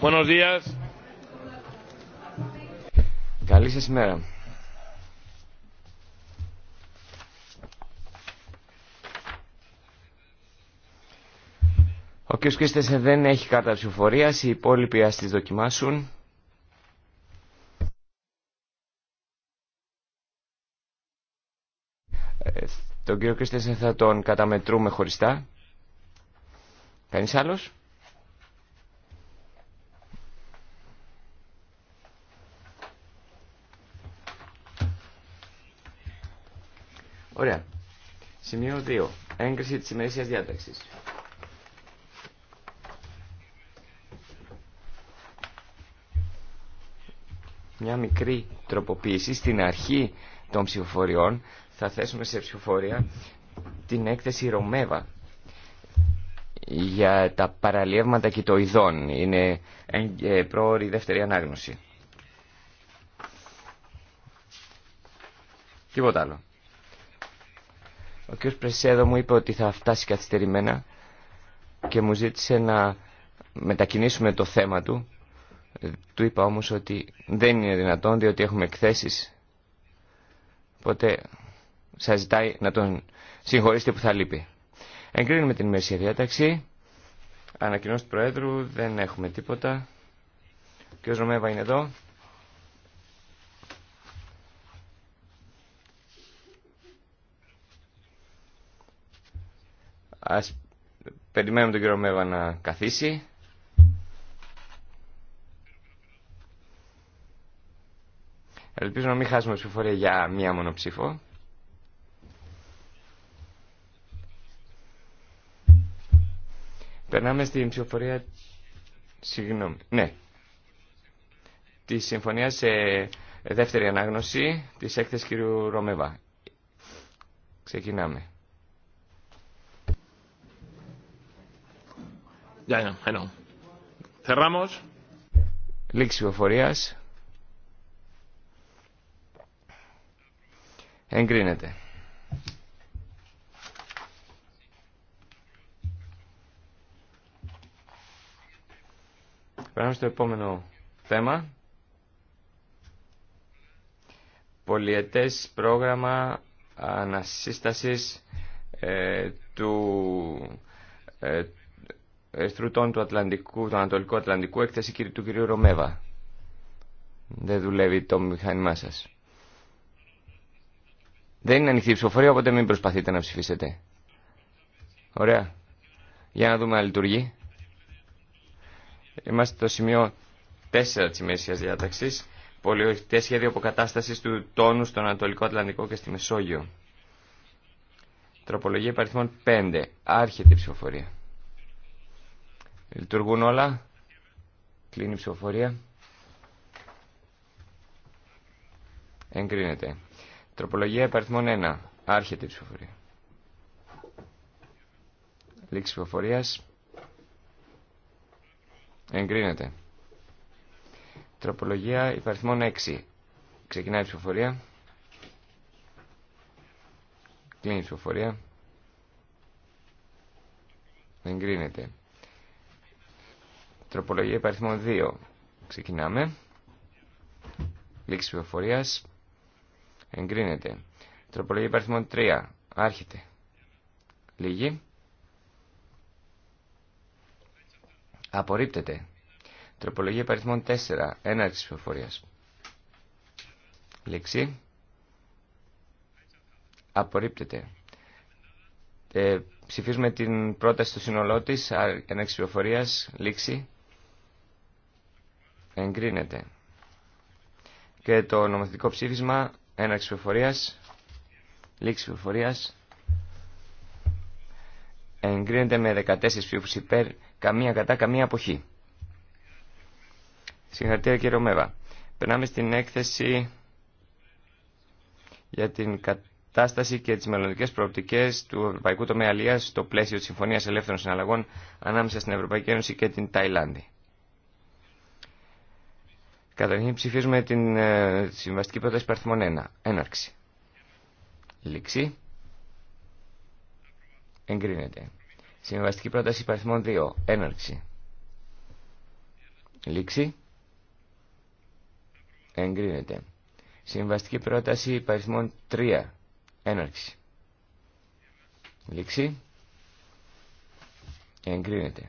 Buenos días. Καλή σας ημέρα. Ο κ. Κρίστεσεν δεν έχει κάρτα ψηφοφορίας, οι υπόλοιποι ας τις δοκιμάσουν. Ε, τον κύριο Κρίστεσεν θα τον καταμετρούμε χωριστά. Κανείς άλλος? Ωραία. Σημείο 2. Έγκριση της ημερήσιας διάταξης. Μια μικρή τροποποίηση στην αρχή των ψηφοφοριών θα θέσουμε σε ψηφοφορία την έκθεση Ρωμέβα για τα παραλίευματα ειδών. Είναι ε, πρόορη δεύτερη ανάγνωση. Τίποτα άλλο. Ο κ. Πρεσέδο μου είπε ότι θα φτάσει καθυστερημένα και μου ζήτησε να μετακινήσουμε το θέμα του. Του είπα όμως ότι δεν είναι δυνατόν διότι έχουμε εκθέσεις. Οπότε σας ζητάει να τον συγχωρήσετε που θα λείπει. Εγκρίνουμε την ημερήσια διάταξη. Ανακοινώσει του Προέδρου δεν έχουμε τίποτα. Ο κ. Ρωμέβα είναι εδώ. Ας περιμένουμε τον κύριο Μέβα να καθίσει. Ελπίζω να μην χάσουμε ψηφοφορία για μία μόνο ψήφο. Περνάμε στην ψηφοφορία... Συγγνώμη. Ναι. Τη συμφωνία σε δεύτερη ανάγνωση της έκθεσης κύριου Ρωμεβά. Ξεκινάμε. Ya, ya, bueno. Cerramos. Λήξη ψηφοφορία. Εγκρίνεται. Περνάμε στο επόμενο θέμα. Πολιετές πρόγραμμα ανασύστασης ε, του, ε, ε, στρουτών του, Ατλαντικού, του Ανατολικού Ατλαντικού, έκθεση του κυρίου Ρωμέβα. Δεν δουλεύει το μηχάνημά σας. Δεν είναι ανοιχτή η ψηφοφορία, οπότε μην προσπαθείτε να ψηφίσετε. Ωραία. Για να δούμε αν λειτουργεί. Είμαστε στο σημείο 4 της ημερησίας διάταξης. Πολιορχητέ σχέδιο αποκατάστασης του τόνου στον Ανατολικό Ατλαντικό και στη Μεσόγειο. Τροπολογία υπαριθμών 5. Άρχεται η ψηφοφορία. Λειτουργούν όλα. Κλείνει η ψηφοφορία. Εγκρίνεται. Τροπολογία υπαριθμών 1. Άρχεται η ψηφοφορία. Λήξη ψηφοφορία. Εγκρίνεται. Τροπολογία υπαριθμών 6. Ξεκινάει η ψηφοφορία. Κλείνει η ψηφοφορία. Εγκρίνεται. Τροπολογία υπαριθμών 2. Ξεκινάμε. Λήξη πληροφορία. Εγκρίνεται. Τροπολογία υπαριθμών 3. Άρχεται. Λίγη. Απορρίπτεται. Τροπολογία υπαριθμών 4. Έναρξη πληροφορία. Λήξη. Απορρίπτεται. Ε, ψηφίζουμε την πρόταση του σύνολό τη. Έναρξη πληροφορία. Λήξη εγκρίνεται. Και το νομοθετικό ψήφισμα έναρξη ψηφοφορίας, λήξη πληροφορία εγκρίνεται με 14 ψήφους υπέρ, καμία κατά, καμία αποχή. Συγχαρητήρια κύριε Ρωμέβα. Περνάμε στην έκθεση για την κατάσταση και τις μελλοντικές προοπτικές του Ευρωπαϊκού Τομέα στο πλαίσιο της Συμφωνίας Ελεύθερων Συναλλαγών ανάμεσα στην Ευρωπαϊκή Ένωση και την Ταϊλάνδη. Καταρχήν ψηφίζουμε την ε, συμβαστική πρόταση παρθμών 1. Έναρξη. Λήξη. Εγκρίνεται. Συμβαστική πρόταση παριθμών 2. Έναρξη. Λήξη. Εγκρίνεται. Συμβαστική πρόταση παριθμών 3. Έναρξη. Λήξη. Εγκρίνεται.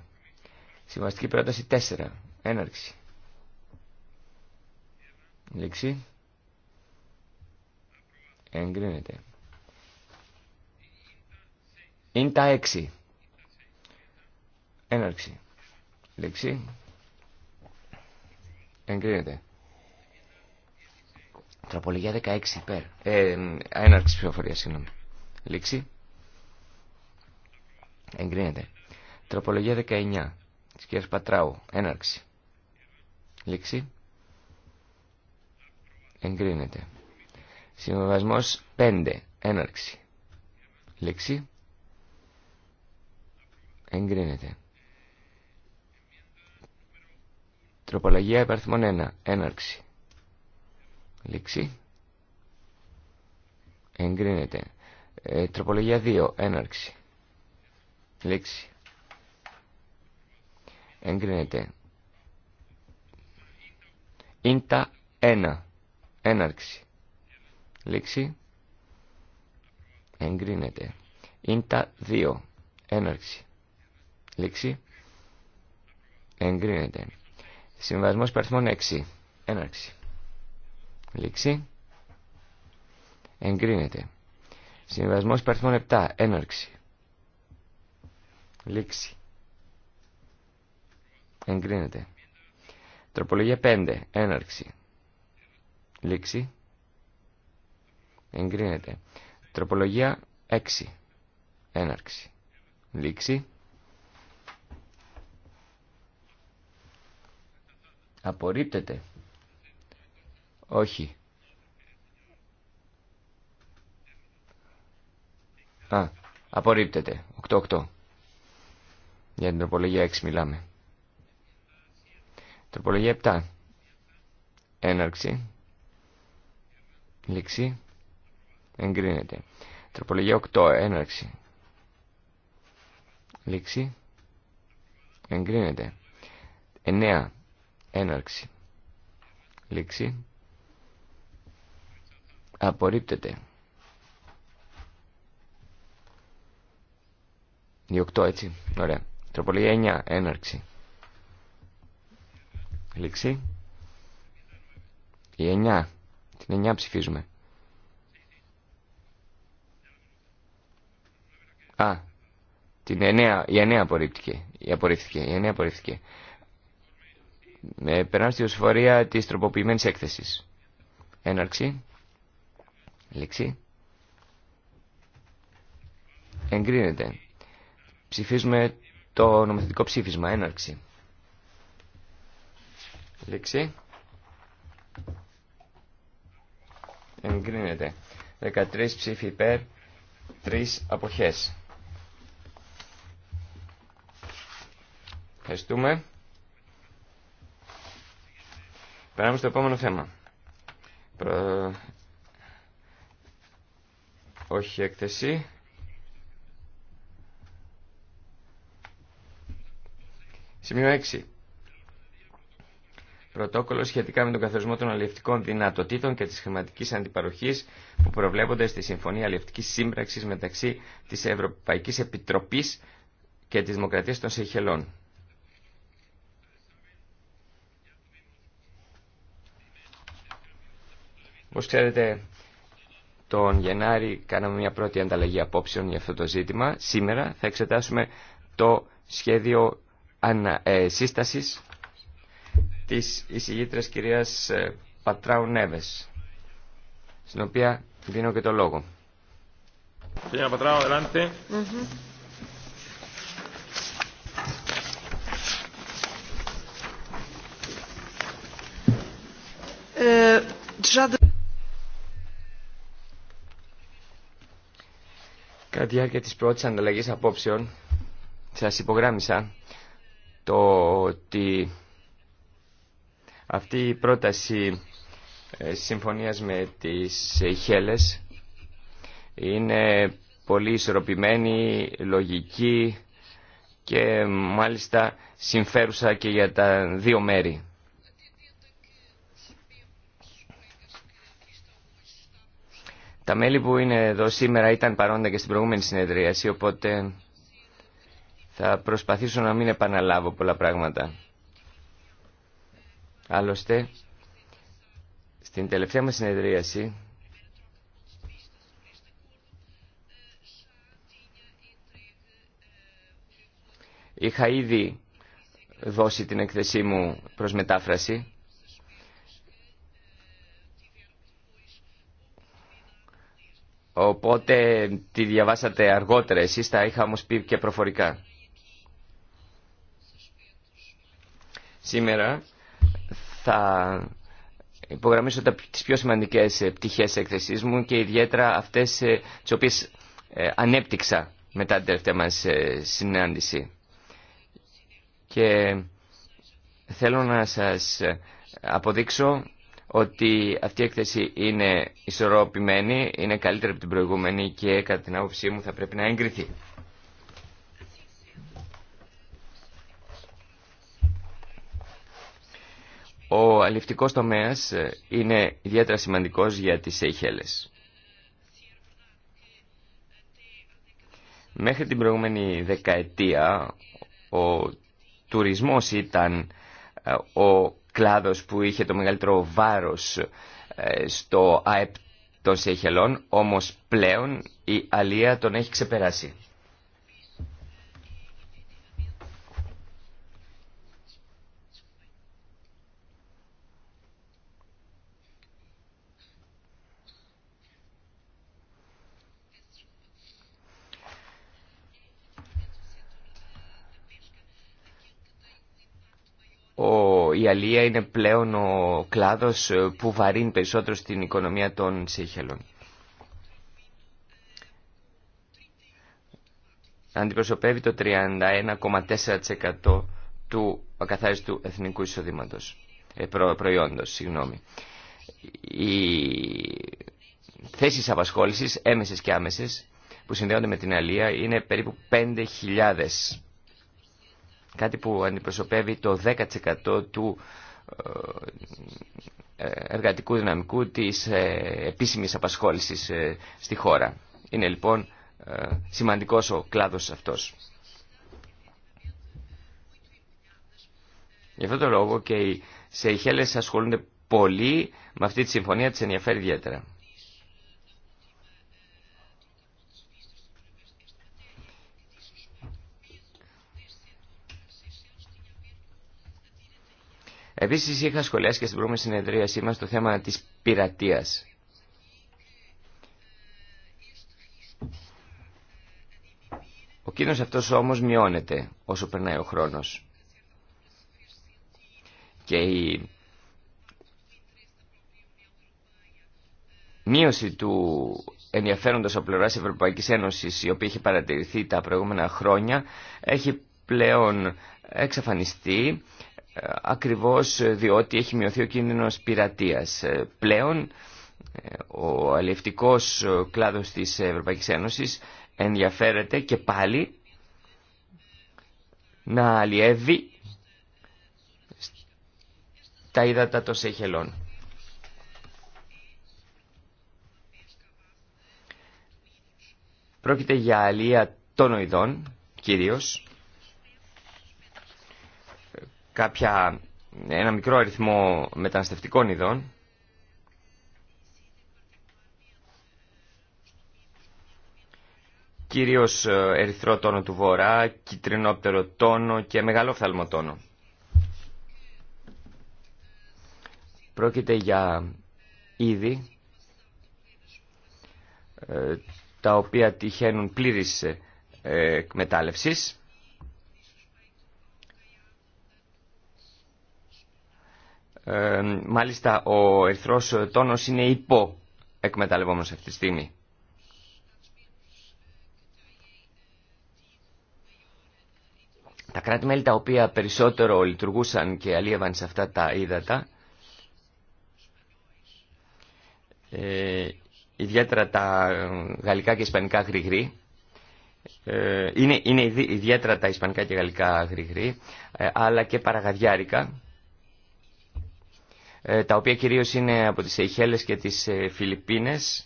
Συμβαστική πρόταση 4. Έναρξη. Λήξη. Εγκρίνεται. Είναι τα 6. Έναρξη. Λήξη. Εγκρίνεται. Τροπολογία 16 υπέρ. Ε, έναρξη ψηφοφορία, συγγνώμη. Λέξη. Εγκρίνεται. Τροπολογία 19. Τη κυρία Πατράου. Έναρξη. Λήξη εγκρίνεται. Συμβασμό 5. Έναρξη. Λεξή. Εγκρίνεται. Τροπολογία υπαριθμών 1. Έναρξη. Λεξή. Εγκρίνεται. Ε, τροπολογία 2. Έναρξη. Λήξη. Εγκρίνεται. Ίντα 1 έναρξη. Λήξη. Εγκρίνεται. Ίντα 2. Έναρξη. Λήξη. Εγκρίνεται. Συμβασμός παριθμών 6. Έναρξη. Λήξη. Εγκρίνεται. Συμβασμός παριθμών 7. Έναρξη. Λήξη. Εγκρίνεται. Τροπολογία 5. Έναρξη. Λήξη. Εγκρίνεται. Τροπολογία 6. Έναρξη. Λήξη. Απορρίπτεται. Όχι. Α, απορρίπτεται. 8-8. Για την τροπολογία 6 μιλάμε. Τροπολογία 7. Έναρξη. Λήξη. Εγκρίνεται. Τροπολογία 8. Έναρξη. Λήξη. Εγκρίνεται. 9. Έναρξη. Λήξη. Απορρίπτεται. Η 8 έτσι. Ωραία. Τροπολογία 9. Έναρξη. Λήξη. Η 9. Την 9 ψηφίζουμε. Α, την 9, η 9 απορρίφθηκε. Η απορρίφθηκε, η 9 απορρίφθηκε. Με περνάμε στη οσφορία της τροποποιημένης έκθεσης. Έναρξη. Λήξη. Εγκρίνεται. Ψηφίζουμε το νομοθετικό ψήφισμα. Έναρξη. Λήξη. εγκρίνεται. 13 ψήφοι υπέρ, 3 αποχές. Ευχαριστούμε. Περάμε στο επόμενο θέμα. Προ... Όχι έκθεση. Σημείο 6 πρωτόκολλο σχετικά με τον καθορισμό των αλληλευτικών δυνατοτήτων και τη χρηματική αντιπαροχή που προβλέπονται στη Συμφωνία Αλληλευτική Σύμπραξη μεταξύ τη Ευρωπαϊκή Επιτροπή και τη Δημοκρατία των Σεχελών. Όπω ξέρετε, τον Γενάρη κάναμε μια πρώτη ανταλλαγή απόψεων για αυτό το ζήτημα. Σήμερα θα εξετάσουμε το σχέδιο ανα, ε, σύστασης της εισηγήτρας κυρίας ε, Πατράου Νέβες, στην οποία δίνω και το λόγο. Κυρία Πατράου, Κατά τη διάρκεια της πρώτης ανταλλαγής απόψεων σας υπογράμμισα το ότι αυτή η πρόταση ε, συμφωνίας με τις Χέλες είναι πολύ ισορροπημένη, λογική και μάλιστα συμφέρουσα και για τα δύο μέρη. Τα μέλη που είναι εδώ σήμερα ήταν παρόντα και στην προηγούμενη συνεδρίαση, οπότε θα προσπαθήσω να μην επαναλάβω πολλά πράγματα. Άλλωστε, στην τελευταία μας συνεδρίαση είχα ήδη δώσει την εκθεσή μου προς μετάφραση Οπότε τη διαβάσατε αργότερα εσείς, τα είχα όμως πει και προφορικά. Σήμερα θα υπογραμμίσω τις πιο σημαντικές ε, πτυχές έκθεσής μου και ιδιαίτερα αυτές ε, τις οποίες ε, ανέπτυξα μετά την τελευταία μας συνάντηση. Και θέλω να σας αποδείξω ότι αυτή η έκθεση είναι ισορροπημένη, είναι καλύτερη από την προηγούμενη και κατά την άποψή μου θα πρέπει να εγκριθεί. Ο αληφτικός τομέας ε, είναι ιδιαίτερα σημαντικός για τις Σεϊχέλες. Μέχρι την προηγούμενη δεκαετία ο τουρισμός ήταν ε, ο κλάδος που είχε το μεγαλύτερο βάρος ε, στο ΑΕΠ των Σεϊχελών, όμως πλέον η αλία τον έχει ξεπεράσει. η αλία είναι πλέον ο κλάδος ε, που βαρύνει περισσότερο στην οικονομία των Σίχελων. Αντιπροσωπεύει το 31,4% του ακαθάριστου εθνικού εισοδήματος, ε, προ, προϊόντος. Συγγνώμη. Οι θέσεις απασχόλησης, έμεσες και άμεσες, που συνδέονται με την αλία είναι περίπου 5.000 κάτι που αντιπροσωπεύει το 10% του ε, ε, εργατικού δυναμικού της ε, επίσημης απασχόλησης στη χώρα. Είναι λοιπόν σημαντικός ο κλάδος αυτός. Γι' αυτόν τον λόγο και οι Σεϊχέλες ασχολούνται πολύ με αυτή τη συμφωνία, της ενδιαφέρει ιδιαίτερα. Επίση, είχα σχολιάσει και στην προηγούμενη συνεδρίασή μα το θέμα τη πειρατεία. Ο κίνδυνος αυτός όμως μειώνεται όσο περνάει ο χρόνος. Και η μείωση του ενδιαφέροντος από πλευράς Ευρωπαϊκής Ένωσης, η οποία είχε παρατηρηθεί τα προηγούμενα χρόνια, έχει πλέον εξαφανιστεί ακριβώς διότι έχει μειωθεί ο κίνδυνος πειρατείας. Ε, πλέον ε, ο αλληλευτικός κλάδος της Ευρωπαϊκής Ένωσης ενδιαφέρεται και πάλι να αλλιεύει τα ύδατα των Σεχελών. Πρόκειται για αλλία των οειδών κυρίως κάποια, ένα μικρό αριθμό μεταναστευτικών ειδών. Κυρίως ε, ερυθρό τόνο του βορρά, κυτρινόπτερο τόνο και μεγαλόφθαλμο τόνο. Πρόκειται για είδη ε, τα οποία τυχαίνουν πλήρης ε, εκμετάλλευσης Ε, μάλιστα ο ερθρός τόνος είναι υπό εκμεταλλευόμενος αυτή τη στιγμή. Τα κράτη-μέλη τα οποία περισσότερο λειτουργούσαν και αλίευαν σε αυτά τα ύδατα, ε, ιδιαίτερα τα γαλλικά και ισπανικά γρηγρή, ε, είναι, είναι ιδιαίτερα τα ισπανικά και γαλλικά γρηγρή, ε, αλλά και παραγαδιάρικα, ε, τα οποία κυρίως είναι από τις Αιχέλες και τις ε, Φιλιππίνες,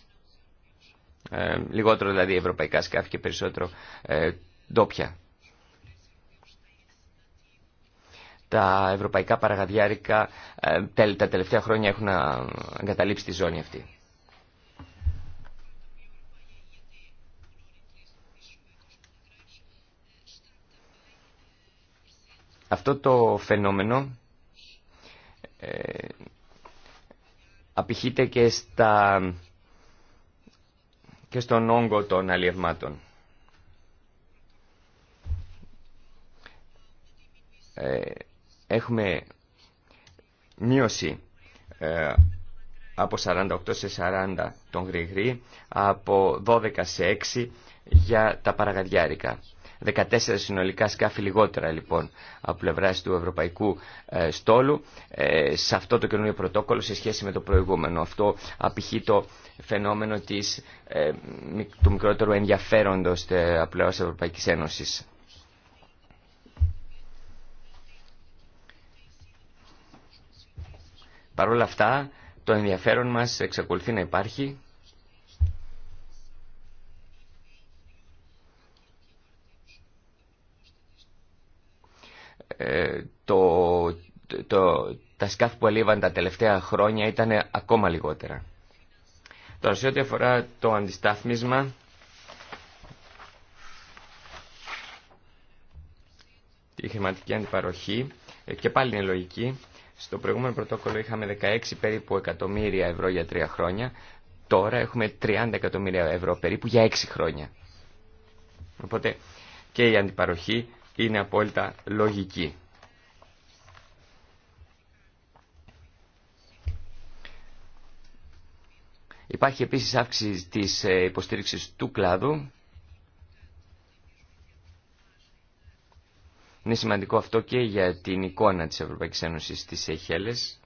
ε, λιγότερο δηλαδή ευρωπαϊκά σκάφη και περισσότερο ντόπια. Τα ευρωπαϊκά παραγαδιάρικα τα τελευταία χρόνια έχουν εγκαταλείψει τη ζώνη αυτή. Αυτό το φαινόμενο ε, απηχείται και, στα, στον όγκο των αλλιευμάτων. Ε, έχουμε μείωση ε, από 48 σε 40 τον γρηγρή, από 12 σε 6 για τα παραγαδιάρικα. 14 συνολικά σκάφη λιγότερα λοιπόν από πλευρά του Ευρωπαϊκού ε, Στόλου ε, σε αυτό το καινούριο πρωτόκολλο σε σχέση με το προηγούμενο. Αυτό απηχεί το φαινόμενο της, ε, του μικρότερου ενδιαφέροντος από πλευρά Ευρωπαϊκής Ένωσης. Παρ' όλα αυτά, το ενδιαφέρον μας εξακολουθεί να υπάρχει το, το, τα σκάφη που έλειβαν τα τελευταία χρόνια ήταν ακόμα λιγότερα. Τώρα σε ό,τι αφορά το αντιστάθμισμα, η χρηματική αντιπαροχή, ε, και πάλι είναι λογική, στο προηγούμενο πρωτόκολλο είχαμε 16 περίπου εκατομμύρια ευρώ για τρία χρόνια, τώρα έχουμε 30 εκατομμύρια ευρώ περίπου για έξι χρόνια. Οπότε και η αντιπαροχή είναι απόλυτα λογική. Υπάρχει επίσης αύξηση της ε, υποστήριξης του κλάδου. Είναι σημαντικό αυτό και για την εικόνα της Ευρωπαϊκής Ένωσης στις Αιχέλες.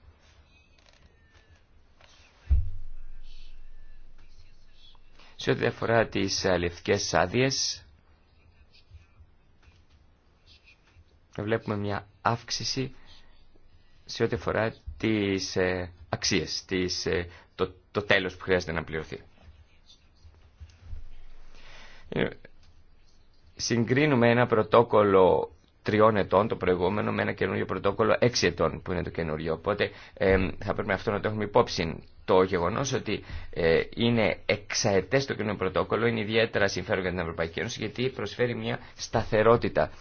Σε ό,τι αφορά τις αλληλευτικές ε, άδειες, βλέπουμε μια αύξηση σε ό,τι αφορά τις ε, αξίες, τις, ε, το, το τέλος που χρειάζεται να πληρωθεί. Ε, συγκρίνουμε ένα πρωτόκολλο τριών ετών το προηγούμενο με ένα καινούριο πρωτόκολλο έξι ετών που είναι το καινούριο. Οπότε θα πρέπει αυτό να το έχουμε υπόψη. Το γεγονό ότι είναι εξαετέ το καινούριο πρωτόκολλο είναι ιδιαίτερα συμφέρον για την Ευρωπαϊκή Ένωση γιατί προσφέρει μια σταθερότητα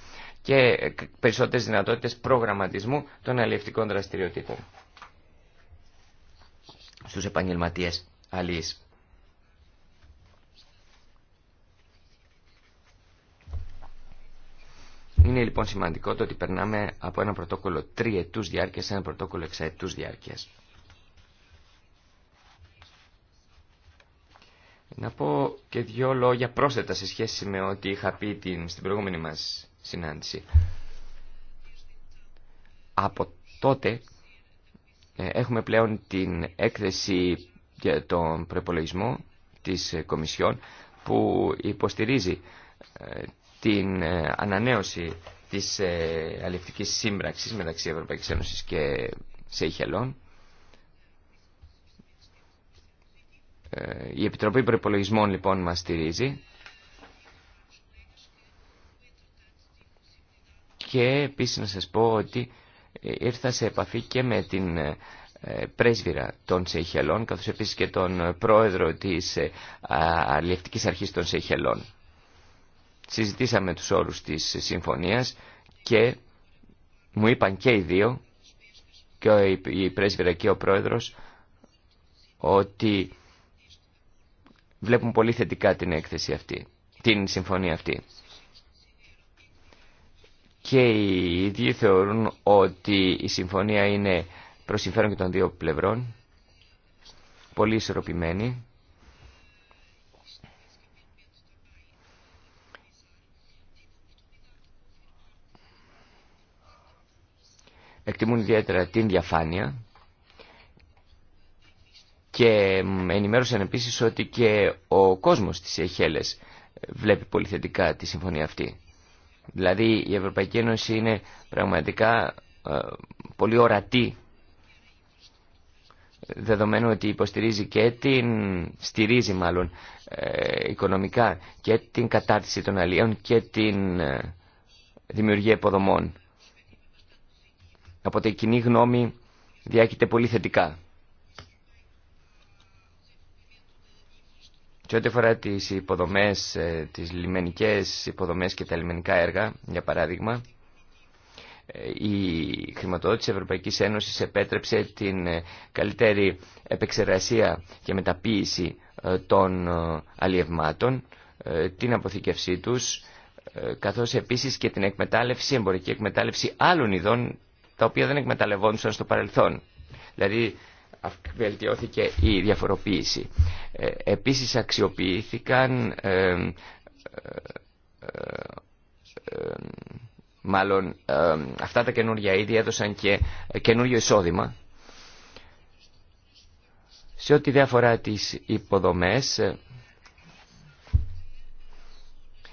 και περισσότερες δυνατότητες προγραμματισμού των αλληλευτικών δραστηριοτήτων στους επαγγελματίες αλληλείς. Είναι λοιπόν σημαντικό το ότι περνάμε από ένα πρωτόκολλο τριετούς διάρκειας σε ένα πρωτόκολλο εξαετούς διάρκειας. Να πω και δύο λόγια πρόσθετα σε σχέση με ό,τι είχα πει την, στην προηγούμενη μας συνάντηση. Από τότε ε, έχουμε πλέον την έκθεση για τον προπολογισμό της ε, Κομισιόν που υποστηρίζει ε, την ανανέωση της αλληλευτικής σύμπραξης μεταξύ Ευρωπαϊκής Ένωσης και Σεϊχελών. Η Επιτροπή Προπολογισμών λοιπόν μας στηρίζει Και επίσης να σας πω ότι ε, ήρθα σε επαφή και με την ε, πρέσβυρα των Σεϊχελών καθώς επίσης και τον πρόεδρο της ε, αλληλευτικής αρχής των Σεϊχελών. Συζητήσαμε τους όρους της συμφωνίας και μου είπαν και οι δύο και η πρέσβυρα και ο πρόεδρος ότι βλέπουν πολύ θετικά την έκθεση αυτή, την συμφωνία αυτή και οι ίδιοι θεωρούν ότι η συμφωνία είναι προς συμφέρον και των δύο πλευρών, πολύ ισορροπημένη. Εκτιμούν ιδιαίτερα την διαφάνεια και ενημέρωσαν επίσης ότι και ο κόσμος της Εχέλες βλέπει πολύ θετικά τη συμφωνία αυτή. Δηλαδή η Ευρωπαϊκή Ένωση είναι πραγματικά ε, πολύ ορατή δεδομένου ότι υποστηρίζει και την στηρίζει μάλλον ε, οικονομικά και την κατάρτιση των αλλιών και την ε, δημιουργία υποδομών. Από την κοινή γνώμη διάκειται πολύ θετικά. Και ό,τι αφορά τι υποδομές, ε, τι λιμενικές υποδομές και τα λιμενικά έργα, για παράδειγμα, ε, η χρηματοδότηση της Ευρωπαϊκής Ένωσης επέτρεψε την ε, καλύτερη επεξεργασία και μεταποίηση των αλλιευμάτων, την αποθηκευσή τους, καθώς επίσης και την εκμετάλλευση, εμπορική εκμετάλλευση άλλων ειδών, τα οποία δεν εκμεταλλευόντουσαν στο παρελθόν. Δηλαδή βελτιώθηκε η διαφοροποίηση. Ε, επίσης αξιοποιήθηκαν ε, ε, μάλλον αυτά τα καινούργια είδη έδωσαν και καινούργιο εισόδημα. Σε ό,τι διάφορα τις υποδομές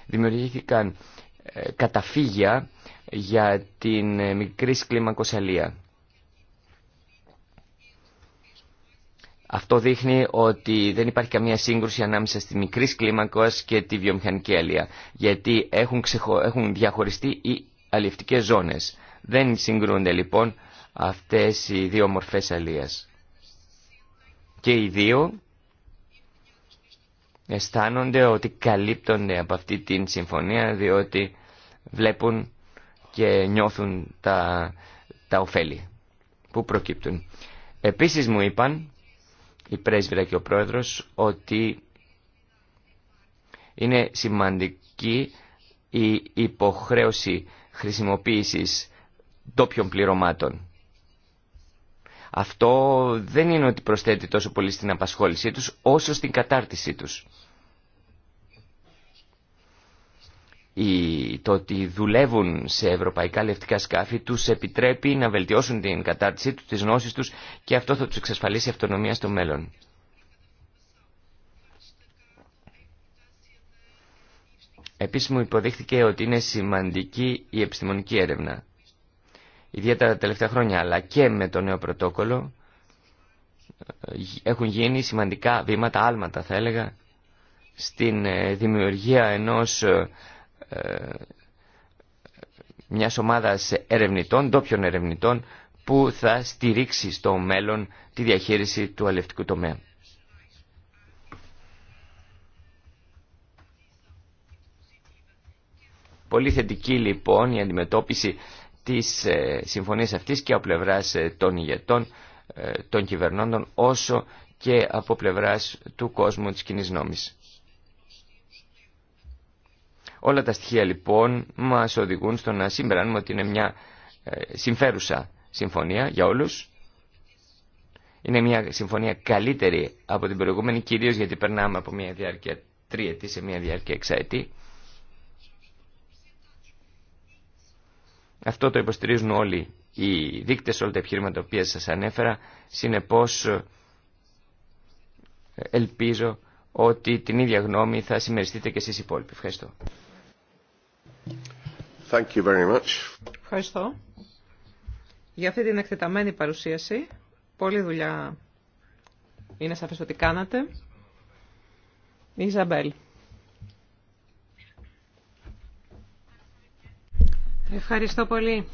δημιουργήθηκαν καταφύγια για την μικρή κλίμακος Αυτό δείχνει ότι δεν υπάρχει καμία σύγκρουση ανάμεσα στη μικρή κλίμακα και τη βιομηχανική αλεία. Γιατί έχουν, έχουν διαχωριστεί οι αλληλευτικέ ζώνε. Δεν συγκρούνται λοιπόν αυτέ οι δύο μορφέ αλεία. Και οι δύο αισθάνονται ότι καλύπτονται από αυτή την συμφωνία διότι βλέπουν και νιώθουν τα, τα ωφέλη που προκύπτουν. Επίσης μου είπαν η πρέσβηρα και ο πρόεδρος ότι είναι σημαντική η υποχρέωση χρησιμοποίησης τόπιων πληρωμάτων. Αυτό δεν είναι ότι προσθέτει τόσο πολύ στην απασχόλησή τους όσο στην κατάρτισή τους. το ότι δουλεύουν σε ευρωπαϊκά λευτικά σκάφη τους επιτρέπει να βελτιώσουν την κατάρτισή του τις γνώσεις τους και αυτό θα τους εξασφαλίσει αυτονομία στο μέλλον. Επίσης μου υποδείχθηκε ότι είναι σημαντική η επιστημονική έρευνα. Ιδιαίτερα τα τελευταία χρόνια, αλλά και με το νέο πρωτόκολλο, ε, έχουν γίνει σημαντικά βήματα, άλματα θα έλεγα, στην ε, δημιουργία ενός ε, ε, Μια ομάδας ερευνητών, ντόπιων ερευνητών, που θα στηρίξει στο μέλλον τη διαχείριση του αλευτικού τομέα. Πολύ θετική λοιπόν η αντιμετώπιση της ε, συμφωνίας αυτής και από πλευράς ε, των ηγετών, των κυβερνώντων, όσο και από πλευράς του κόσμου της κοινής νόμης. Όλα τα στοιχεία λοιπόν μας οδηγούν στο να συμπεράνουμε ότι είναι μια ε, συμφέρουσα συμφωνία για όλους. Είναι μια συμφωνία καλύτερη από την προηγούμενη, κυρίως γιατί περνάμε από μια διάρκεια τριετή σε μια διάρκεια εξαετή. Αυτό το υποστηρίζουν όλοι οι δείκτες, όλα τα επιχείρηματα που οποία σας ανέφερα. Συνεπώς ε, ελπίζω ότι την ίδια γνώμη θα συμμεριστείτε και εσείς οι υπόλοιποι. Ευχαριστώ. Thank you very much. Ευχαριστώ για αυτή την εκτεταμένη παρουσίαση. πολύ δουλειά είναι σαφές ότι κάνατε. Ιζαμπέλ. Ευχαριστώ πολύ,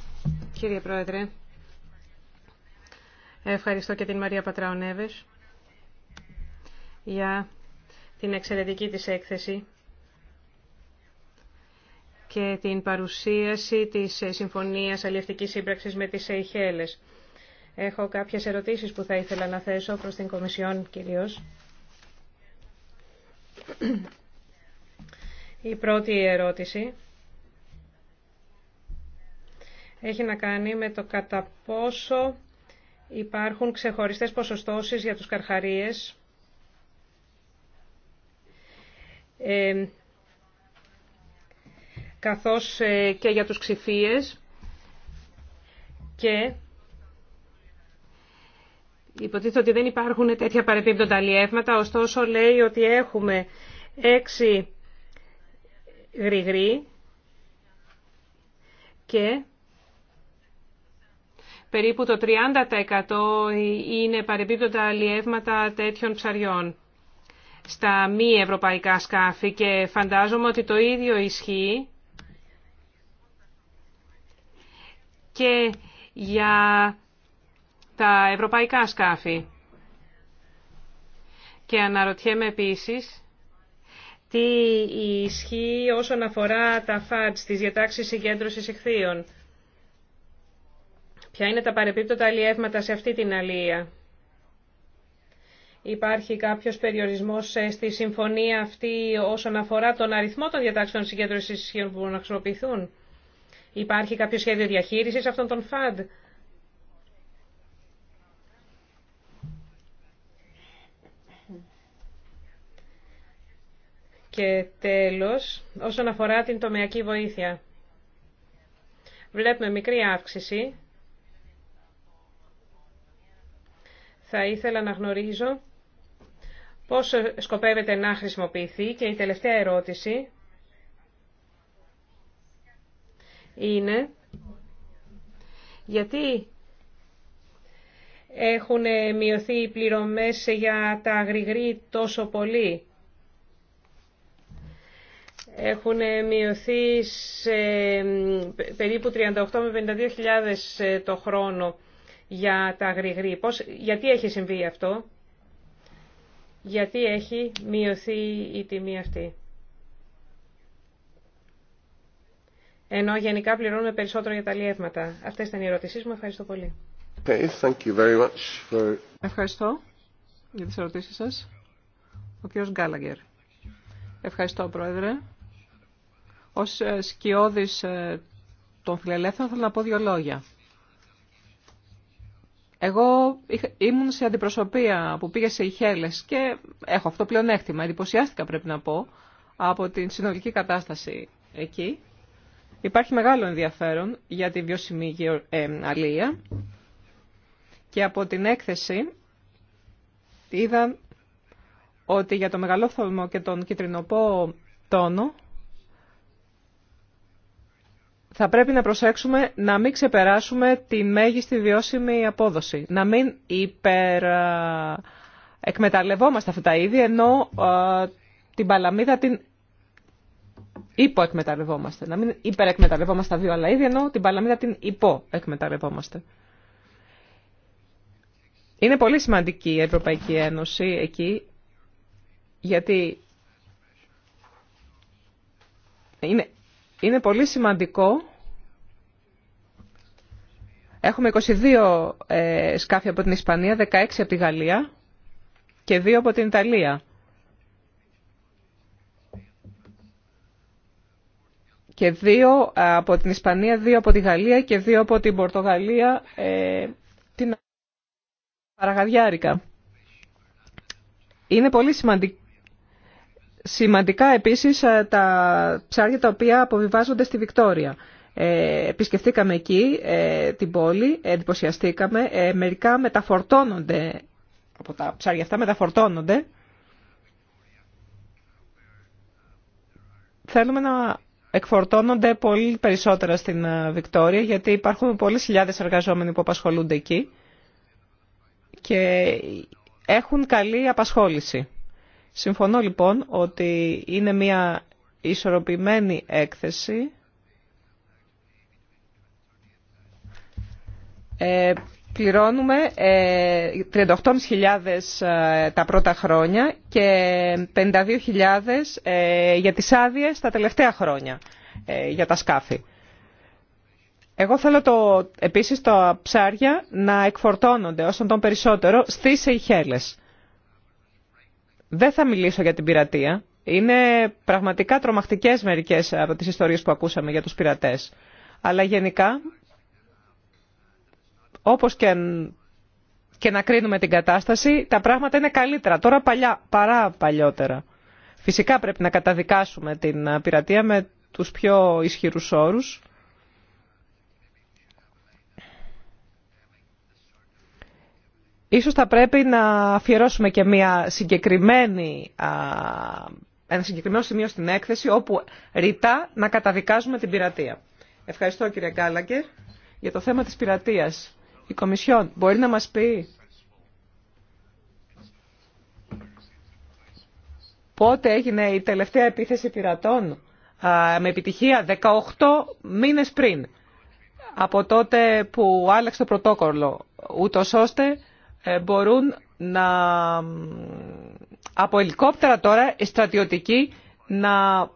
κύριε Πρόεδρε. Ευχαριστώ και την Μαρία Πατραονέβες για την εξαιρετική της έκθεση και την παρουσίαση της Συμφωνίας Αλληλευτικής Σύμπραξης με τις Σεϊχέλες. Έχω κάποιες ερωτήσεις που θα ήθελα να θέσω προς την Κομισιόν κυρίως. Η πρώτη ερώτηση έχει να κάνει με το κατά πόσο υπάρχουν ξεχωριστές ποσοστώσεις για τους καρχαρίες ε, καθώς ε, και για τους ξηφίες και υποτίθεται ότι δεν υπάρχουν τέτοια παρεπίπτοντα αλλιεύματα, ωστόσο λέει ότι έχουμε έξι γρηγροί και περίπου το 30% είναι παρεπίπτοντα αλλιεύματα τέτοιων ψαριών στα μη ευρωπαϊκά σκάφη και φαντάζομαι ότι το ίδιο ισχύει και για τα ευρωπαϊκά σκάφη. Και αναρωτιέμαι επίσης τι ισχύει όσον αφορά τα φάτς, τις διατάξεις συγκέντρωσης εχθείων. Ποια είναι τα παρεπίπτωτα αλλιεύματα σε αυτή την αλία. Υπάρχει κάποιος περιορισμός ε, στη συμφωνία αυτή όσον αφορά τον αριθμό των διατάξεων συγκέντρωσης ισχύων που μπορούν να χρησιμοποιηθούν. Υπάρχει κάποιο σχέδιο διαχείρισης αυτών των φαντ. Και τέλος, όσον αφορά την τομεακή βοήθεια. Βλέπουμε μικρή αύξηση. Θα ήθελα να γνωρίζω πώς σκοπεύετε να χρησιμοποιηθεί και η τελευταία ερώτηση είναι γιατί έχουν μειωθεί οι πληρωμές για τα αγριγρή τόσο πολύ. Έχουν μειωθεί σε περίπου 38 με 52.000 ε, το χρόνο για τα αγριγρή. Πώς, γιατί έχει συμβεί αυτό, γιατί έχει μειωθεί η τιμή αυτή. ενώ γενικά πληρώνουμε περισσότερο για τα λιεύματα. Αυτές ήταν οι ερωτήσεις μου. Ευχαριστώ πολύ. thank you very much for... Ευχαριστώ για τις ερωτήσεις σας. Ο κύριος Γκάλαγκερ. Ευχαριστώ, Πρόεδρε. Ω ε, σκιώδη ε, των φιλελεύθερων θέλω να πω δύο λόγια. Εγώ ήμουν σε αντιπροσωπεία που πήγε σε Ιχέλες και έχω αυτό πλεονέκτημα. Εντυπωσιάστηκα πρέπει να πω από την συνολική κατάσταση εκεί. Υπάρχει μεγάλο ενδιαφέρον για τη βιώσιμη ε, αλία και από την έκθεση είδα ότι για το μεγαλόθωμο και τον κυτρινοπό τόνο θα πρέπει να προσέξουμε να μην ξεπεράσουμε τη μέγιστη βιώσιμη απόδοση. Να μην υπερ... Ε, εκμεταλλευόμαστε αυτά τα είδη, ενώ ε, την παλαμίδα την υποεκμεταλλευόμαστε. Να μην υπερεκμεταλλευόμαστε τα δύο, αλλά ίδια, ενώ την παλαμίδα την υποεκμεταλλευόμαστε. Είναι πολύ σημαντική η Ευρωπαϊκή Ένωση εκεί, γιατί είναι, είναι πολύ σημαντικό. Έχουμε 22 ε, σκάφη από την Ισπανία, 16 από τη Γαλλία και 2 από την Ιταλία. και δύο ε, από την Ισπανία, δύο από τη Γαλλία και δύο από την Πορτογαλία, ε, την Παραγαδιάρικα. Είναι πολύ Σημαντικά επίσης ε, τα ψάρια τα οποία αποβιβάζονται στη Βικτόρια. Ε, επισκεφτήκαμε εκεί την πόλη, εντυπωσιαστήκαμε. μερικά μεταφορτώνονται, από τα ψάρια αυτά μεταφορτώνονται. Θέλουμε να εκφορτώνονται πολύ περισσότερα στην ε, Βικτόρια γιατί υπάρχουν πολλές χιλιάδες εργαζόμενοι που απασχολούνται εκεί και έχουν καλή απασχόληση. Συμφωνώ λοιπόν ότι είναι μια ισορροπημένη έκθεση ε, πληρώνουμε 38.500 ε, ε, τα πρώτα χρόνια και 52.000 ε, για τις άδειε τα τελευταία χρόνια για τα σκάφη. Εγώ θέλω το, επίσης τα ψάρια να εκφορτώνονται όσον τον περισσότερο στις Σεϊχέλες. Δεν θα μιλήσω για την πειρατεία. Είναι πραγματικά τρομακτικές μερικές από τις ιστορίες που ακούσαμε για τους πειρατές. Αλλά γενικά όπως και, να κρίνουμε την κατάσταση, τα πράγματα είναι καλύτερα τώρα παλιά, παρά παλιότερα. Φυσικά πρέπει να καταδικάσουμε την ε, πειρατεία με τους πιο ισχυρούς όρους. Ίσως θα πρέπει να αφιερώσουμε και μια συγκεκριμένη, ένα συγκεκριμένο σημείο στην έκθεση όπου ρητά να καταδικάζουμε την πειρατεία. Ευχαριστώ κύριε Γκάλαγκερ για το θέμα της πειρατείας. Η Κομισιόν μπορεί να μας πει πότε έγινε η τελευταία επίθεση πειρατών με επιτυχία 18 μήνες πριν από τότε που άλλαξε το πρωτόκολλο ούτω ώστε ε, μπορούν να από ελικόπτερα τώρα οι στρατιωτικοί να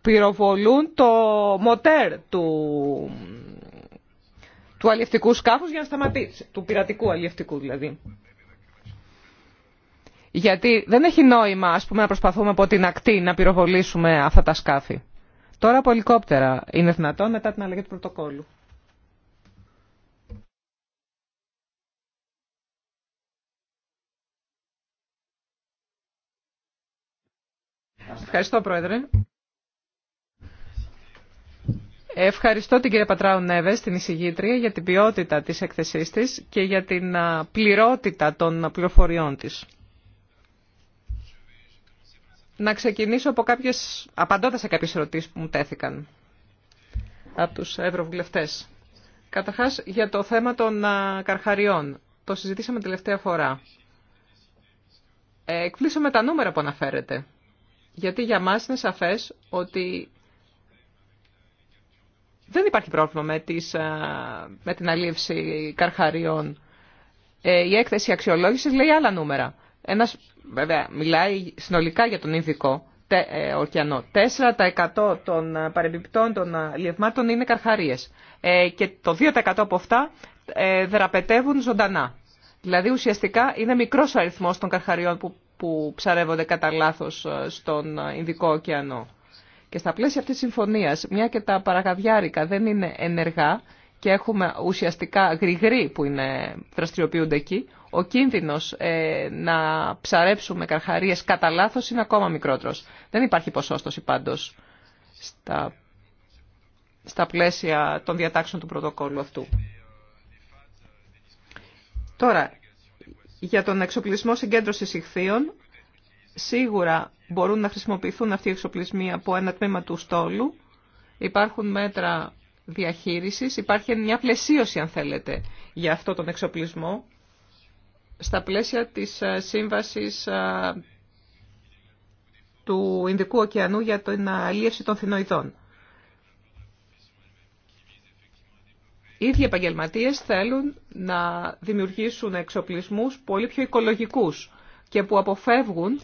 πυροβολούν το μοτέρ του του αλλιευτικού σκάφους για να σταματήσει, του πειρατικού αλλιευτικού δηλαδή. Γιατί δεν έχει νόημα ας πούμε, να προσπαθούμε από την ακτή να πυροβολήσουμε αυτά τα σκάφη. Τώρα από ελικόπτερα είναι δυνατόν μετά την αλλαγή του πρωτοκόλλου. Ευχαριστώ, Πρόεδρε. Ευχαριστώ την κυρία Πατράου Νέβε, την εισηγήτρια, για την ποιότητα της εκθεσή τη και για την πληρότητα των πληροφοριών τη. Να ξεκινήσω από κάποιες, απαντώντας σε κάποιες ερωτήσεις που μου τέθηκαν από του ευρωβουλευτές. Καταρχά για το θέμα των καρχαριών. Το συζητήσαμε τελευταία φορά. Ε, Εκπλήσω με τα νούμερα που αναφέρετε. Γιατί για μας είναι σαφές ότι δεν υπάρχει πρόβλημα με, με την αλήψη καρχαριών. Ε, η έκθεση αξιολόγησης λέει άλλα νούμερα. Ένας, βέβαια, μιλάει συνολικά για τον Ινδικό ε, ωκεανό. 4% των παρεμπιπτών των αλίευμάτων είναι καρχαρίες. Ε, και το 2% από αυτά δραπετεύουν ζωντανά. Δηλαδή, ουσιαστικά, είναι μικρός ο αριθμός των καρχαριών που, που ψαρεύονται κατά λάθο στον Ινδικό ωκεανό. Και στα πλαίσια αυτής της συμφωνίας, μια και τα παραγαδιάρικα δεν είναι ενεργά και έχουμε ουσιαστικά γρηγροί που είναι, δραστηριοποιούνται εκεί, ο κίνδυνος ε, να ψαρέψουμε καρχαρίες κατά λάθο είναι ακόμα μικρότερος. Δεν υπάρχει ποσόστοση πάντως στα, στα πλαίσια των διατάξεων του πρωτοκόλλου αυτού. Τώρα, για τον εξοπλισμό συγκέντρωσης ηχθείων, Σίγουρα μπορούν να χρησιμοποιηθούν αυτοί οι εξοπλισμοί από ένα τμήμα του στόλου. Υπάρχουν μέτρα διαχείρισης, υπάρχει μια πλαισίωση αν θέλετε για αυτό τον εξοπλισμό στα πλαίσια της ε, σύμβασης ε, του Ινδικού ωκεανού για την ε, αλίευση των θηνοειδών. Οι ίδιοι επαγγελματίε θέλουν να δημιουργήσουν εξοπλισμούς πολύ πιο οικολογικούς και που αποφεύγουν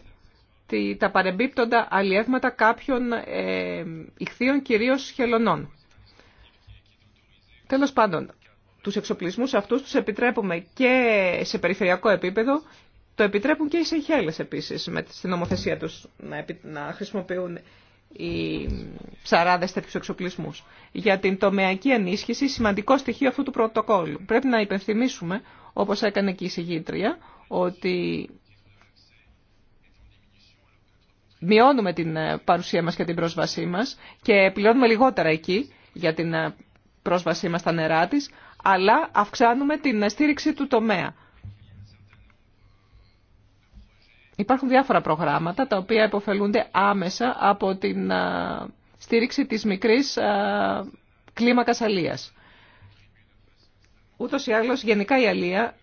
τα παρεμπίπτοντα αλλιεύματα κάποιων ε, ηχθείων, κυρίως χελωνών. Τέλος πάντων, τους εξοπλισμούς αυτούς τους επιτρέπουμε και σε περιφερειακό επίπεδο, το επιτρέπουν και οι Σεχέλες επίσης με, στην νομοθεσία τους να, να χρησιμοποιούν οι ψαράδες τέτοιου εξοπλισμούς. Για την τομεακή ενίσχυση, σημαντικό στοιχείο αυτού του πρωτοκόλλου. Πρέπει να υπενθυμίσουμε, όπως έκανε και η ότι μειώνουμε την ε, παρουσία μας και την πρόσβασή μας και πληρώνουμε λιγότερα εκεί για την ε, πρόσβασή μας στα νερά της, αλλά αυξάνουμε την ε, στήριξη του τομέα. Υπάρχουν διάφορα προγράμματα τα οποία υποφελούνται άμεσα από την στήριξη της μικρής κλίμακας αλίας. Ούτως ή άλλως γενικά η αλία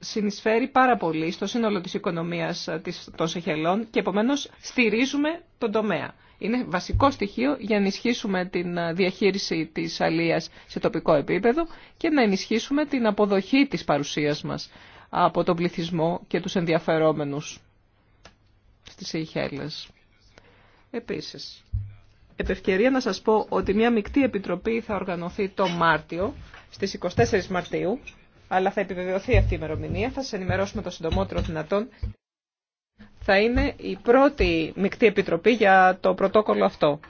συνεισφέρει πάρα πολύ στο σύνολο της οικονομίας ε, των Σεχελών και επομένως στηρίζουμε τον τομέα. Είναι βασικό στοιχείο για να ενισχύσουμε την ε, διαχείριση της αλίας σε τοπικό επίπεδο και να ενισχύσουμε την αποδοχή της παρουσίας μας από τον πληθυσμό και τους ενδιαφερόμενους στις Σεχέλες. Επίσης, επευκαιρία να σας πω ότι μια μεικτή επιτροπή θα οργανωθεί το Μάρτιο, στις 24 Μαρτίου, αλλά θα επιβεβαιωθεί αυτή η ημερομηνία. Θα σα ενημερώσουμε το συντομότερο δυνατόν. Θα είναι η πρώτη μεικτή επιτροπή για το πρωτόκολλο αυτό.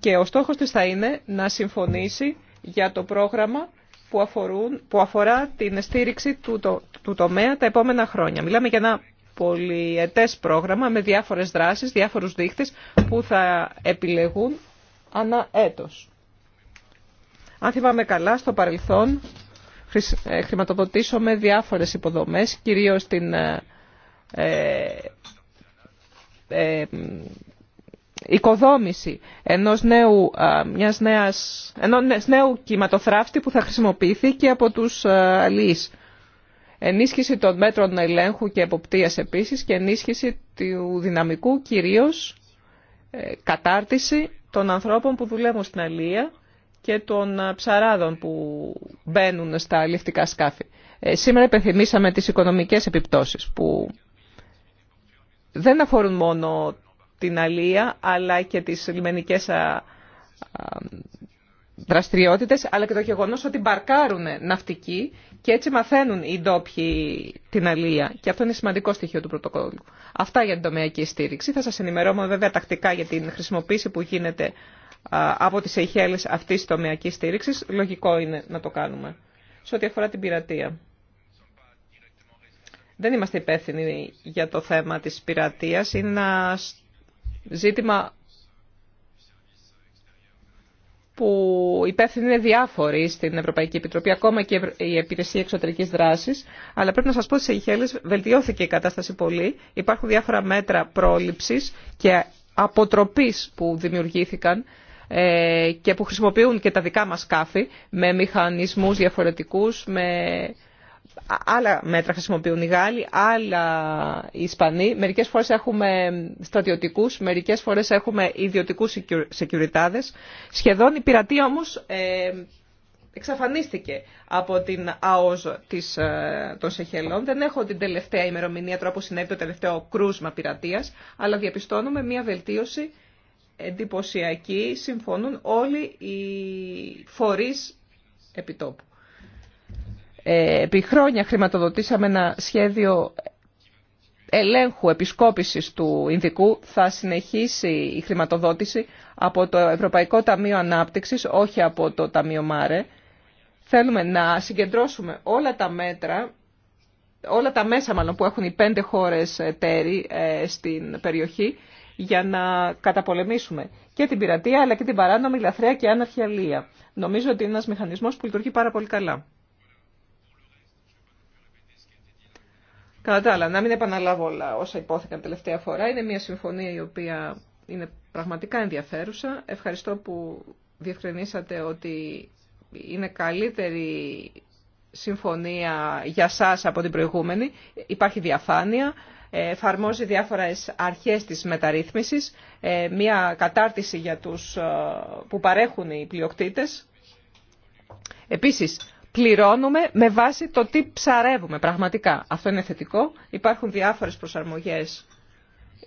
Και ο στόχος της θα είναι να συμφωνήσει για το πρόγραμμα που, αφορούν, που αφορά την στήριξη του, του τομέα τα επόμενα χρόνια. Μιλάμε για ένα πολυετές πρόγραμμα με διάφορες δράσεις, διάφορους δείχτες που θα επιλεγούν ανά έτος. Αν θυμάμαι καλά, στο παρελθόν ε, με διάφορες υποδομές, κυρίως την ε, ε, οικοδόμηση ενός νέου, μιας νέας, ενός νέου κυματοθράφτη που θα χρησιμοποιηθεί και από τους αλείς. Ενίσχυση των μέτρων ελέγχου και εποπτείας επίσης και ενίσχυση του δυναμικού κυρίως κατάρτιση των ανθρώπων που δουλεύουν στην αλληλεία και των ε, ψαράδων που μπαίνουν στα ληφτικά σκάφη. Ε, σήμερα υπενθυμίσαμε τις οικονομικές επιπτώσεις που δεν αφορούν μόνο την αλία αλλά και τις λιμενικές δραστηριότητες αλλά και το γεγονός ότι μπαρκάρουν ναυτικοί και έτσι μαθαίνουν οι ντόπιοι την αλία και αυτό είναι σημαντικό στοιχείο του πρωτοκόλλου. Αυτά για την τομεακή στήριξη. Θα σας ενημερώνω βέβαια τακτικά για την χρησιμοποίηση που γίνεται από τις Αιχέλες αυτής της τομεακής στήριξης, λογικό είναι να το κάνουμε. Σε ό,τι αφορά την πειρατεία. Δεν είμαστε υπεύθυνοι για το θέμα της πειρατείας. Είναι ένα ζήτημα που υπεύθυνοι είναι διάφοροι στην Ευρωπαϊκή Επιτροπή, ακόμα και η Επιτροπή εξωτερικής δράσης. Αλλά πρέπει να σας πω ότι σε Ιχέλης βελτιώθηκε η κατάσταση πολύ. Υπάρχουν διάφορα μέτρα πρόληψης και αποτροπής που δημιουργήθηκαν ε, και που χρησιμοποιούν και τα δικά μας σκάφη με μηχανισμούς διαφορετικούς, με άλλα μέτρα χρησιμοποιούν οι Γάλλοι, άλλα οι Ισπανοί. Μερικές φορές έχουμε στρατιωτικούς, μερικές φορές έχουμε ιδιωτικούς σεκιουριτάδες. Σχεδόν η πειρατεία όμως ε, εξαφανίστηκε από την ΑΟΖ της, ε, των Σεχελών. Δεν έχω την τελευταία ημερομηνία τώρα που συνέβη το τελευταίο κρούσμα πειρατείας, αλλά διαπιστώνουμε μια βελτίωση Εντυπωσιακοί συμφωνούν όλοι οι φορείς επιτόπου. Ε, επί χρόνια χρηματοδοτήσαμε ένα σχέδιο ελέγχου επισκόπησης του Ινδικού. Θα συνεχίσει η χρηματοδότηση από το Ευρωπαϊκό Ταμείο Ανάπτυξης, όχι από το Ταμείο ΜΑΡΕ. Θέλουμε να συγκεντρώσουμε όλα τα μέτρα, όλα τα μέσα μάλλον που έχουν οι πέντε χώρες τέρι ε, στην περιοχή για να καταπολεμήσουμε και την πειρατεία αλλά και την παράνομη λαθρέα και άναρχη Νομίζω ότι είναι ένας μηχανισμός που λειτουργεί πάρα πολύ καλά. Κατά τα άλλα, να μην επαναλάβω όλα όσα υπόθηκαν τελευταία φορά. Είναι μια συμφωνία η οποία είναι πραγματικά ενδιαφέρουσα. Ευχαριστώ που διευκρινίσατε ότι είναι καλύτερη συμφωνία για σας από την προηγούμενη. Υπάρχει διαφάνεια, εφαρμόζει διάφορες αρχές της μεταρρύθμισης, ε, μια κατάρτιση για τους ε, που παρέχουν οι πλειοκτήτες. Επίσης, πληρώνουμε με βάση το τι ψαρεύουμε πραγματικά. Αυτό είναι θετικό. Υπάρχουν διάφορες προσαρμογές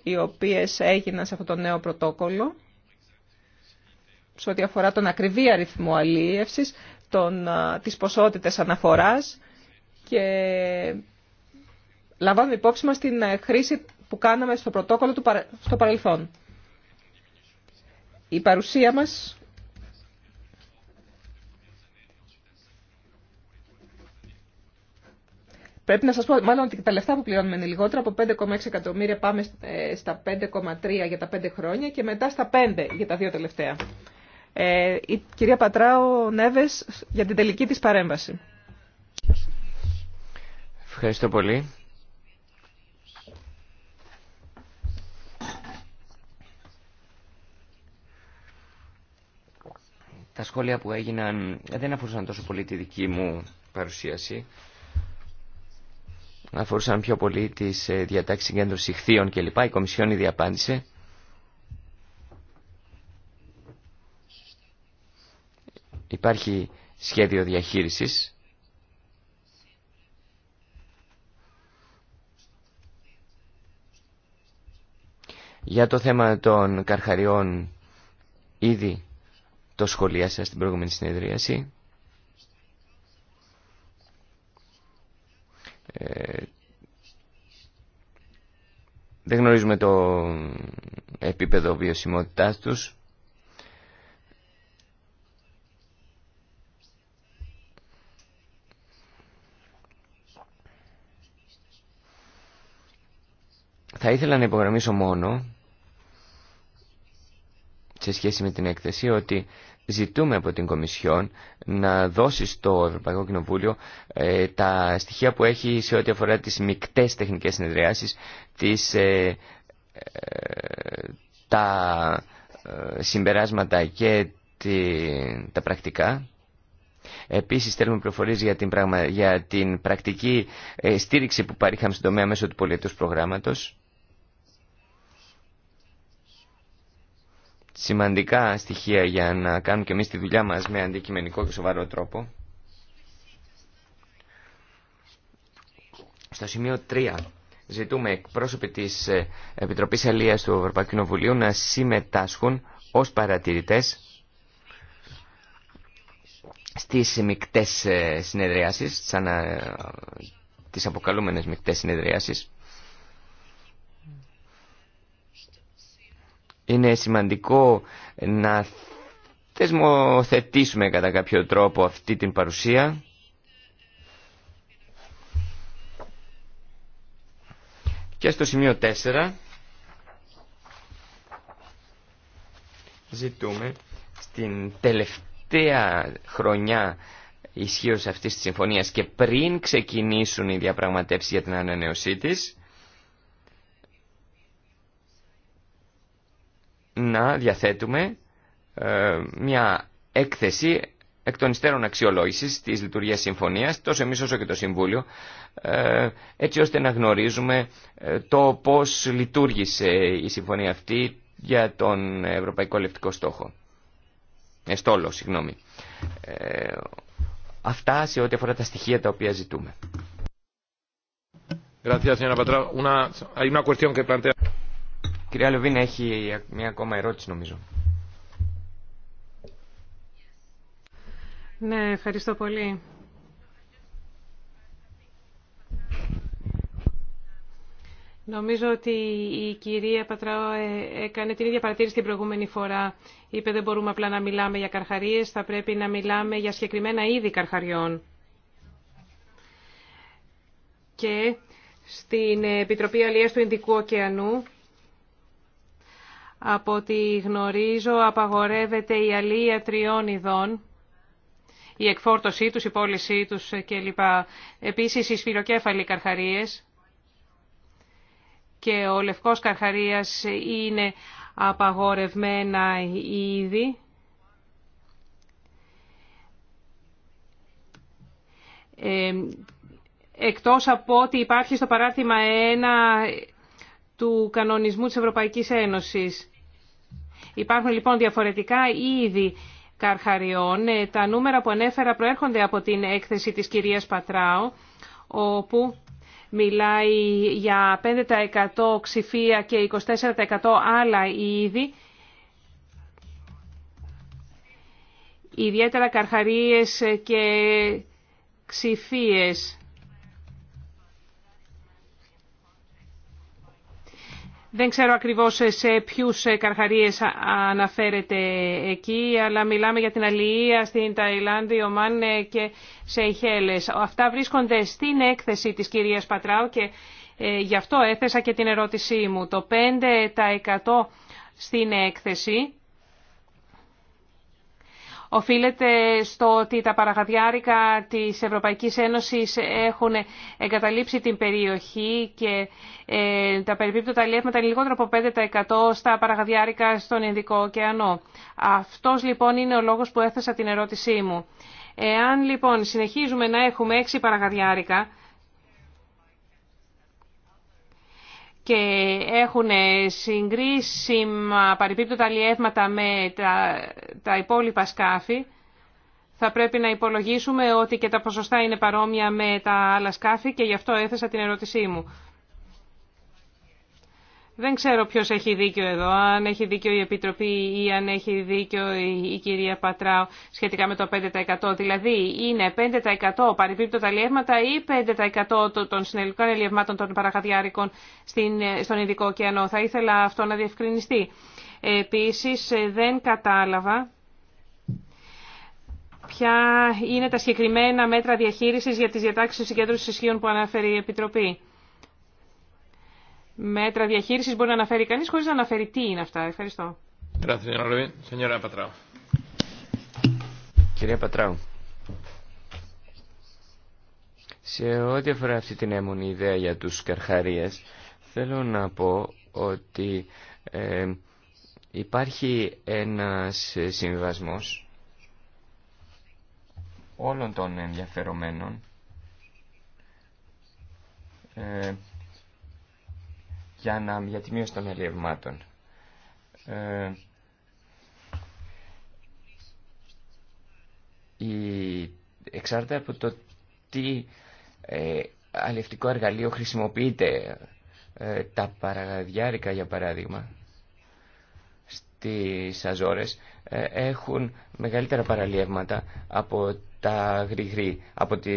οι οποίες έγιναν σε αυτό το νέο πρωτόκολλο σε ό,τι αφορά τον ακριβή αριθμό αλίευσης, τον, ε, τις ποσότητες αναφοράς και λαμβάνουμε υπόψη μας την ε, χρήση που κάναμε στο πρωτόκολλο του στο παρελθόν. Η παρουσία μας Πρέπει να σας πω μάλλον ότι τα λεφτά που πληρώνουμε είναι λιγότερα. Από 5,6 εκατομμύρια πάμε ε, στα 5,3 για τα 5 χρόνια και μετά στα 5 για τα δύο τελευταία. Ε, η κυρία Πατράου Νέβες για την τελική της παρέμβαση. Ευχαριστώ πολύ. Τα σχόλια που έγιναν δεν αφορούσαν τόσο πολύ τη δική μου παρουσίαση. Αφορούσαν πιο πολύ τις ε, διατάξεις συγκέντρωση ηχθείων κλπ. Η Κομισιόν ήδη απάντησε. Υπάρχει σχέδιο διαχείρισης. Για το θέμα των καρχαριών ήδη το σχολίασα στην προηγούμενη συνεδρίαση. Ε, δεν γνωρίζουμε το επίπεδο βιωσιμότητάς τους. Θα ήθελα να υπογραμμίσω μόνο σε σχέση με την έκθεση ότι ζητούμε από την Κομισιόν να δώσει στο Ευρωπαϊκό Κοινοβούλιο ε, τα στοιχεία που έχει σε ό,τι αφορά τις μικτές τεχνικές συνεδριάσεις, τις, ε, ε, τα συμπεράσματα και τη, τα πρακτικά. Επίσης θέλουμε πληροφορίες για την, για την πρακτική στήριξη που παρήχαμε στον τομέα μέσω του πολιτικού προγράμματος σημαντικά στοιχεία για να κάνουμε και εμείς τη δουλειά μας με αντικειμενικό και σοβαρό τρόπο. Στο σημείο 3 ζητούμε εκπρόσωποι της ε, Επιτροπής Αλίας του Ευρωπαϊκού Κοινοβουλίου να συμμετάσχουν ως παρατηρητές στις μεικτές ε, συνεδριάσεις, ε, τις αποκαλούμενες μικτές συνεδριάσεις. είναι σημαντικό να θεσμοθετήσουμε κατά κάποιο τρόπο αυτή την παρουσία. Και στο σημείο 4 ζητούμε στην τελευταία χρονιά ισχύω αυτής της συμφωνίας και πριν ξεκινήσουν οι διαπραγματεύσεις για την ανανέωσή της να διαθέτουμε ε, μια έκθεση εκ των υστέρων αξιολόγηση τη λειτουργία συμφωνία, τόσο εμεί όσο και το Συμβούλιο, ε, έτσι ώστε να γνωρίζουμε ε, το πώ λειτουργήσε η συμφωνία αυτή για τον Ευρωπαϊκό Λευτικό Στόχο. Ε, στόλο, συγγνώμη. αυτά σε ό,τι αφορά τα στοιχεία τα οποία ζητούμε. Κυρία Λεβίνα έχει μια ακόμα ερώτηση νομίζω. Ναι, ευχαριστώ πολύ. Νομίζω ότι η κυρία Πατράο ε, έκανε την ίδια παρατήρηση την προηγούμενη φορά. Είπε δεν μπορούμε απλά να μιλάμε για καρχαρίες, θα πρέπει να μιλάμε για συγκεκριμένα είδη καρχαριών. Και στην Επιτροπή Αλίας του Ινδικού Ωκεανού από ό,τι γνωρίζω απαγορεύεται η αλία τριών ειδών, η εκφόρτωσή τους, η πώλησή τους κλπ. Επίσης οι σφυροκέφαλοι καρχαρίες και ο λευκός καρχαρίας είναι απαγορευμένα είδη. Ε, εκτός από ότι υπάρχει στο παράρτημα 1 του κανονισμού της Ευρωπαϊκής Ένωσης. Υπάρχουν λοιπόν διαφορετικά είδη καρχαριών. Ε, τα νούμερα που ανέφερα προέρχονται από την έκθεση της κυρίας Πατράου, όπου μιλάει για 5% ξηφία και 24% άλλα είδη. Ιδιαίτερα καρχαρίες και ξηφίες. Δεν ξέρω ακριβώς σε ποιους καρχαρίες αναφέρεται εκεί, αλλά μιλάμε για την Αλληλεία, στην Ταϊλάνδη, Ομάν ε, και σε Ιχέλες. Αυτά βρίσκονται στην έκθεση της κυρίας Πατράου και ε, γι' αυτό έθεσα και την ερώτησή μου. Το 5% στην έκθεση οφείλεται στο ότι τα παραγαδιάρικα της Ευρωπαϊκής Ένωσης έχουν εγκαταλείψει την περιοχή και ε, τα περιπτώτα αλλιεύματα είναι λιγότερο από 5% στα παραγαδιάρικα στον Ινδικό ωκεανό. Αυτός λοιπόν είναι ο λόγος που έθεσα την ερώτησή μου. Εάν λοιπόν συνεχίζουμε να έχουμε έξι παραγαδιάρικα, και έχουν συγκρίσιμα παρεπίπτωτα αλλιεύματα με τα, τα υπόλοιπα σκάφη, θα πρέπει να υπολογίσουμε ότι και τα ποσοστά είναι παρόμοια με τα άλλα σκάφη και γι' αυτό έθεσα την ερώτησή μου. Δεν ξέρω ποιος έχει δίκιο εδώ, αν έχει δίκιο η Επιτροπή ή αν έχει δίκιο η κυρία Πατράου σχετικά με το 5%. Δηλαδή είναι 5% παρεπίπτωτα λιεύματα ή 5% των συνελικών ελιευμάτων των παραγαδιάρικων στον Ειδικό ωκεανό. Θα ήθελα αυτό να διευκρινιστεί. Επίσης δεν κατάλαβα ποια είναι τα συγκεκριμένα μέτρα διαχείρισης για τις διατάξεις συγκέντρωσης ισχύων που αναφέρει η Επιτροπή μέτρα διαχείρισης μπορεί να αναφέρει κανείς χωρίς να αναφέρει τι είναι αυτά. Ευχαριστώ. Κυρία Πατράου, σε ό,τι αφορά αυτή την έμονη ιδέα για τους καρχαρίες, θέλω να πω ότι ε, υπάρχει ένας συμβιβασμός όλων των ενδιαφερομένων ε, για, να, για τη μείωση των αλλιευμάτων. Ε, η, εξάρτητα από το τι ε, αλλιευτικό εργαλείο χρησιμοποιείται ε, τα παραγαδιάρικα για παράδειγμα στις Αζόρες ε, έχουν μεγαλύτερα παραλιεύματα από τα γρήγορα από, τη,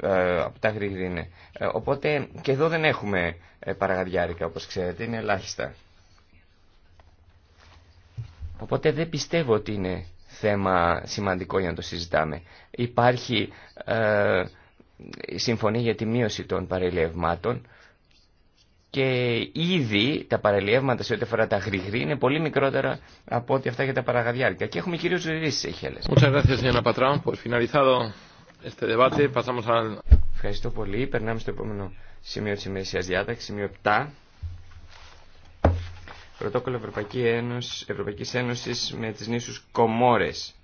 ε, τα είναι. Ε, οπότε και εδώ δεν έχουμε ε, παραγαδιάρικα όπως ξέρετε, είναι ελάχιστα. Οπότε δεν πιστεύω ότι είναι θέμα σημαντικό για να το συζητάμε. Υπάρχει συμφωνία για τη μείωση των παρελευμάτων και ήδη τα παρελιεύματα σε ό,τι αφορά τα γρηγρή είναι πολύ μικρότερα από ό,τι αυτά για τα παραγαδιάρκεια. Και έχουμε κυρίω ρίσει σε χέλε. Ευχαριστώ πολύ. Περνάμε στο επόμενο σημείο τη ημερησία διάταξη, σημείο 7. Πρωτόκολλο Ευρωπαϊκή Ένωση, Ευρωπαϊκής Ένωσης με τις νήσους Κομόρες.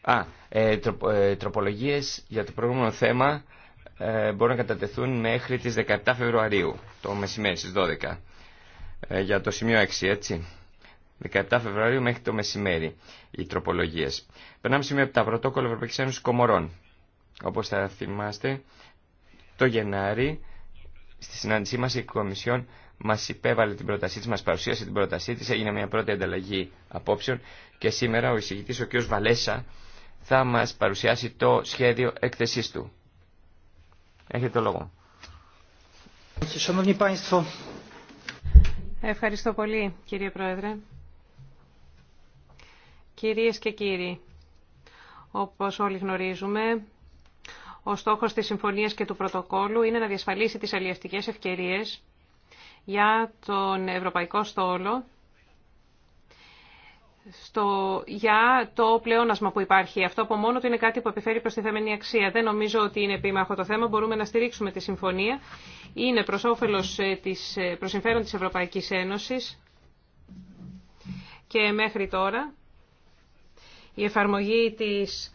Α, ε, ε τροπολογίες για το προηγούμενο θέμα ε, μπορούν να κατατεθούν μέχρι τις 17 Φεβρουαρίου, το μεσημέρι στις 12, ε, για το σημείο 6, έτσι. 17 Φεβρουαρίου μέχρι το μεσημέρι οι τροπολογίες. Περνάμε σημείο από τα πρωτόκολλα Ευρωπαϊκής Ένωσης Κομορών. Όπως θα θυμάστε, το Γενάρη, στη συνάντησή μας η Κομισιόν μας υπέβαλε την πρότασή της, μας παρουσίασε την πρότασή της, έγινε μια πρώτη ανταλλαγή απόψεων και σήμερα ο εισηγητής ο κ. Βαλέσα θα μας παρουσιάσει το σχέδιο έκθεσής του. Έχετε το λόγο. Ευχαριστώ πολύ κύριε Πρόεδρε. Κυρίες και κύριοι, όπως όλοι γνωρίζουμε, ο στόχος της συμφωνίας και του πρωτοκόλου είναι να διασφαλίσει τις αλλιευτικές ευκαιρίες για τον ευρωπαϊκό στόλο στο, για το πλεόνασμα που υπάρχει. Αυτό από μόνο του είναι κάτι που επιφέρει προς τη αξία. Δεν νομίζω ότι είναι επίμαχο το θέμα. Μπορούμε να στηρίξουμε τη συμφωνία. Είναι προς όφελος ε, της, ε, προς της Ευρωπαϊκής Ένωσης. Και μέχρι τώρα η εφαρμογή της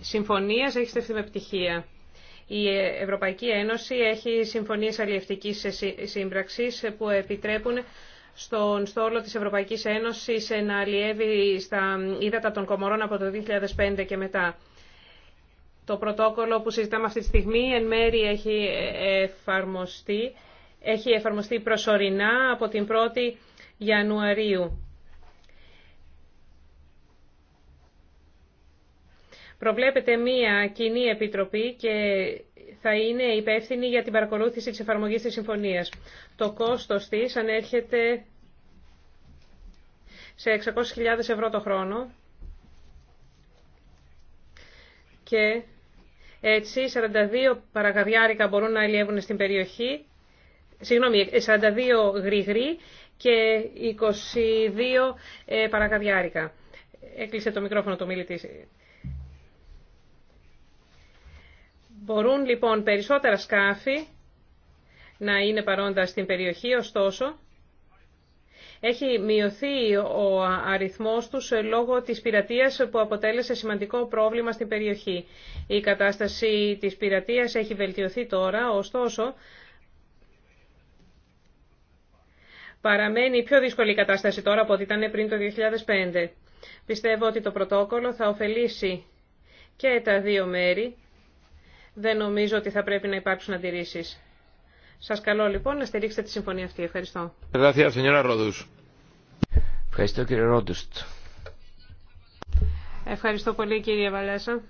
συμφωνίας έχει στεφθεί με πτυχία. Η ε, Ευρωπαϊκή Ένωση έχει συμφωνίες αλλιευτικής σύμπραξης που επιτρέπουν στον στόλο της Ευρωπαϊκής Ένωσης να αλλιεύει στα ύδατα των Κομορών από το 2005 και μετά. Το πρωτόκολλο που συζητάμε αυτή τη στιγμή εν μέρη έχει εφαρμοστεί, έχει εφαρμοστεί προσωρινά από την 1η Ιανουαρίου. Προβλέπεται μία κοινή επιτροπή και θα είναι υπεύθυνη για την παρακολούθηση της εφαρμογής της συμφωνίας. Το κόστος της ανέρχεται σε 600.000 ευρώ το χρόνο και έτσι 42 παραγαδιάρικα μπορούν να αλλιεύουν στην περιοχή, συγγνώμη, 42 γρήγοροι και 22 ε, παρακαδιάρικα. Έκλεισε το μικρόφωνο το μίλητη. Μπορούν λοιπόν περισσότερα σκάφη να είναι παρόντα στην περιοχή, ωστόσο έχει μειωθεί ο αριθμός τους λόγω της πειρατείας που αποτέλεσε σημαντικό πρόβλημα στην περιοχή. Η κατάσταση της πειρατείας έχει βελτιωθεί τώρα, ωστόσο παραμένει πιο δύσκολη η κατάσταση τώρα από ό,τι ήταν πριν το 2005. Πιστεύω ότι το πρωτόκολλο θα ωφελήσει και τα δύο μέρη δεν νομίζω ότι θα πρέπει να υπάρξουν αντιρρήσεις. Σας καλώ λοιπόν να στηρίξετε τη συμφωνία αυτή. Ευχαριστώ. Ευχαριστώ κύριε Ρόντουστ. Ευχαριστώ πολύ κύριε Βαλέσα.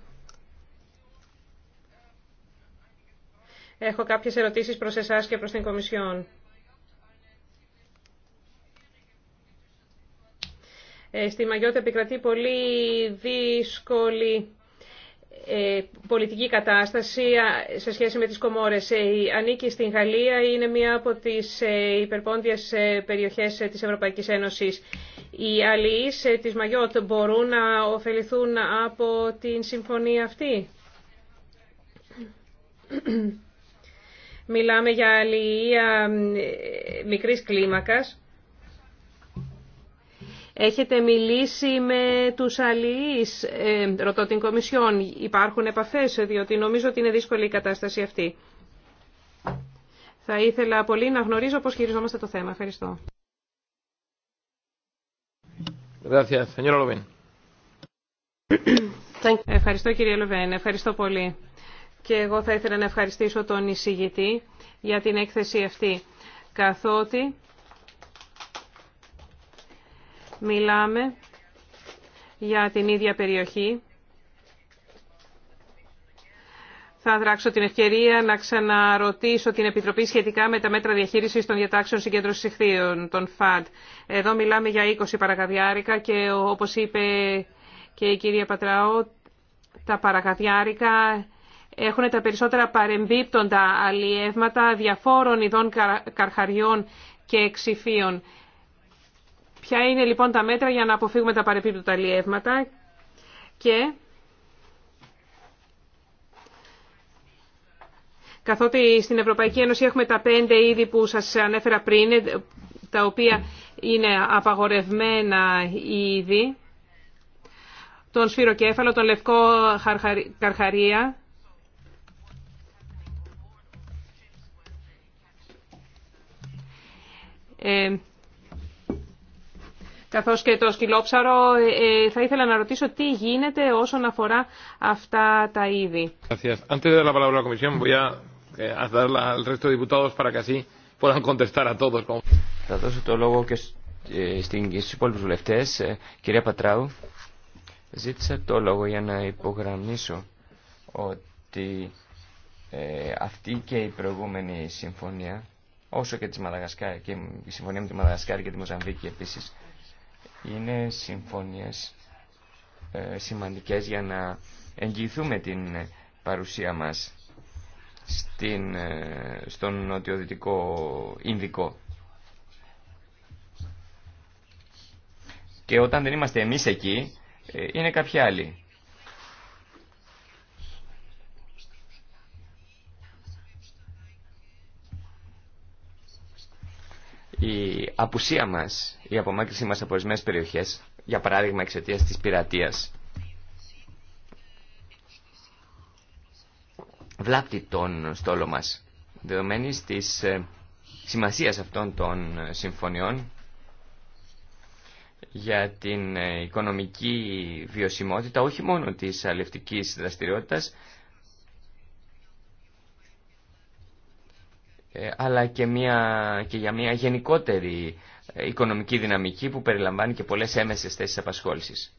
Έχω κάποιες ερωτήσεις προς εσάς και προς την Κομισιόν. Ε, στη Μαγιώτα επικρατεί πολύ δύσκολη ε, πολιτική κατάσταση σε σχέση με τις Κομόρες. Ε, ανήκει στην Γαλλία, είναι μία από τις ε, υπερπόντιες περιοχές της Ευρωπαϊκής Ένωσης. Οι αλληλείς της Μαγιότ μπορούν να ωφεληθούν από την συμφωνία αυτή. Μιλάμε για αλληλεία μικρής κλίμακας Έχετε μιλήσει με τους αλληλείς, ε, ρωτώ την Κομισιόν, υπάρχουν επαφές, διότι νομίζω ότι είναι δύσκολη η κατάσταση αυτή. Θα ήθελα πολύ να γνωρίζω πώς χειριζόμαστε το θέμα. Ευχαριστώ. Ευχαριστώ κύριε Λοβέν, ευχαριστώ πολύ. Και εγώ θα ήθελα να ευχαριστήσω τον εισηγητή για την έκθεση αυτή, καθότι μιλάμε για την ίδια περιοχή. Θα δράξω την ευκαιρία να ξαναρωτήσω την Επιτροπή σχετικά με τα μέτρα διαχείριση των διατάξεων συγκέντρωση ηχθείων, των ΦΑΤ. Εδώ μιλάμε για 20 παρακαδιάρικα και όπω είπε και η κυρία Πατράο, τα παρακαδιάρικα έχουν τα περισσότερα παρεμπίπτοντα αλλιεύματα διαφόρων ειδών καρχαριών και εξηφίων. Ποια είναι λοιπόν τα μέτρα για να αποφύγουμε τα παρεπίπτωτα λιεύματα και καθότι στην Ευρωπαϊκή Ένωση έχουμε τα πέντε είδη που σας ανέφερα πριν, τα οποία είναι απαγορευμένα είδη, τον σφυροκέφαλο, τον λευκό καρχαρία, ε, καθώς και το σκυλόψαρο. Ε, ε, θα ήθελα να ρωτήσω τι γίνεται όσον αφορά αυτά τα είδη. Θα δώσω το λόγο και ε, στους υπόλοιπους βουλευτές. Κυρία Πατράου, ζήτησα το λόγο για να υπογραμμίσω ότι αυτή και η προηγούμενη συμφωνία, όσο και, της Μαδαγασκάρ, και η συμφωνία με τη Μαδαγασκάρη και τη Μοζαμβίκη επίσης, είναι συμφωνίες ε, σημαντικές για να εγγυηθούμε την παρουσία μας στην, ε, στον νοτιοδυτικό Ινδικό. Και όταν δεν είμαστε εμείς εκεί, ε, είναι κάποιοι άλλοι. η απουσία μας, η απομάκρυνση μας από ορισμένε περιοχές, για παράδειγμα εξαιτία της πειρατείας, βλάπτει τον στόλο μας. Δεδομένης της ε, σημασίας αυτών των ε, συμφωνιών για την ε, οικονομική βιωσιμότητα όχι μόνο της αλληλευτικής δραστηριότητας Ε, αλλά και, μια, και για μια γενικότερη ε, οικονομική δυναμική που περιλαμβάνει και πολλές έμεσες θέσεις απασχόλησης.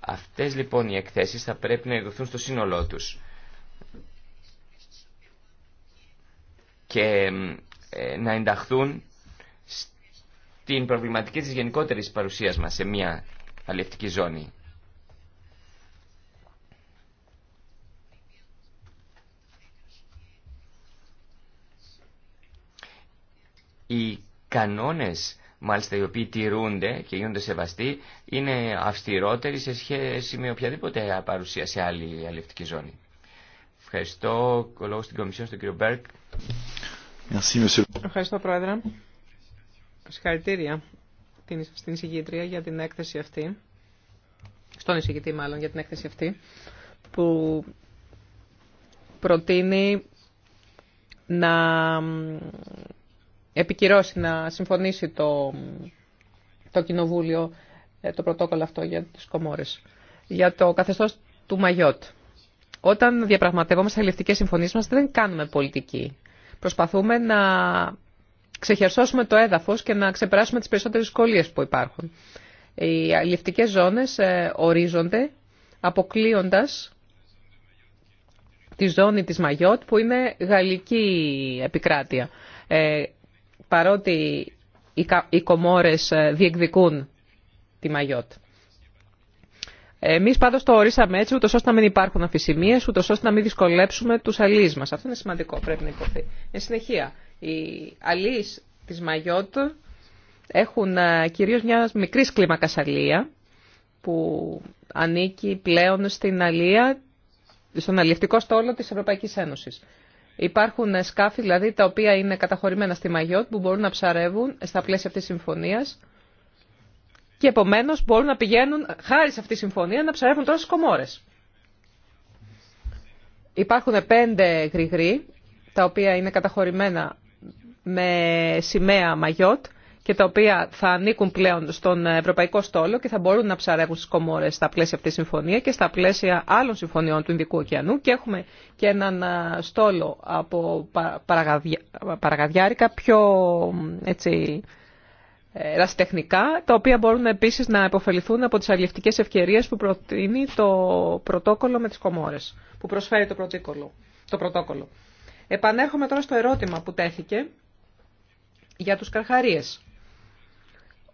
Αυτές λοιπόν οι εκθέσεις θα πρέπει να ειδωθούν στο σύνολό τους. και ε, να ενταχθούν στην προβληματική της γενικότερης παρουσίας μας σε μια αλληλευτική ζώνη. Οι κανόνες μάλιστα οι οποίοι τηρούνται και γίνονται σεβαστοί είναι αυστηρότεροι σε σχέση με οποιαδήποτε παρουσία σε άλλη αλληλευτική ζώνη. Ευχαριστώ. Ο λόγος στην Κομισιόν στον κύριο Μπέρκ. Ευχαριστώ Πρόεδρε. Συγχαρητήρια στην εισηγήτρια για την έκθεση αυτή. Στον εισηγητή μάλλον για την έκθεση αυτή που προτείνει να επικυρώσει, να συμφωνήσει το, το Κοινοβούλιο ε, το πρωτόκολλο αυτό για τις Κομόρες. Για το καθεστώς του Μαγιότ. Όταν διαπραγματευόμαστε αλληλευτικές συμφωνίες μας δεν κάνουμε πολιτική. Προσπαθούμε να ξεχερσώσουμε το έδαφος και να ξεπεράσουμε τις περισσότερες δυσκολίε που υπάρχουν. Οι αλληλευτικές ζώνες ε, ορίζονται αποκλείοντας τη ζώνη της Μαγιότ που είναι γαλλική επικράτεια. Ε, παρότι οι κομόρες ε, διεκδικούν τη Μαγιότ. Εμείς πάντως το ορίσαμε έτσι, ούτως ώστε να μην υπάρχουν αφησιμίε, ούτως ώστε να μην δυσκολέψουμε του αλείς μας. Αυτό είναι σημαντικό, πρέπει να υποθεί. Εν συνεχεία, οι αλείς της Μαγιότ έχουν ε, κυρίως μια μικρή κλίμακα αλεία που ανήκει πλέον στην αλεία, στον αλληλευτικό στόλο της Ευρωπαϊκής Ένωσης. Υπάρχουν σκάφη, δηλαδή, τα οποία είναι καταχωρημένα στη Μαγιότ που μπορούν να ψαρεύουν στα πλαίσια αυτής της συμφωνίας και επομένως μπορούν να πηγαίνουν, χάρη σε αυτή τη συμφωνία, να ψαρεύουν τώρα στις Υπάρχουν πέντε γρηγροί, τα οποία είναι καταχωρημένα με σημαία Μαγιότ και τα οποία θα ανήκουν πλέον στον Ευρωπαϊκό Στόλο και θα μπορούν να ψαρεύουν στι Κομόρες στα πλαίσια αυτή τη συμφωνία και στα πλαίσια άλλων συμφωνιών του Ινδικού Ωκεανού και έχουμε και έναν στόλο από παραγαδιάρικα πιο έτσι, ε, τα οποία μπορούν επίση να επωφεληθούν από τι αλληλευτικέ ευκαιρίε που προτείνει το πρωτόκολλο με τι Κομόρες, που προσφέρει το πρωτόκολλο. Το πρωτόκολλο. Επανέρχομαι τώρα στο ερώτημα που τέθηκε για τους καρχαρίες.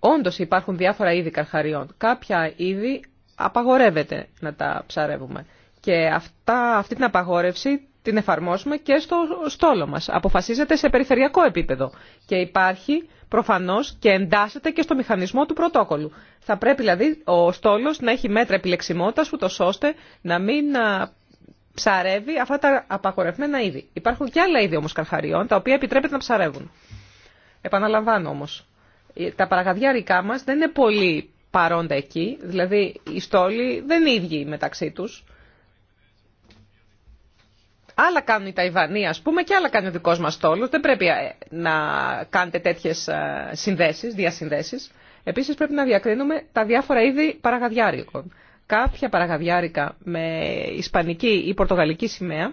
Όντω υπάρχουν διάφορα είδη καρχαριών. Κάποια είδη απαγορεύεται να τα ψαρεύουμε. Και αυτά, αυτή την απαγόρευση την εφαρμόσουμε και στο στόλο μας. Αποφασίζεται σε περιφερειακό επίπεδο και υπάρχει προφανώς και εντάσσεται και στο μηχανισμό του πρωτόκολλου. Θα πρέπει δηλαδή ο στόλος να έχει μέτρα επιλεξιμότητας ούτω ώστε να μην ψαρεύει αυτά τα απαγορευμένα είδη. Υπάρχουν και άλλα είδη όμως καρχαριών τα οποία επιτρέπεται να ψαρεύουν. Επαναλαμβάνω όμως τα παραγαδιάρικά μας δεν είναι πολύ παρόντα εκεί, δηλαδή οι στόλοι δεν είναι ίδιοι μεταξύ τους. Άλλα κάνουν οι Ταϊβανοί, ας πούμε, και άλλα κάνει ο δικός μας στόλος. Δεν πρέπει ε, να κάνετε τέτοιες ε, συνδέσεις, διασυνδέσεις. Επίσης πρέπει να διακρίνουμε τα διάφορα είδη παραγαδιάρικων. Κάποια παραγαδιάρικα με ισπανική ή πορτογαλική σημαία,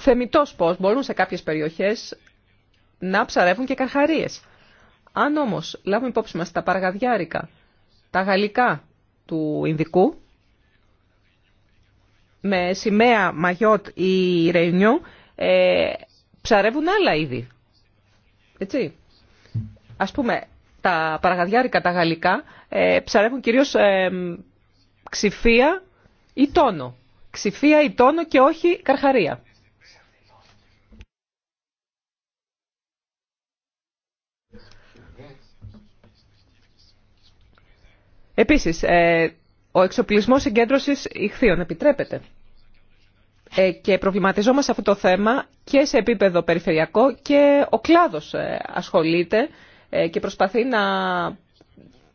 θεμητός πώς μπορούν σε κάποιες περιοχές να ψαρεύουν και καρχαρίες. Αν όμω λάβουμε υπόψη μα τα παραγαδιάρικα, τα γαλλικά του Ινδικού, με σημαία Μαγιότ ή Ρεϊνιό, ε, ψαρεύουν άλλα είδη. Έτσι. Ας πούμε, τα παραγαδιάρικα, τα γαλλικά, ε, ψαρεύουν κυρίως ε, ή τόνο. Ξυφία ή τόνο και όχι καρχαρία. Επίσης, ε, ο εξοπλισμός συγκέντρωση ηχθείων επιτρέπεται. Ε, και προβληματιζόμαστε αυτό το θέμα και σε επίπεδο περιφερειακό και ο κλάδος ε, ασχολείται και προσπαθεί να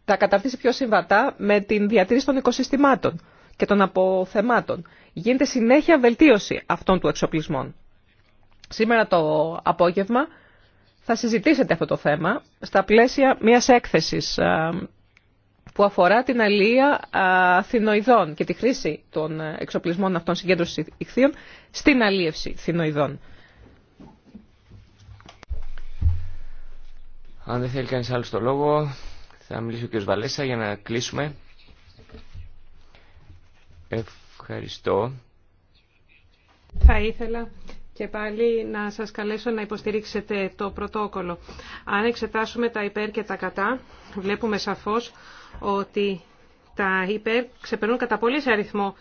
τα καταρτήσει πιο συμβατά με την διατήρηση των οικοσυστημάτων και των αποθεμάτων. Γίνεται συνέχεια βελτίωση αυτών του εξοπλισμών. Σήμερα το απόγευμα θα συζητήσετε αυτό το θέμα στα πλαίσια μιας έκθεσης που αφορά την αλία θηνοειδών και τη χρήση των ε, εξοπλισμών αυτών συγκέντρωση ηχθείων στην αλίευση θηνοειδών. Αν δεν θέλει κανείς άλλο το λόγο, θα μιλήσει ο κ. Βαλέσσα για να κλείσουμε. Ευχαριστώ. Θα ήθελα και πάλι να σας καλέσω να υποστηρίξετε το πρωτόκολλο. Αν εξετάσουμε τα υπέρ και τα κατά, βλέπουμε σαφώς ότι τα υπέρ ξεπερνούν κατά πολύ σε αριθμό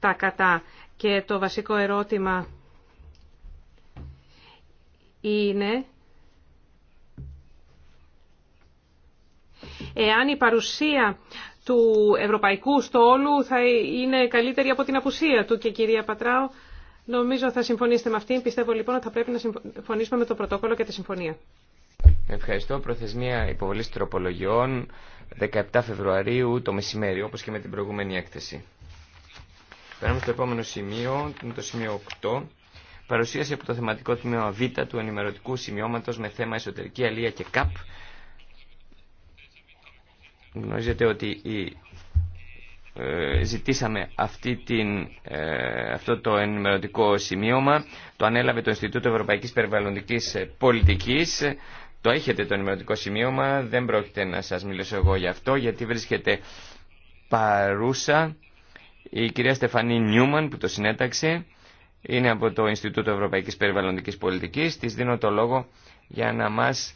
τα κατά. Και το βασικό ερώτημα είναι εάν η παρουσία του ευρωπαϊκού στόλου θα είναι καλύτερη από την απουσία του. Και κυρία Πατράου, νομίζω θα συμφωνήσετε με αυτήν. Πιστεύω λοιπόν ότι θα πρέπει να συμφωνήσουμε με το πρωτόκολλο και τη συμφωνία. Ευχαριστώ. Προθεσμία υποβολή τροπολογιών 17 Φεβρουαρίου το μεσημέρι, όπω και με την προηγούμενη έκθεση. Περάμε στο επόμενο σημείο, το σημείο 8. Παρουσίαση από το θεματικό τμήμα Β του ενημερωτικού σημειώματο με θέμα εσωτερική αλία και ΚΑΠ. Γνωρίζετε ότι ε, ζητήσαμε αυτή την, ε, αυτό το ενημερωτικό σημείωμα. Το ανέλαβε το Ινστιτούτο Ευρωπαϊκής Περιβαλλοντικής Πολιτικής το έχετε το ενημερωτικό σημείωμα, δεν πρόκειται να σας μιλήσω εγώ για αυτό, γιατί βρίσκεται παρούσα η κυρία Στεφανή Νιούμαν που το συνέταξε, είναι από το Ινστιτούτο Ευρωπαϊκής Περιβαλλοντικής Πολιτικής, της δίνω το λόγο για να μας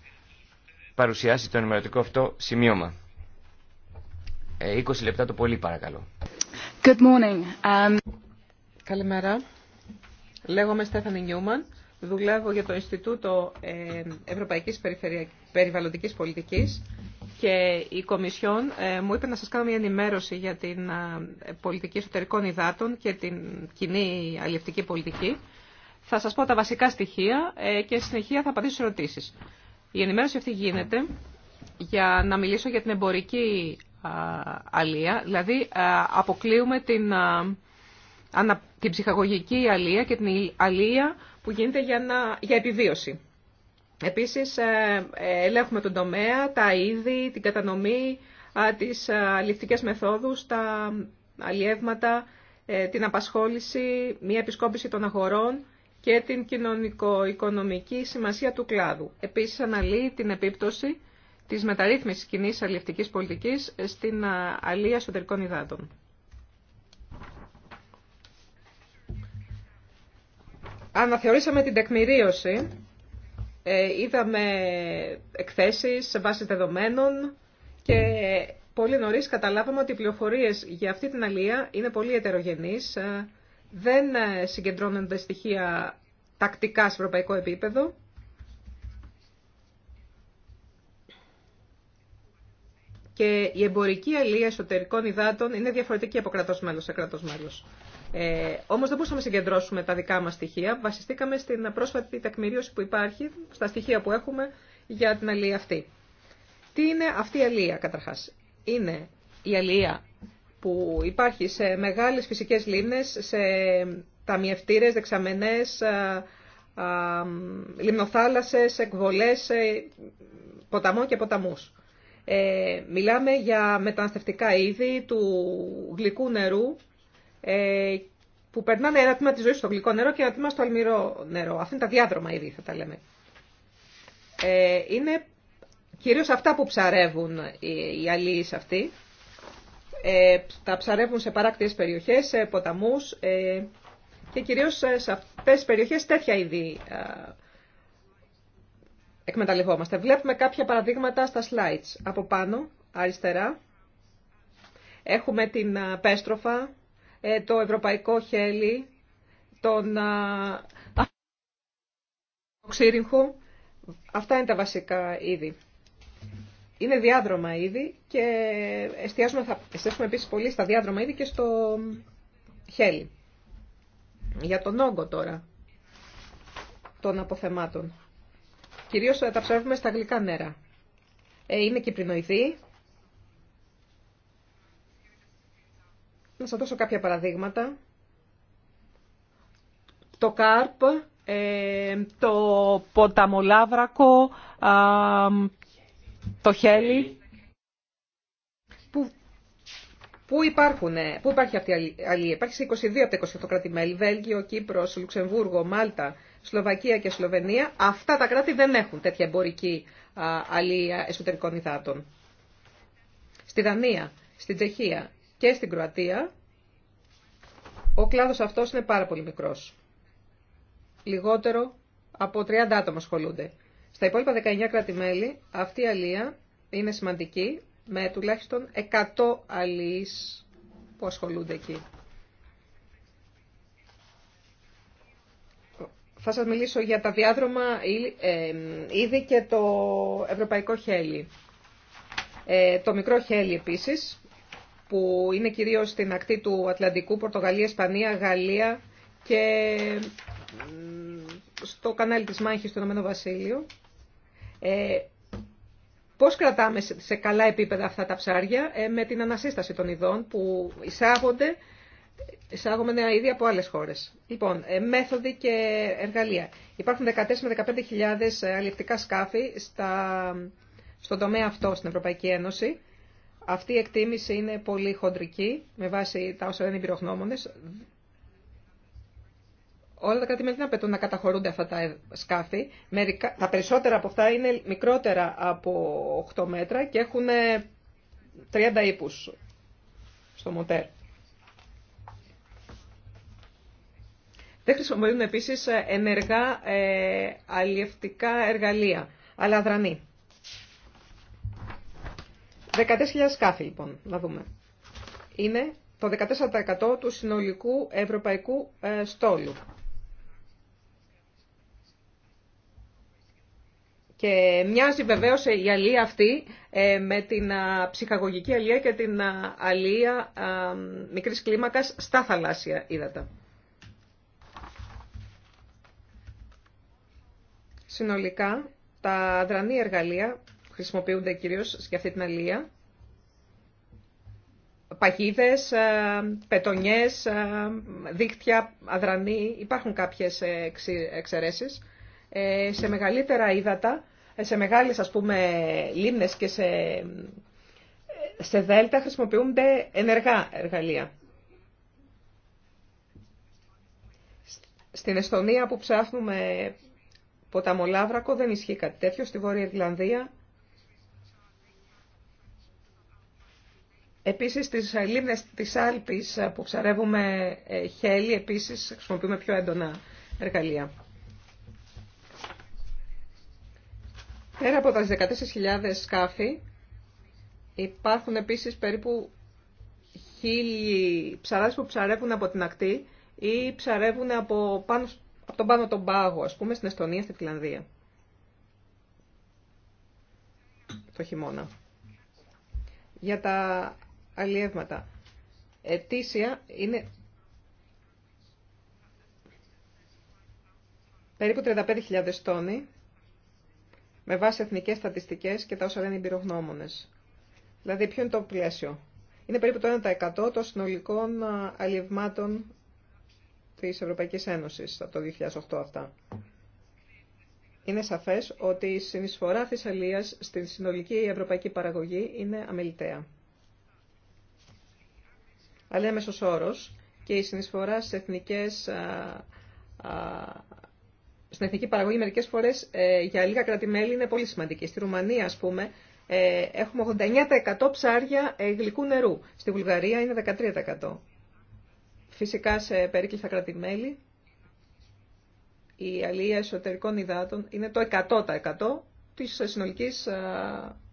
παρουσιάσει το ενημερωτικό αυτό σημείωμα. 20 ε, λεπτά το πολύ παρακαλώ. Good morning. Um, Καλημέρα. Λέγομαι Στέφανη Νιούμαν. Δουλεύω για το Ινστιτούτο ε, Ευρωπαϊκής Περιβαλλοντικής Πολιτικής και η Κομισιόν ε, μου είπε να σας κάνω μια ενημέρωση για την ε, πολιτική εσωτερικών υδάτων και την κοινή αλληλευτική πολιτική. Θα σας πω τα βασικά στοιχεία και στη συνεχεία θα απαντήσω στις ερωτήσεις. Η ενημέρωση αυτή γίνεται για να μιλήσω για την εμπορική αλία, δηλαδή αποκλείουμε την, την ψυχαγωγική αλία και την αλία που γίνεται για, να, για επιβίωση. Επίσης, ε, ε, ελέγχουμε τον τομέα, τα είδη, την κατανομή, τις ληφτικές μεθόδους, τα αλλιεύματα, ε, την απασχόληση, μια επισκόπηση των αγορών και την κοινωνικο-οικονομική σημασία του κλάδου. Επίσης, αναλύει την επίπτωση της μεταρρύθμισης κοινής αλληλευτικής πολιτικής στην αλληλεία εσωτερικών υδάτων. Αναθεωρήσαμε την τεκμηρίωση. Ε, είδαμε εκθέσεις σε βάση δεδομένων και πολύ νωρίς καταλάβαμε ότι οι πληροφορίες για αυτή την αλία είναι πολύ ετερογενείς. Ε, δεν ε, συγκεντρώνονται στοιχεία τακτικά σε ευρωπαϊκό επίπεδο. Και η εμπορική αλία εσωτερικών υδάτων είναι διαφορετική από κρατός μέλος σε κρατός μέλος. Ε, Όμω δεν μπορούσαμε να συγκεντρώσουμε τα δικά μα στοιχεία. Βασιστήκαμε στην πρόσφατη τεκμηρίωση που υπάρχει, στα στοιχεία που έχουμε για την αλληλεία αυτή. Τι είναι αυτή η αλληλεία, καταρχά. Είναι η αλληλεία που υπάρχει σε μεγάλες φυσικές λίμνες, σε ταμιευτήρες, δεξαμενές, α, α, λιμνοθάλασσες, εκβολές, ποταμό και ποταμούς. Ε, μιλάμε για μεταναστευτικά είδη του γλυκού νερού, ε, που περνάνε ένα τμήμα τη ζωή στο γλυκό νερό και ένα τμήμα στο αλμυρό νερό. Αυτά είναι τα διάδρομα ήδη θα τα λέμε. Ε, είναι κυρίως αυτά που ψαρεύουν οι, οι αυτοί. Ε, τα ψαρεύουν σε παράκτιες περιοχές, σε ποταμούς και κυρίως σε αυτές τις περιοχές τέτοια είδη ε, εκμεταλλευόμαστε. Βλέπουμε κάποια παραδείγματα στα slides. Από πάνω, αριστερά, έχουμε την πέστροφα, ε, το ευρωπαϊκό χέλι, τον ξύριγχο, Αυτά είναι τα βασικά είδη. Είναι διάδρομα είδη και εστιάζουμε, θα επίσης πολύ στα διάδρομα είδη και στο χέλι. Για τον όγκο τώρα των αποθεμάτων. Κυρίως ε, τα ψάχνουμε στα γλυκά νερά. Ε, είναι κυπρινοειδή, Να σας δώσω κάποια παραδείγματα. Το ΚΑΡΠ, ε, το ποταμολάβρακο, το χέλι. Πού, πού, υπάρχουν, ε, πού υπάρχει αυτή η αλληλεία. Υπάρχει σε 22 από τα 28 κράτη-μέλη. Βέλγιο, Κύπρος, Λουξεμβούργο, Μάλτα, Σλοβακία και Σλοβενία. Αυτά τα κράτη δεν έχουν τέτοια εμπορική αλληλεία εσωτερικών υδάτων. Στη Δανία, στην Τσεχία, και στην Κροατία, ο κλάδος αυτός είναι πάρα πολύ μικρός. Λιγότερο από 30 άτομα ασχολούνται. Στα υπόλοιπα 19 κρατη αυτή η αλία είναι σημαντική με τουλάχιστον 100 αλίες που ασχολούνται εκεί. Θα σας μιλήσω για τα διάδρομα ήδη και το ευρωπαϊκό χέλι. Ε, το μικρό χέλι επίσης που είναι κυρίως στην ακτή του Ατλαντικού, Πορτογαλία, Ισπανία, Γαλλία και στο κανάλι της Μάχης στο Ηνωμένο Βασίλειο. Ε, πώς κρατάμε σε καλά επίπεδα αυτά τα ψάρια ε, με την ανασύσταση των ειδών που εισάγονται εισάγουμε νέα είδη από άλλες χώρες. Λοιπόν, ε, μέθοδοι και εργαλεία. Υπάρχουν 14 με 15.000 ε, αλληλευτικά σκάφη στα, στον τομέα αυτό στην Ευρωπαϊκή Ένωση. Αυτή η εκτίμηση είναι πολύ χοντρική, με βάση τα όσα λένε οι πυρογνώμονε. Όλα τα κράτη-μέλη δεν απαιτούν να καταχωρούνται αυτά τα σκάφη. Μερικά, τα περισσότερα από αυτά είναι μικρότερα από 8 μέτρα και έχουν 30 ε, ύπου στο μοτέρ. Δεν χρησιμοποιούν επίσης ενεργά ε, αλλιευτικά εργαλεία, αλλά δρανή. 14.000 σκάφη λοιπόν, να δούμε. Είναι το 14% του συνολικού ευρωπαϊκού ε, στόλου. Και μοιάζει βεβαίω η αλία αυτή ε, με την ψυχαγωγική αλία και την αλία μικρής κλίμακας στα θαλάσσια ύδατα. Συνολικά, τα δρανή εργαλεία χρησιμοποιούνται κυρίως για αυτή την αλία. Παγίδες, ε, πετονιές, ε, δίχτυα, αδρανή, υπάρχουν κάποιες εξαιρέσεις. Ε, σε μεγαλύτερα ύδατα, σε μεγάλες ας πούμε λίμνες και σε, σε δέλτα χρησιμοποιούνται ενεργά εργαλεία. Στην Εστονία που ψάχνουμε ποταμολάβρακο δεν ισχύει κάτι τέτοιο. Στη Βόρεια Ιρλανδία Επίσης στις λίμνες της Άλπης που ψαρεύουμε ε, χέλη, επίσης χρησιμοποιούμε πιο έντονα εργαλεία. Πέρα από τα 14.000 σκάφη υπάρχουν επίσης περίπου χίλιοι ψαράδες που ψαρεύουν από την ακτή ή ψαρεύουν από, πάνω, από τον πάνω τον πάγο, ας πούμε, στην Εστονία, στην Φιλανδία. Το χειμώνα. Για τα αλλιεύματα. Ετήσια είναι περίπου 35.000 τόνοι με βάση εθνικές στατιστικές και τα όσα λένε οι Δηλαδή, ποιο είναι το πλαίσιο. Είναι περίπου το 1% των συνολικών αλλιευμάτων της Ευρωπαϊκής Ένωσης από το 2008 αυτά. Είναι σαφές ότι η συνεισφορά της αλίας στην συνολική ευρωπαϊκή παραγωγή είναι αμεληταία αλλά είναι μέσος όρος και η συνεισφορά εθνικές, στην εθνική παραγωγή μερικές φορές ε, για λίγα κρατημέλη είναι πολύ σημαντική. Στη Ρουμανία, ας πούμε, ε, έχουμε 89% ψάρια γλυκού νερού. Στη Βουλγαρία είναι 13%. Φυσικά σε περίκλειστα κρατημέλη η αλληλεία εσωτερικών υδάτων είναι το 100% της συνολικής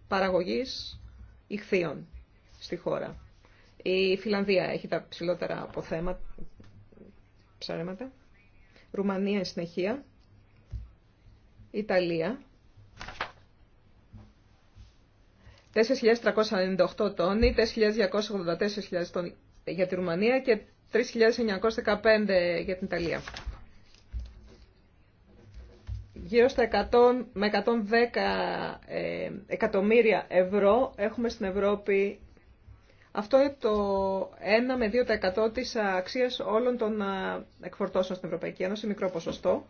παραγωγής ηχθείων στη χώρα. Η Φιλανδία έχει τα ψηλότερα αποθέματα, ψάρεματα. Ρουμανία η συνεχεία. Ιταλία. 4.398 τόνοι, 4.284 τόνοι για τη Ρουμανία και 3.915 για την Ιταλία. Γύρω στα 100 με 110 ε, εκατομμύρια ευρώ έχουμε στην Ευρώπη αυτό είναι το 1 με 2% της αξίας όλων των εκφορτώσεων στην Ευρωπαϊκή Ένωση, μικρό ποσοστό.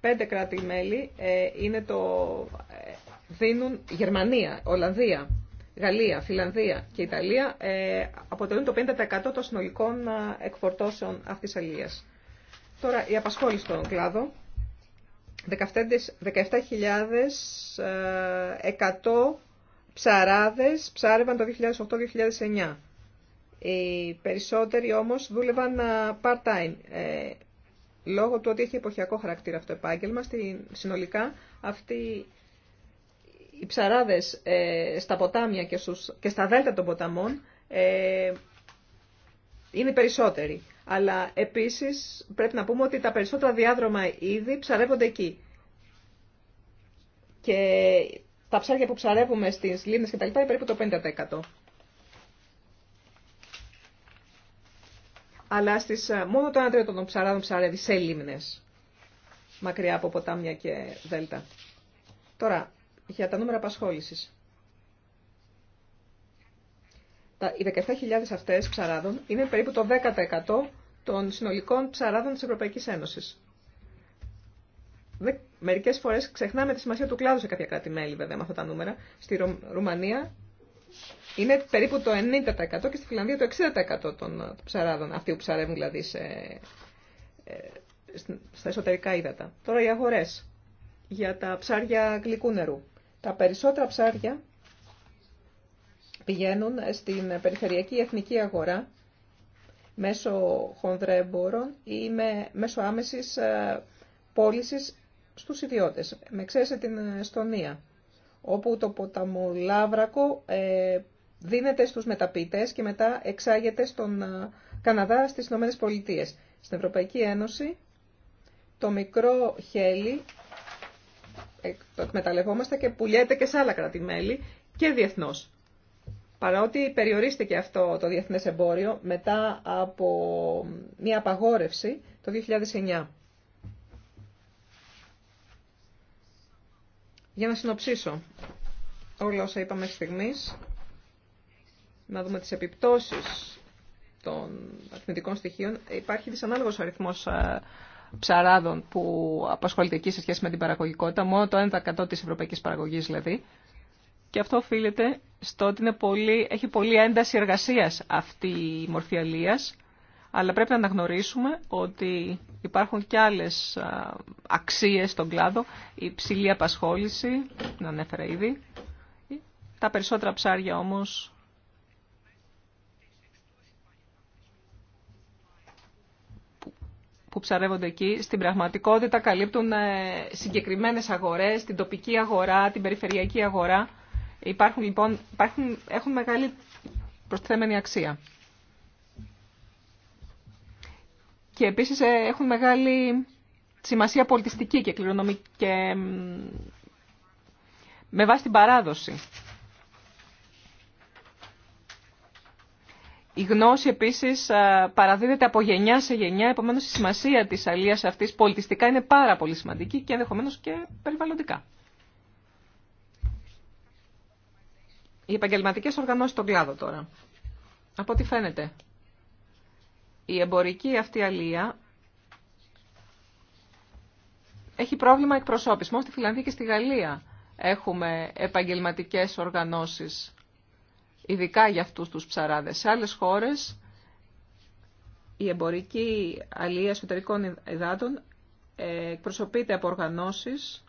Πέντε κράτη-μέλη ε, είναι το, ε, δίνουν Γερμανία, Ολλανδία, Γαλλία, Φιλανδία και Ιταλία ε, αποτελούν το 50% των συνολικών εκφορτώσεων αυτής της αλληλείας. Τώρα η απασχόληση στον κλάδο. 17.100 ψαράδες ψάρευαν το 2008-2009. Οι περισσότεροι όμως δούλευαν part-time. Ε, λόγω του ότι έχει εποχιακό χαρακτήρα αυτό το επάγγελμα, συνολικά αυτοί οι ψαράδες ε, στα ποτάμια και, στους, στα δέλτα των ποταμών ε, είναι περισσότεροι. Αλλά επίσης πρέπει να πούμε ότι τα περισσότερα διάδρομα ήδη ψαρεύονται εκεί. Και τα ψάρια που ψαρεύουμε στις λίμνες λοιπά είναι περίπου το 5%. Αλλά στις, ε, μόνο το 1 τρίτο των ψαράδων ψαρεύει σε λίμνες, μακριά από ποτάμια και δέλτα. Τώρα, για τα νούμερα απασχόλησης. Τα, οι 17.000 αυτές ψαράδων είναι περίπου το 10% των συνολικών ψαράδων της Ευρωπαϊκής Ένωσης. Μερικές φορές ξεχνάμε τη σημασία του κλάδου σε κάποια κράτη-μέλη βέβαια με αυτά τα νούμερα. Στη Ρουμανία είναι περίπου το 90% και στη Φιλανδία το 60% ε, των ψαράδων, αυτοί που ψαρεύουν δηλαδή ε, στα εσωτερικά ύδατα. Τώρα οι αγορές για τα ψάρια γλυκού νερού. Τα περισσότερα ψάρια πηγαίνουν στην περιφερειακή εθνική αγορά μέσω χονδρέμπορων ή με, μέσω άμεσης ε, πώληση στους ιδιώτες, με εξαίρεση την Εστονία, όπου το ποταμό ε, δίνεται στους μεταπίτες και μετά εξάγεται στον ε, Καναδά στις Ηνωμένες Πολιτείες. Στην Ευρωπαϊκή Ένωση το μικρό χέλι ε, το εκμεταλλευόμαστε και πουλιέται και σε άλλα και διεθνώς. ότι περιορίστηκε αυτό το διεθνές εμπόριο μετά από μια απαγόρευση το 2009. Για να συνοψίσω όλα όσα είπαμε στιγμής, να δούμε τις επιπτώσεις των αριθμητικών στοιχείων. Υπάρχει δυσανάλογος αριθμός ε, ψαράδων που απασχολείται εκεί σε σχέση με την παραγωγικότητα, μόνο το 1% της ευρωπαϊκής παραγωγής δηλαδή. Και αυτό οφείλεται στο ότι πολύ, έχει πολύ ένταση εργασίας αυτή η μορφή αλίας αλλά πρέπει να αναγνωρίσουμε ότι υπάρχουν και άλλες αξίες στον κλάδο, η ψηλή απασχόληση, την ανέφερα ήδη. Τα περισσότερα ψάρια όμως που ψαρεύονται εκεί, στην πραγματικότητα καλύπτουν ε, συγκεκριμένες αγορές, την τοπική αγορά, την περιφερειακή αγορά. Υπάρχουν λοιπόν, έχουν μεγάλη προσθέμενη αξία. Και επίσης ε, έχουν μεγάλη σημασία πολιτιστική και κληρονομική και με βάση την παράδοση. Η γνώση επίσης ε, παραδίδεται από γενιά σε γενιά, επομένως η σημασία της αλίας αυτής πολιτιστικά είναι πάρα πολύ σημαντική και ενδεχομένω και περιβαλλοντικά. Οι επαγγελματικές οργανώσεις στον κλάδο τώρα. Από ό,τι φαίνεται, η εμπορική αυτή αλία έχει πρόβλημα εκπροσώπησης. Μόνο στη Φιλανδία και στη Γαλλία έχουμε επαγγελματικές οργανώσεις, ειδικά για αυτούς τους ψαράδες. Σε άλλες χώρες η εμπορική αλία εσωτερικών υδάτων ε, εκπροσωπείται από οργανώσεις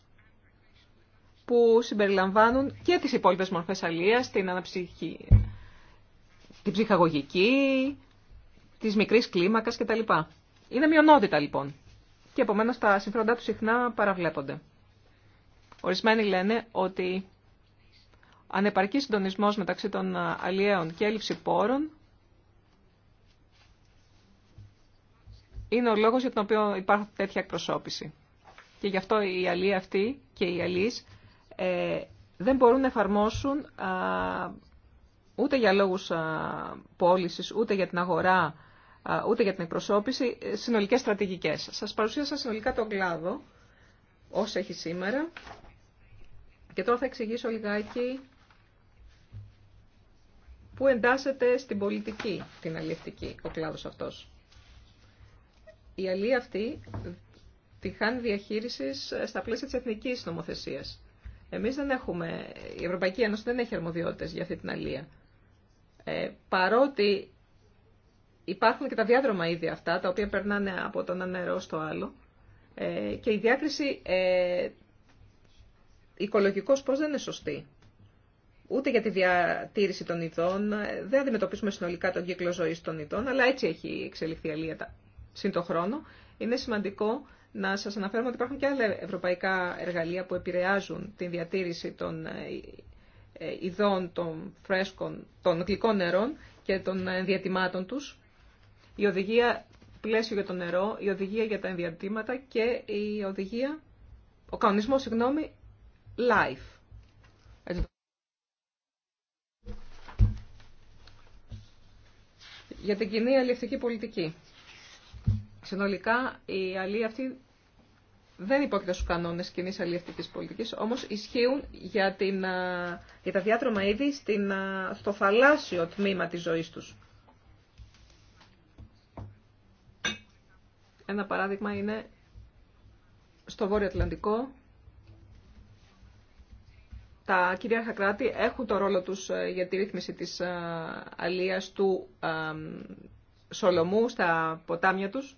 που συμπεριλαμβάνουν και τις υπόλοιπες μορφές αλίας, την αναψυχή, την ψυχαγωγική, Τη μικρή κλίμακα κτλ. Είναι μειονότητα λοιπόν και επομένω τα συμφέροντά του συχνά παραβλέπονται. Ορισμένοι λένε ότι ανεπαρκή συντονισμό μεταξύ των αλλιέων και έλλειψη πόρων είναι ο λόγος για τον οποίο υπάρχει τέτοια εκπροσώπηση. Και γι' αυτό οι αλλοί αυτοί και οι αλλοί ε, δεν μπορούν να εφαρμόσουν ούτε για λόγους α, πώλησης, ούτε για την αγορά ούτε για την εκπροσώπηση, ε, συνολικές στρατηγικές. Σας παρουσίασα συνολικά τον κλάδο, όσο έχει σήμερα. Και τώρα θα εξηγήσω λιγάκι που εντάσσεται στην πολιτική, την αλληλευτική, ο κλάδος αυτός. Η αλληλεία αυτή τη χάνει διαχείριση ε, στα πλαίσια της εθνικής νομοθεσίας. Εμείς δεν έχουμε, η Ευρωπαϊκή Ένωση δεν έχει αρμοδιότητες για αυτή την αλληλεία. Ε, παρότι υπάρχουν και τα διάδρομα ίδια αυτά, τα οποία περνάνε από το ένα νερό στο άλλο. Ε, και η διάκριση ε, οικολογικός πώς δεν είναι σωστή. Ούτε για τη διατήρηση των ειδών, ε, δεν αντιμετωπίσουμε συνολικά τον κύκλο ζωής των ειδών, αλλά έτσι έχει εξελιχθεί η συν το χρόνο. Είναι σημαντικό να σας αναφέρουμε ότι υπάρχουν και άλλα ευρωπαϊκά εργαλεία που επηρεάζουν τη διατήρηση των ε, ε, ειδών των φρέσκων, των γλυκών νερών και των διατημάτων τους η οδηγία πλαίσιο για το νερό, η οδηγία για τα ενδιατήματα και η οδηγία, ο κανονισμός, συγγνώμη, life. Για την κοινή αλληλευτική πολιτική. Συνολικά, η αλλή αυτή δεν υπόκειται στους κανόνες κοινή αλληλευτικής πολιτικής, όμως ισχύουν για, την, για τα διάτρομα είδη στο θαλάσσιο τμήμα της ζωής τους. Ένα παράδειγμα είναι στο Βόρειο Ατλαντικό. Τα κυρίαρχα κράτη έχουν το ρόλο τους ε, για τη ρύθμιση της ε, αλίας του ε, Σολομού στα ποτάμια τους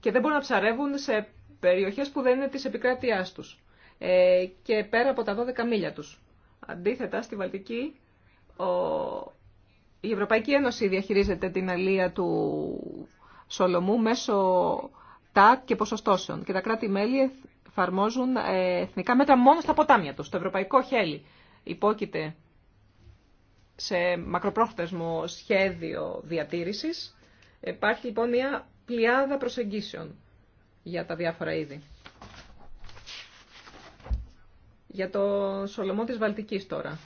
και δεν μπορούν να ψαρεύουν σε περιοχές που δεν είναι της επικράτειάς τους και πέρα από τα 12 μίλια τους. Αντίθετα, στη Βαλτική η Ευρωπαϊκή Ένωση διαχειρίζεται την αλία του Σολομού μέσω ΤΑΚ και ποσοστώσεων. Και τα κράτη-μέλη εφαρμόζουν ε, εθνικά μέτρα μόνο στα ποτάμια τους. Το ευρωπαϊκό χέλι υπόκειται σε μακροπρόθεσμο σχέδιο διατήρησης. Υπάρχει λοιπόν μια πλειάδα προσεγγίσεων για τα διάφορα είδη. Για το Σολομό της Βαλτικής τώρα,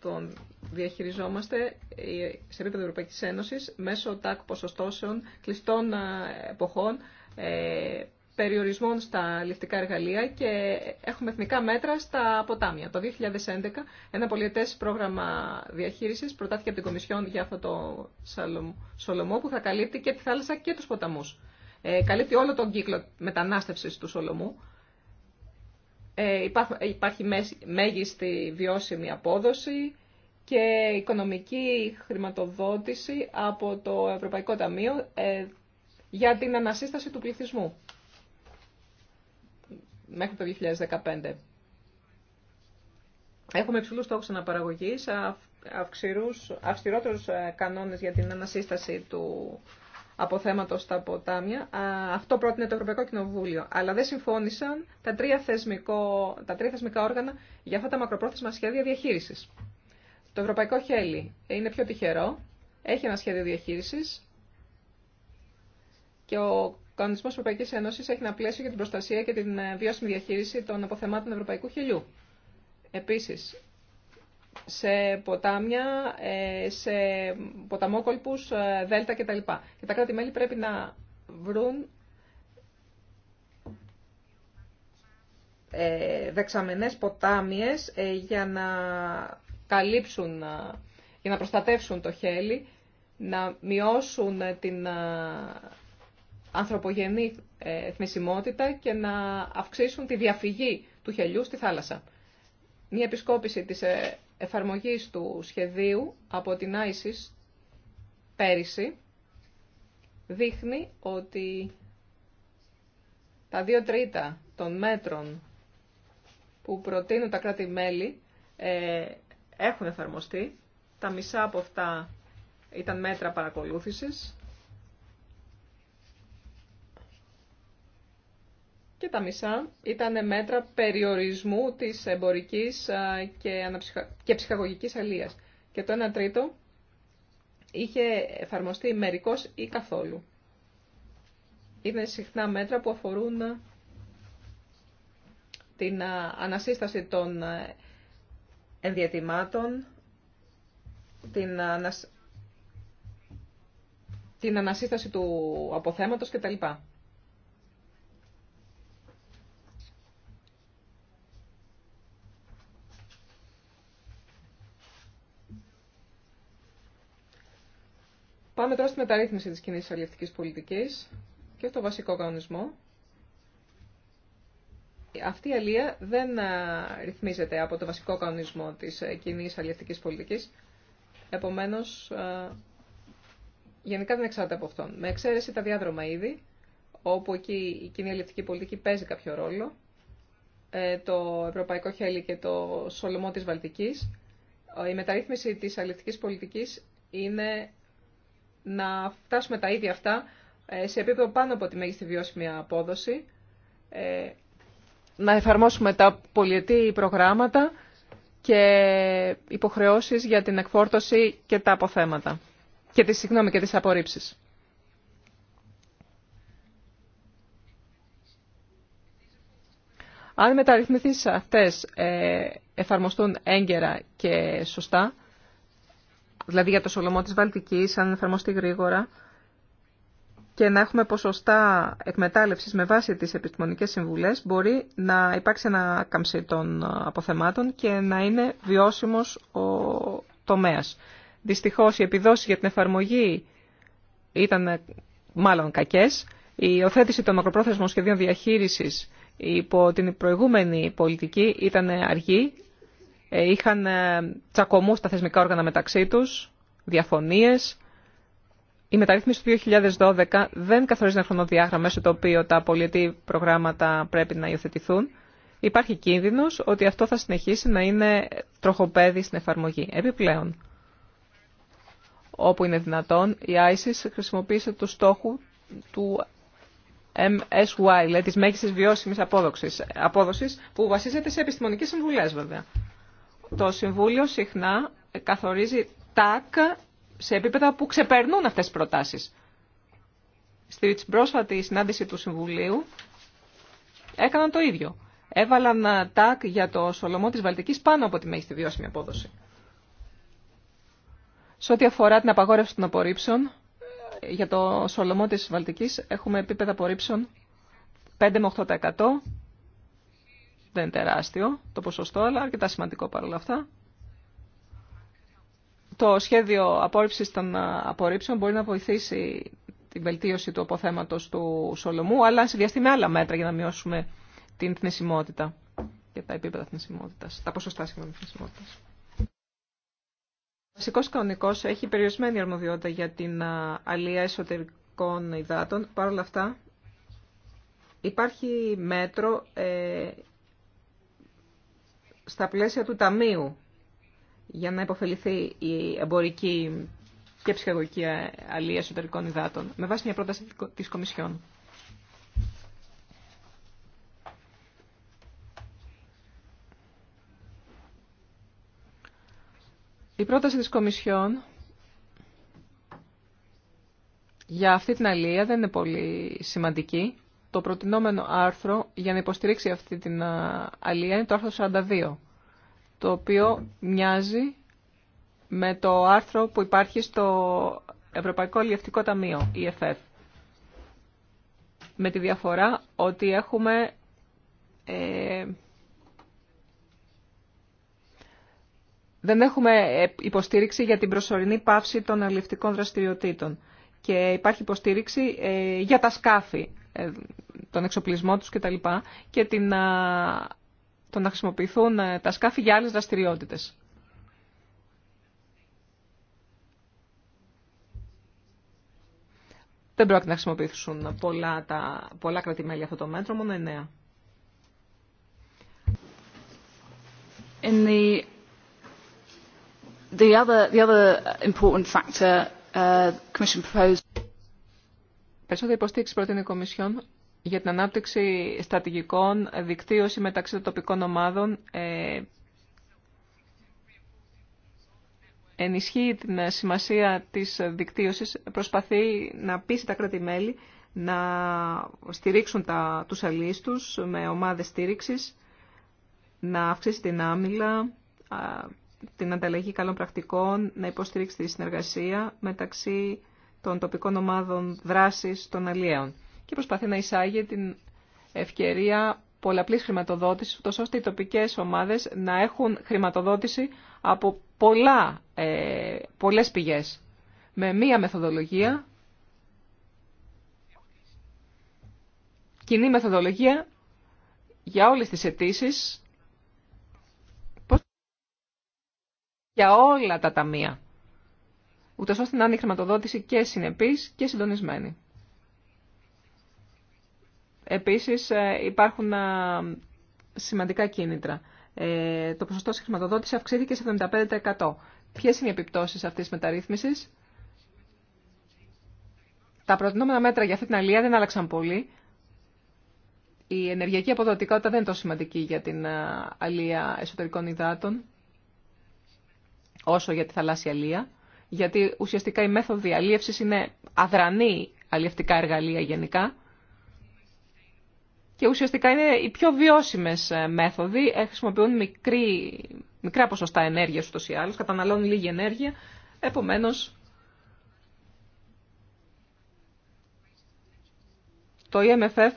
τον διαχειριζόμαστε σε επίπεδο Ευρωπαϊκή Ένωση μέσω τάκ ποσοστώσεων, κλειστών ε, εποχών, ε, περιορισμών στα ληφτικά εργαλεία και έχουμε εθνικά μέτρα στα ποτάμια. Το 2011 ένα πολιετές πρόγραμμα διαχείρισης προτάθηκε από την Κομισιόν για αυτό το Σολομό που θα καλύπτει και τη θάλασσα και τους ποταμούς. Ε, καλύπτει όλο τον κύκλο μετανάστευσης του Σολομού. Ε, υπάρχει μέγιστη βιώσιμη απόδοση, και οικονομική χρηματοδότηση από το Ευρωπαϊκό Ταμείο ε, για την ανασύσταση του πληθυσμού μέχρι το 2015. Έχουμε υψηλού στόχους αναπαραγωγής, αυστηρότερους ε, κανόνες για την ανασύσταση του αποθέματος στα ποτάμια. Αυτό πρότεινε το Ευρωπαϊκό Κοινοβούλιο. Αλλά δεν συμφώνησαν τα τρία, τα τρία θεσμικά όργανα για αυτά τα μακροπρόθεσμα σχέδια διαχείρισης. Το ευρωπαϊκό χέλι είναι πιο τυχερό, έχει ένα σχέδιο διαχείρισης και ο κανονισμός Ευρωπαϊκής Ένωσης έχει ένα πλαίσιο για την προστασία και την ε, βιώσιμη διαχείριση των αποθεμάτων ευρωπαϊκού χελιού. Επίσης, σε ποτάμια, ε, σε ποταμόκολπους, ε, δέλτα κτλ. Και τα κράτη-μέλη πρέπει να βρουν δεξαμενές ποτάμιες για να καλύψουν, για να προστατεύσουν το χέλι, να μειώσουν ε, την ανθρωπογενή ε, θνησιμότητα και να αυξήσουν τη διαφυγή του χελιού στη θάλασσα. Μία επισκόπηση της ε, εφαρμογής του σχεδίου από την ISIS πέρυσι δείχνει ότι τα δύο τρίτα των μέτρων που προτείνουν τα κράτη-μέλη έχουν εφαρμοστεί. Τα μισά από αυτά ήταν μέτρα παρακολούθησης. Και τα μισά ήταν μέτρα περιορισμού της εμπορικής και, αναψυχα... και ψυχαγωγικής αλίας. Και το 1 τρίτο είχε εφαρμοστεί μερικώς ή καθόλου. Είναι συχνά μέτρα που αφορούν την ανασύσταση των ε, ενδιατημάτων, την, ανασ... την ανασύσταση του αποθέματος κτλ. Πάμε τώρα στη μεταρρύθμιση της κοινής αλληλευτικής πολιτικής και το βασικό κανονισμό αυτή η αλία δεν ρυθμίζεται από το βασικό κανονισμό της ε, κοινή αλληλευτικής πολιτικής. Επομένως, γενικά δεν εξάρτηται από αυτόν. Με εξαίρεση τα διάδρομα ήδη, όπου εκεί η κοινή αλληλευτική πολιτική παίζει κάποιο ρόλο, ε, το ευρωπαϊκό χέλι και το σολομό της Βαλτικής, ε, η μεταρρύθμιση της αλληλευτικής πολιτικής είναι να φτάσουμε τα ίδια αυτά σε επίπεδο πάνω από τη μέγιστη βιώσιμη απόδοση, να εφαρμόσουμε τα πολιετή προγράμματα και υποχρεώσεις για την εκφόρτωση και τα αποθέματα και τις, συγγνώμη, και τις απορρίψεις. Αν μεταρρυθμίσεις αυτές ε, εφαρμοστούν έγκαιρα και σωστά, δηλαδή για το Σολομό της Βαλτικής, αν εφαρμοστεί γρήγορα, και να έχουμε ποσοστά εκμετάλλευσης με βάση τις επιστημονικές συμβουλές μπορεί να υπάρξει ένα καμψί των ε, αποθεμάτων και να είναι βιώσιμος ο τομέας. Δυστυχώς οι επιδόσεις για την εφαρμογή ήταν ε, μάλλον κακές. Η οθέτηση των μακροπρόθεσμων σχεδίων διαχείρισης υπό την προηγούμενη πολιτική ήταν ε, αργή. Είχαν τσακωμούς τα θεσμικά όργανα μεταξύ τους, διαφωνίες η μεταρρύθμιση του 2012 δεν καθορίζει ένα χρονοδιάγραμμα μέσω το οποίο τα πολιετή προγράμματα πρέπει να υιοθετηθούν. Υπάρχει κίνδυνος ότι αυτό θα συνεχίσει να είναι τροχοπέδι στην εφαρμογή. Επιπλέον, όπου είναι δυνατόν, η ISIS χρησιμοποίησε το στόχο του MSY, δηλαδή τη μέγιστη βιώσιμη απόδοση, που βασίζεται σε επιστημονικέ συμβουλέ, βέβαια. Το Συμβούλιο συχνά καθορίζει τάκ σε επίπεδα που ξεπερνούν αυτές τις προτάσεις. Στη πρόσφατη συνάντηση του Συμβουλίου έκαναν το ίδιο. Έβαλαν ε, τάκ για το σολομό της Βαλτικής πάνω από τη μέγιστη βιώσιμη απόδοση. Σε ό,τι αφορά την απαγόρευση των απορρίψεων, ε, για το σολομό της Βαλτικής έχουμε επίπεδα απορρίψεων 5 με 8%. Δεν είναι τεράστιο το ποσοστό, αλλά αρκετά σημαντικό παρόλα αυτά το σχέδιο απόρριψή των ε, απορρίψεων μπορεί να βοηθήσει την βελτίωση του αποθέματο του Σολομού, αλλά αν συνδυαστεί με άλλα μέτρα για να μειώσουμε την θνησιμότητα και τα επίπεδα τα ποσοστά συγγνώμη θνησιμότητας. Ο βασικό κανονικό έχει περιορισμένη αρμοδιότητα για την ε, αλία εσωτερικών υδάτων. Παρ' όλα αυτά υπάρχει μέτρο ε, στα πλαίσια του Ταμείου για να υποφεληθεί η εμπορική και ψυχαγωγική αλία εσωτερικών υδάτων, με βάση μια πρόταση της Κομισιόν. Η πρόταση της Κομισιόν για αυτή την αλία δεν είναι πολύ σημαντική. Το προτινόμενο άρθρο για να υποστηρίξει αυτή την αλία είναι το άρθρο 42 το οποίο μοιάζει με το άρθρο που υπάρχει στο Ευρωπαϊκό Λιευτικό Ταμείο, EFF. Με τη διαφορά ότι έχουμε ε, δεν έχουμε υποστήριξη για την προσωρινή πάυση των αλληλευτικών δραστηριοτήτων και υπάρχει υποστήριξη ε, για τα σκάφη, ε, τον εξοπλισμό τους κτλ. Και, και την α, το να χρησιμοποιηθούν ε, τα σκάφη για άλλες δραστηριότητες. Δεν πρόκειται να χρησιμοποιήσουν πολλά, τα, πολλά κρατημέλη αυτό το μέτρο, μόνο εννέα. In Περισσότερη υποστήριξη προτείνει η Κομισιόν για την ανάπτυξη στρατηγικών, δικτύωση μεταξύ των τοπικών ομάδων, ε, ενισχύει την σημασία της δικτύωσης, προσπαθεί να πείσει τα κράτη-μέλη να στηρίξουν τα, τους του τους με ομάδες στήριξης, να αυξήσει την άμυλα, την ανταλλαγή καλών πρακτικών, να υποστηρίξει τη συνεργασία μεταξύ των τοπικών ομάδων δράσης των αλλιέων και προσπαθεί να εισάγει την ευκαιρία πολλαπλής χρηματοδότησης, ούτως ώστε οι τοπικές ομάδες να έχουν χρηματοδότηση από πολλά, ε, πολλές πηγές. Με μία μεθοδολογία, κοινή μεθοδολογία για όλες τις αιτήσει, για όλα τα ταμεία, ούτως ώστε να είναι η χρηματοδότηση και συνεπής και συντονισμένη. Επίσης ε, υπάρχουν ε, σημαντικά κίνητρα. Ε, το ποσοστό χρηματοδότησης αυξήθηκε σε 75%. Ποιες είναι οι επιπτώσεις αυτής της μεταρρύθμισης? Τα προτινόμενα μέτρα για αυτή την αλληλεία δεν άλλαξαν πολύ. Η ενεργειακή αποδοτικότητα δεν είναι τόσο σημαντική για την αλληλεία εσωτερικών υδάτων, όσο για τη θαλάσσια αλληλεία, γιατί ουσιαστικά η μέθοδοι αλλίευσης είναι αδρανή αλλιευτικά εργαλεία γενικά και ουσιαστικά είναι οι πιο βιώσιμες ε, μέθοδοι, ε, χρησιμοποιούν μικρή, μικρά ποσοστά ενέργειας ούτως ή άλλως, καταναλώνουν λίγη ενέργεια, επομένως το EMFF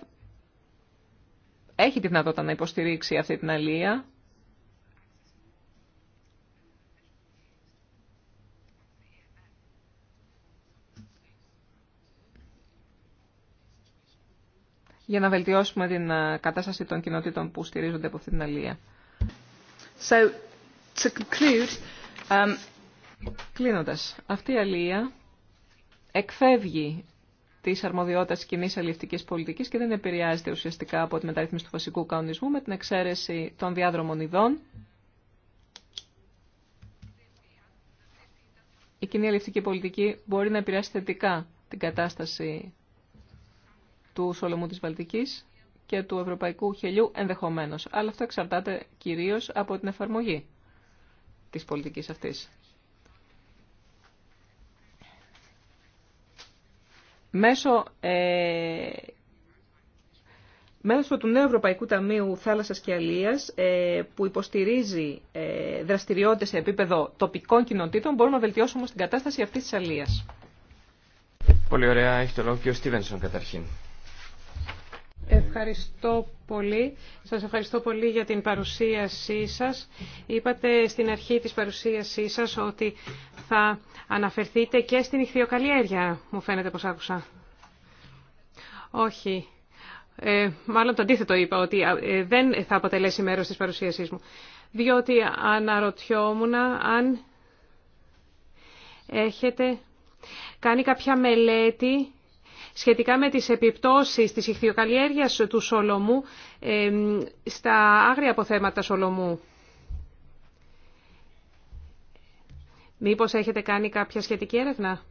έχει τη δυνατότητα να υποστηρίξει αυτή την αλληλεία για να βελτιώσουμε την ε, κατάσταση των κοινοτήτων που στηρίζονται από αυτή την αλληλεία. So, to conclude, um, Κλείνοντας, αυτή η αλληλεία εκφεύγει τη αρμοδιότητα κοινή αλληλευτική πολιτική και δεν επηρεάζεται ουσιαστικά από τη μεταρρύθμιση του βασικού κανονισμού με την εξαίρεση των διάδρομων ειδών. Η κοινή αλληλευτική πολιτική μπορεί να επηρεάσει θετικά την κατάσταση του Σολομού της Βαλτικής και του Ευρωπαϊκού Χελιού ενδεχομένως. Αλλά αυτό εξαρτάται κυρίως από την εφαρμογή της πολιτικής αυτής. Μέσω ε, Μέσω του νέου Ευρωπαϊκού Ταμείου Θάλασσας και Αλίας, ε, που υποστηρίζει ε, δραστηριότητες σε επίπεδο τοπικών κοινοτήτων, μπορούμε να βελτιώσουμε την κατάσταση αυτής της αλίας. Πολύ ωραία. Έχει το λόγο και ο Στίβενσον καταρχήν. Ευχαριστώ πολύ. Σας ευχαριστώ πολύ για την παρουσίασή σας. Είπατε στην αρχή της παρουσίασής σας ότι θα αναφερθείτε και στην ηχθειοκαλλιέργεια, μου φαίνεται πως άκουσα. Όχι. Ε, μάλλον το αντίθετο είπα, ότι ε, δεν θα αποτελέσει μέρος της παρουσίασής μου. Διότι αναρωτιόμουν αν έχετε κάνει κάποια μελέτη σχετικά με τις επιπτώσεις της ηχθειοκαλλιέργειας του Σολομού στα άγρια αποθέματα Σολομού. Μήπως έχετε κάνει κάποια σχετική έρευνα.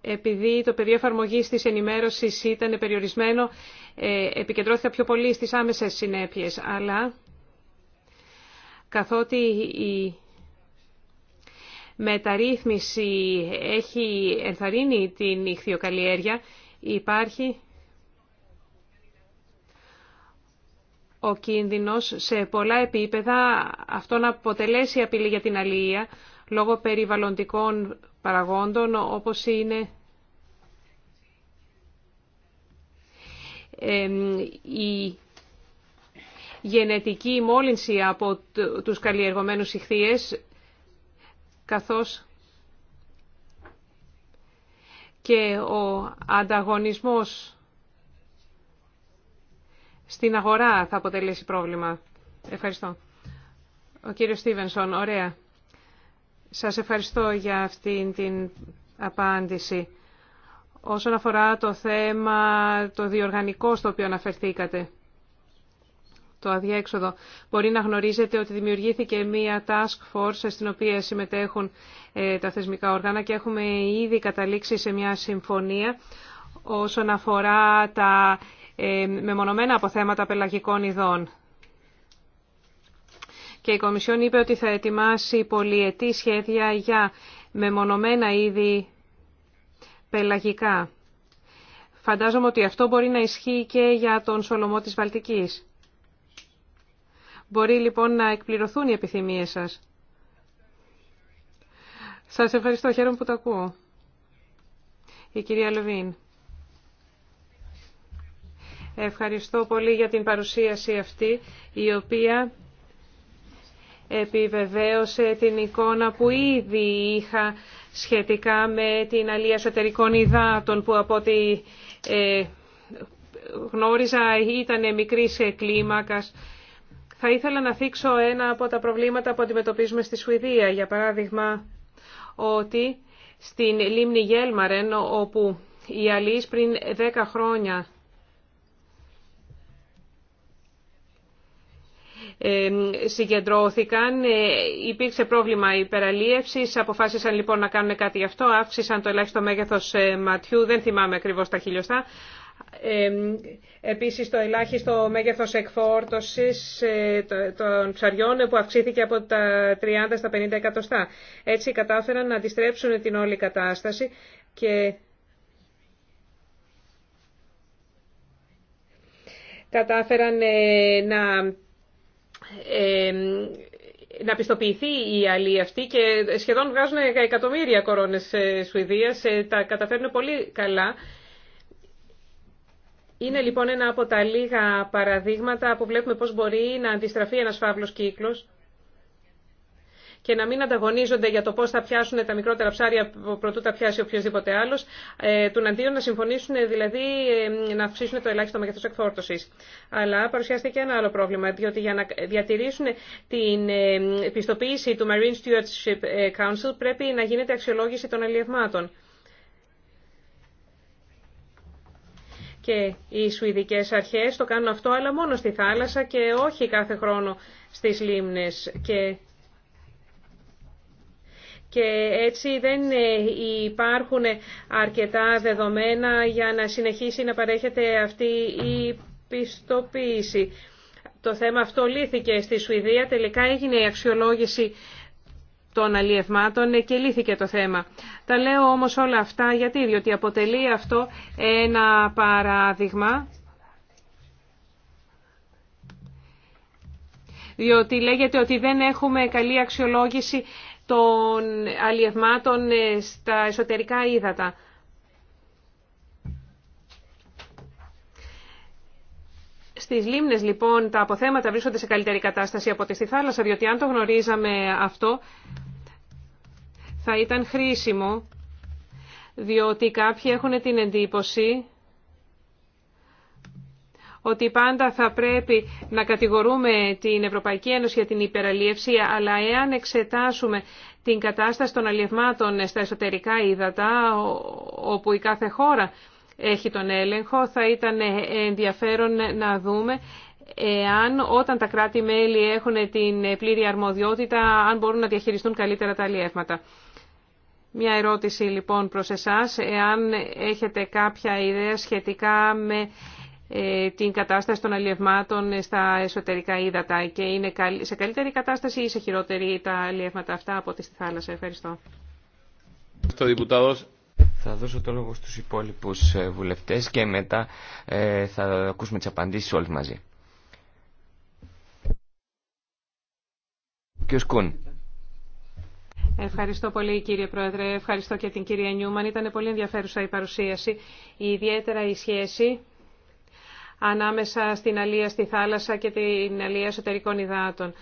Επειδή το πεδίο εφαρμογή της ενημέρωσης ήταν περιορισμένο, ε, επικεντρώθηκα πιο πολύ στις άμεσες συνέπειες, αλλά καθότι η μεταρρύθμιση έχει ενθαρρύνει την ηχθειοκαλλιέργεια, υπάρχει ο κίνδυνος σε πολλά επίπεδα αυτό να αποτελέσει απειλή για την αλληλεία λόγω περιβαλλοντικών παραγόντων όπως είναι η γενετική μόλυνση από τους καλλιεργομένους ηχθείες καθώς και ο ανταγωνισμός στην αγορά θα αποτελέσει πρόβλημα. Ευχαριστώ. Ο κύριος Στίβενσον, ωραία. Σας ευχαριστώ για αυτήν την απάντηση. Όσον αφορά το θέμα, το διοργανικό στο οποίο αναφερθήκατε. Το αδιέξοδο. Μπορεί να γνωρίζετε ότι δημιουργήθηκε μία task force στην οποία συμμετέχουν ε, τα θεσμικά οργάνα και έχουμε ήδη καταλήξει σε μία συμφωνία όσον αφορά τα ε, μεμονωμένα αποθέματα πελαγικών ειδών. Και η Κομισιόν είπε ότι θα ετοιμάσει πολυετή σχέδια για μεμονωμένα είδη πελαγικά. Φαντάζομαι ότι αυτό μπορεί να ισχύει και για τον Σολομό της Βαλτικής. Μπορεί λοιπόν να εκπληρωθούν οι επιθυμίες σας. Σας ευχαριστώ. Χαίρομαι που το ακούω. Η κυρία Λεβίν. Ευχαριστώ πολύ για την παρουσίαση αυτή, η οποία επιβεβαίωσε την εικόνα που ήδη είχα σχετικά με την αλία εσωτερικών υδάτων που από ό,τι ε, γνώριζα ήταν μικρής κλίμακας θα ήθελα να θίξω ένα από τα προβλήματα που αντιμετωπίζουμε στη Σουηδία. Για παράδειγμα, ότι στην λίμνη Γέλμαρεν, όπου οι αλλοίς πριν 10 χρόνια συγκεντρώθηκαν, ε, υπήρξε πρόβλημα υπεραλίευσης, αποφάσισαν λοιπόν να κάνουν κάτι γι' αυτό, αύξησαν το ελάχιστο μέγεθος ε, ματιού, δεν θυμάμαι ακριβώς τα χιλιοστά, Επίσης το ελάχιστο μέγεθος εκφόρτωσης ε, των ψαριών που αυξήθηκε από τα 30 στα 50 εκατοστά. Έτσι κατάφεραν να αντιστρέψουν την όλη κατάσταση και κατάφεραν ε, να ε, να πιστοποιηθεί η αλή αυτή και σχεδόν βγάζουν εκατομμύρια κορώνες Σουηδίας. Τα καταφέρνουν πολύ καλά είναι λοιπόν ένα από τα λίγα παραδείγματα που βλέπουμε πώς μπορεί να αντιστραφεί ένας φαύλος κύκλος και να μην ανταγωνίζονται για το πώς θα πιάσουν τα μικρότερα ψάρια προτού τα πιάσει οποιοδήποτε άλλος, ε, του να συμφωνήσουν δηλαδή ε, να αυξήσουν το ελάχιστο μέγεθος εκφόρτωσης. Αλλά παρουσιάστηκε και ένα άλλο πρόβλημα, διότι για να διατηρήσουν την ε, πιστοποίηση του Marine Stewardship ε, Council πρέπει να γίνεται αξιολόγηση των αλλιευμάτων. και οι Σουηδικές αρχές το κάνουν αυτό, αλλά μόνο στη θάλασσα και όχι κάθε χρόνο στις λίμνες. Και, και έτσι δεν ε, υπάρχουν αρκετά δεδομένα για να συνεχίσει να παρέχεται αυτή η πιστοποίηση. Το θέμα αυτό λύθηκε στη Σουηδία, τελικά έγινε η αξιολόγηση των αλλιευμάτων ε, και το θέμα. Τα λέω όμως όλα αυτά γιατί, διότι αποτελεί αυτό ένα παράδειγμα διότι λέγεται ότι δεν έχουμε καλή αξιολόγηση των αλλιευμάτων ε, στα εσωτερικά ύδατα. Στις λίμνες λοιπόν τα αποθέματα βρίσκονται σε καλύτερη κατάσταση από τη στη θάλασσα, διότι αν το γνωρίζαμε αυτό θα ήταν χρήσιμο, διότι κάποιοι έχουν την εντύπωση ότι πάντα θα πρέπει να κατηγορούμε την Ευρωπαϊκή Ένωση για την υπεραλίευση, αλλά εάν εξετάσουμε την κατάσταση των αλλιευμάτων στα εσωτερικά ύδατα, όπου η κάθε χώρα έχει τον έλεγχο. Θα ήταν ενδιαφέρον να δούμε εάν όταν τα κράτη-μέλη έχουν την πλήρη αρμοδιότητα, αν μπορούν να διαχειριστούν καλύτερα τα αλλιεύματα. Μια ερώτηση λοιπόν προς εσάς, εάν έχετε κάποια ιδέα σχετικά με ε, την κατάσταση των αλλιευμάτων στα εσωτερικά ύδατα και είναι σε καλύτερη κατάσταση ή σε χειρότερη τα αλλιεύματα αυτά από τη στη θάλασσα. Ευχαριστώ. Θα δώσω το λόγο στους υπόλοιπους ε, βουλευτές και μετά ε, θα ακούσουμε τις απαντήσεις όλοι μαζί. Ευχαριστώ πολύ κύριε Πρόεδρε, ευχαριστώ και την κυρία Νιούμαν. Ήταν πολύ ενδιαφέρουσα η παρουσίαση, ιδιαίτερα η σχέση ανάμεσα στην αλία στη θάλασσα και την αλία εσωτερικών υδάτων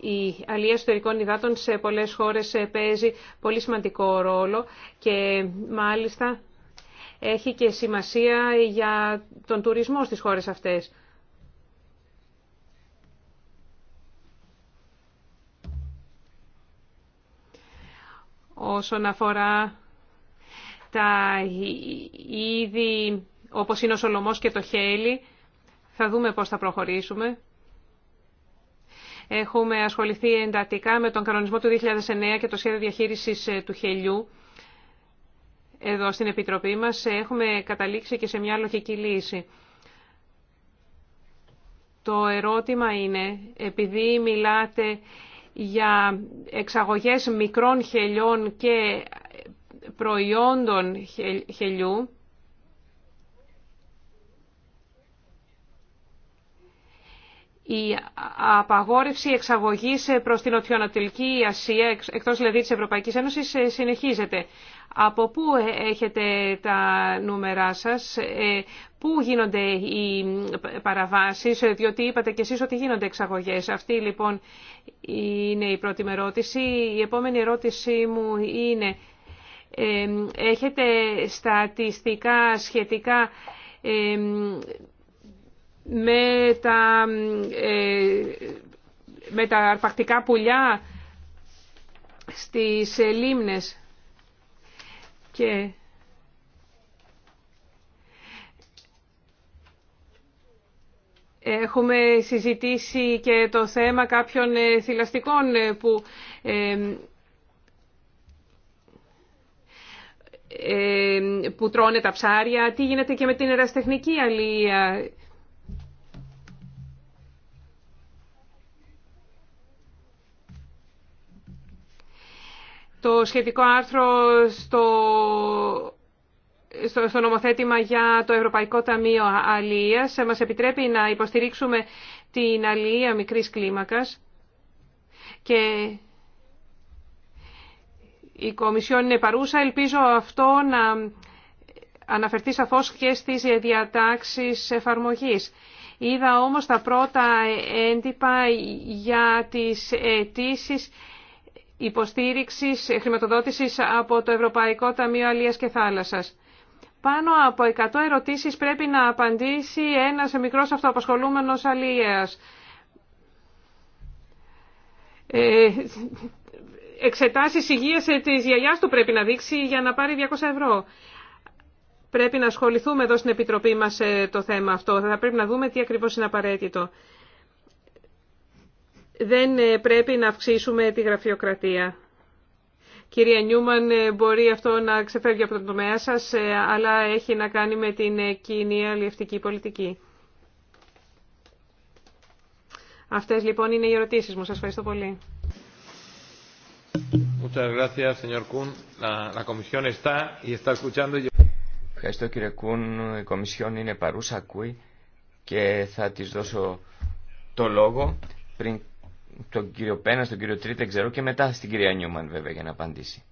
η αλία εσωτερικών υδάτων σε πολλές χώρες ε, παίζει πολύ σημαντικό ρόλο και μάλιστα έχει και σημασία για τον τουρισμό στις χώρες αυτές. Όσον αφορά τα είδη όπως είναι ο Σολωμός και το Χέλη, θα δούμε πώς θα προχωρήσουμε. Έχουμε ασχοληθεί εντατικά με τον κανονισμό του 2009 και το σχέδιο διαχείρισης ε, του χελιού εδώ στην Επιτροπή μας. Ε, έχουμε καταλήξει και σε μια λογική λύση. Το ερώτημα είναι, επειδή μιλάτε για εξαγωγές μικρών χελιών και προϊόντων χελιού, η απαγόρευση εξαγωγής προς την Νοτιοανατολική Ασία, εκτός δηλαδή της Ευρωπαϊκής Ένωσης, ε, συνεχίζεται. Από πού ε, έχετε τα νούμερά σας, ε, πού γίνονται οι παραβάσεις, διότι είπατε κι εσείς ότι γίνονται εξαγωγές. Αυτή λοιπόν είναι η πρώτη με ερώτηση. Η επόμενη ερώτησή μου είναι, έχετε στατιστικά σχετικά με τα, ε, με τα αρπακτικά πουλιά στις ε, λίμνες. Και... Έχουμε συζητήσει και το θέμα κάποιων ε, θηλαστικών που που τρώνε τα ψάρια, τι γίνεται και με την εραστεχνική αλληλεία το σχετικό άρθρο στο, στο, νομοθέτημα για το Ευρωπαϊκό Ταμείο Αλληλείας μας επιτρέπει να υποστηρίξουμε την αλληλεία μικρής κλίμακας και η Κομισιόν είναι παρούσα. Ελπίζω αυτό να αναφερθεί σαφώς και στις διατάξεις εφαρμογής. Είδα όμως τα πρώτα έντυπα για τις αιτήσει υποστήριξης χρηματοδότησης από το Ευρωπαϊκό Ταμείο Αλίας και Θάλασσας. Πάνω από 100 ερωτήσεις πρέπει να απαντήσει ένας μικρός αυτοαπασχολούμενος αλίας. Ε, εξετάσεις υγείας της γιαγιάς του πρέπει να δείξει για να πάρει 200 ευρώ. Πρέπει να ασχοληθούμε εδώ στην Επιτροπή μας ε, το θέμα αυτό. Θα πρέπει να δούμε τι ακριβώς είναι απαραίτητο δεν ε, πρέπει να αυξήσουμε τη γραφειοκρατία. Κυρία Νιούμαν, ε, μπορεί αυτό να ξεφεύγει από τον τομέα σας, ε, αλλά έχει να κάνει με την κοινή αλληλευτική πολιτική. Αυτές λοιπόν είναι οι ερωτήσεις μου. Σας ευχαριστώ πολύ. Ευχαριστώ κύριε Κούν. Η Κομισιόν είναι παρούσα, και θα της δώσω το λόγο πριν τον κύριο Πένα, τον κύριο Τρίτε, ξέρω, και μετά στην κυρία Νιούμαν βέβαια για να απαντήσει.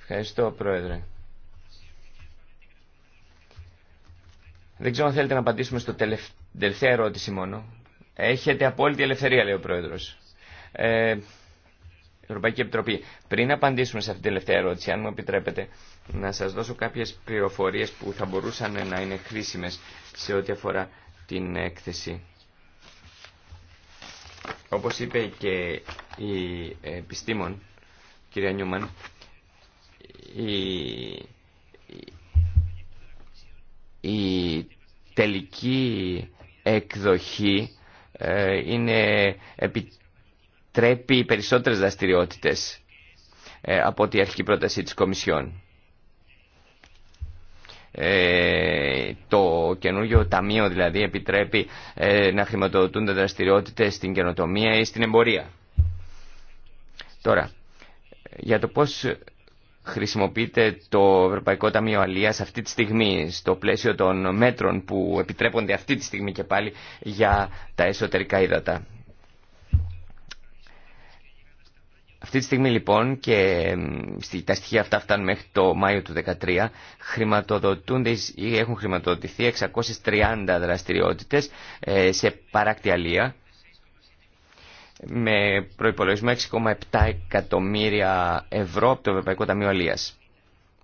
Ευχαριστώ, Πρόεδρε. Δεν ξέρω αν θέλετε να απαντήσουμε στο τελευταίο τελευταία ερώτηση μόνο. Έχετε απόλυτη ελευθερία, λέει ο Πρόεδρος. Ε, Ευρωπαϊκή Επιτροπή. Πριν απαντήσουμε σε αυτή την τελευταία ερώτηση, αν μου επιτρέπετε, να σας δώσω κάποιες πληροφορίες που θα μπορούσαν να είναι χρήσιμε σε ό,τι αφορά την έκθεση. Όπως είπε και η επιστήμον, κυρία Νιούμαν, η, η τελική εκδοχή ε, είναι επί επιτρέπει περισσότερες δραστηριότητες ε, από τη αρχική πρόταση της Κομισιόν. Ε, το καινούργιο ταμείο δηλαδή επιτρέπει ε, να χρηματοδοτούνται δραστηριότητες στην καινοτομία ή στην εμπορία. Τώρα, για το πώς χρησιμοποιείται το Ευρωπαϊκό Ταμείο Αλίας αυτή τη στιγμή στο πλαίσιο των μέτρων που επιτρέπονται αυτή τη στιγμή και πάλι για τα εσωτερικά ύδατα. Αυτή τη στιγμή λοιπόν και τα στοιχεία αυτά φτάνουν μέχρι το Μάιο του 2013 χρηματοδοτούνται ή έχουν χρηματοδοτηθεί 630 δραστηριότητες ε, σε παράκτη με προϋπολογισμό 6,7 εκατομμύρια ευρώ από το Ευρωπαϊκό Ταμείο Αλίας.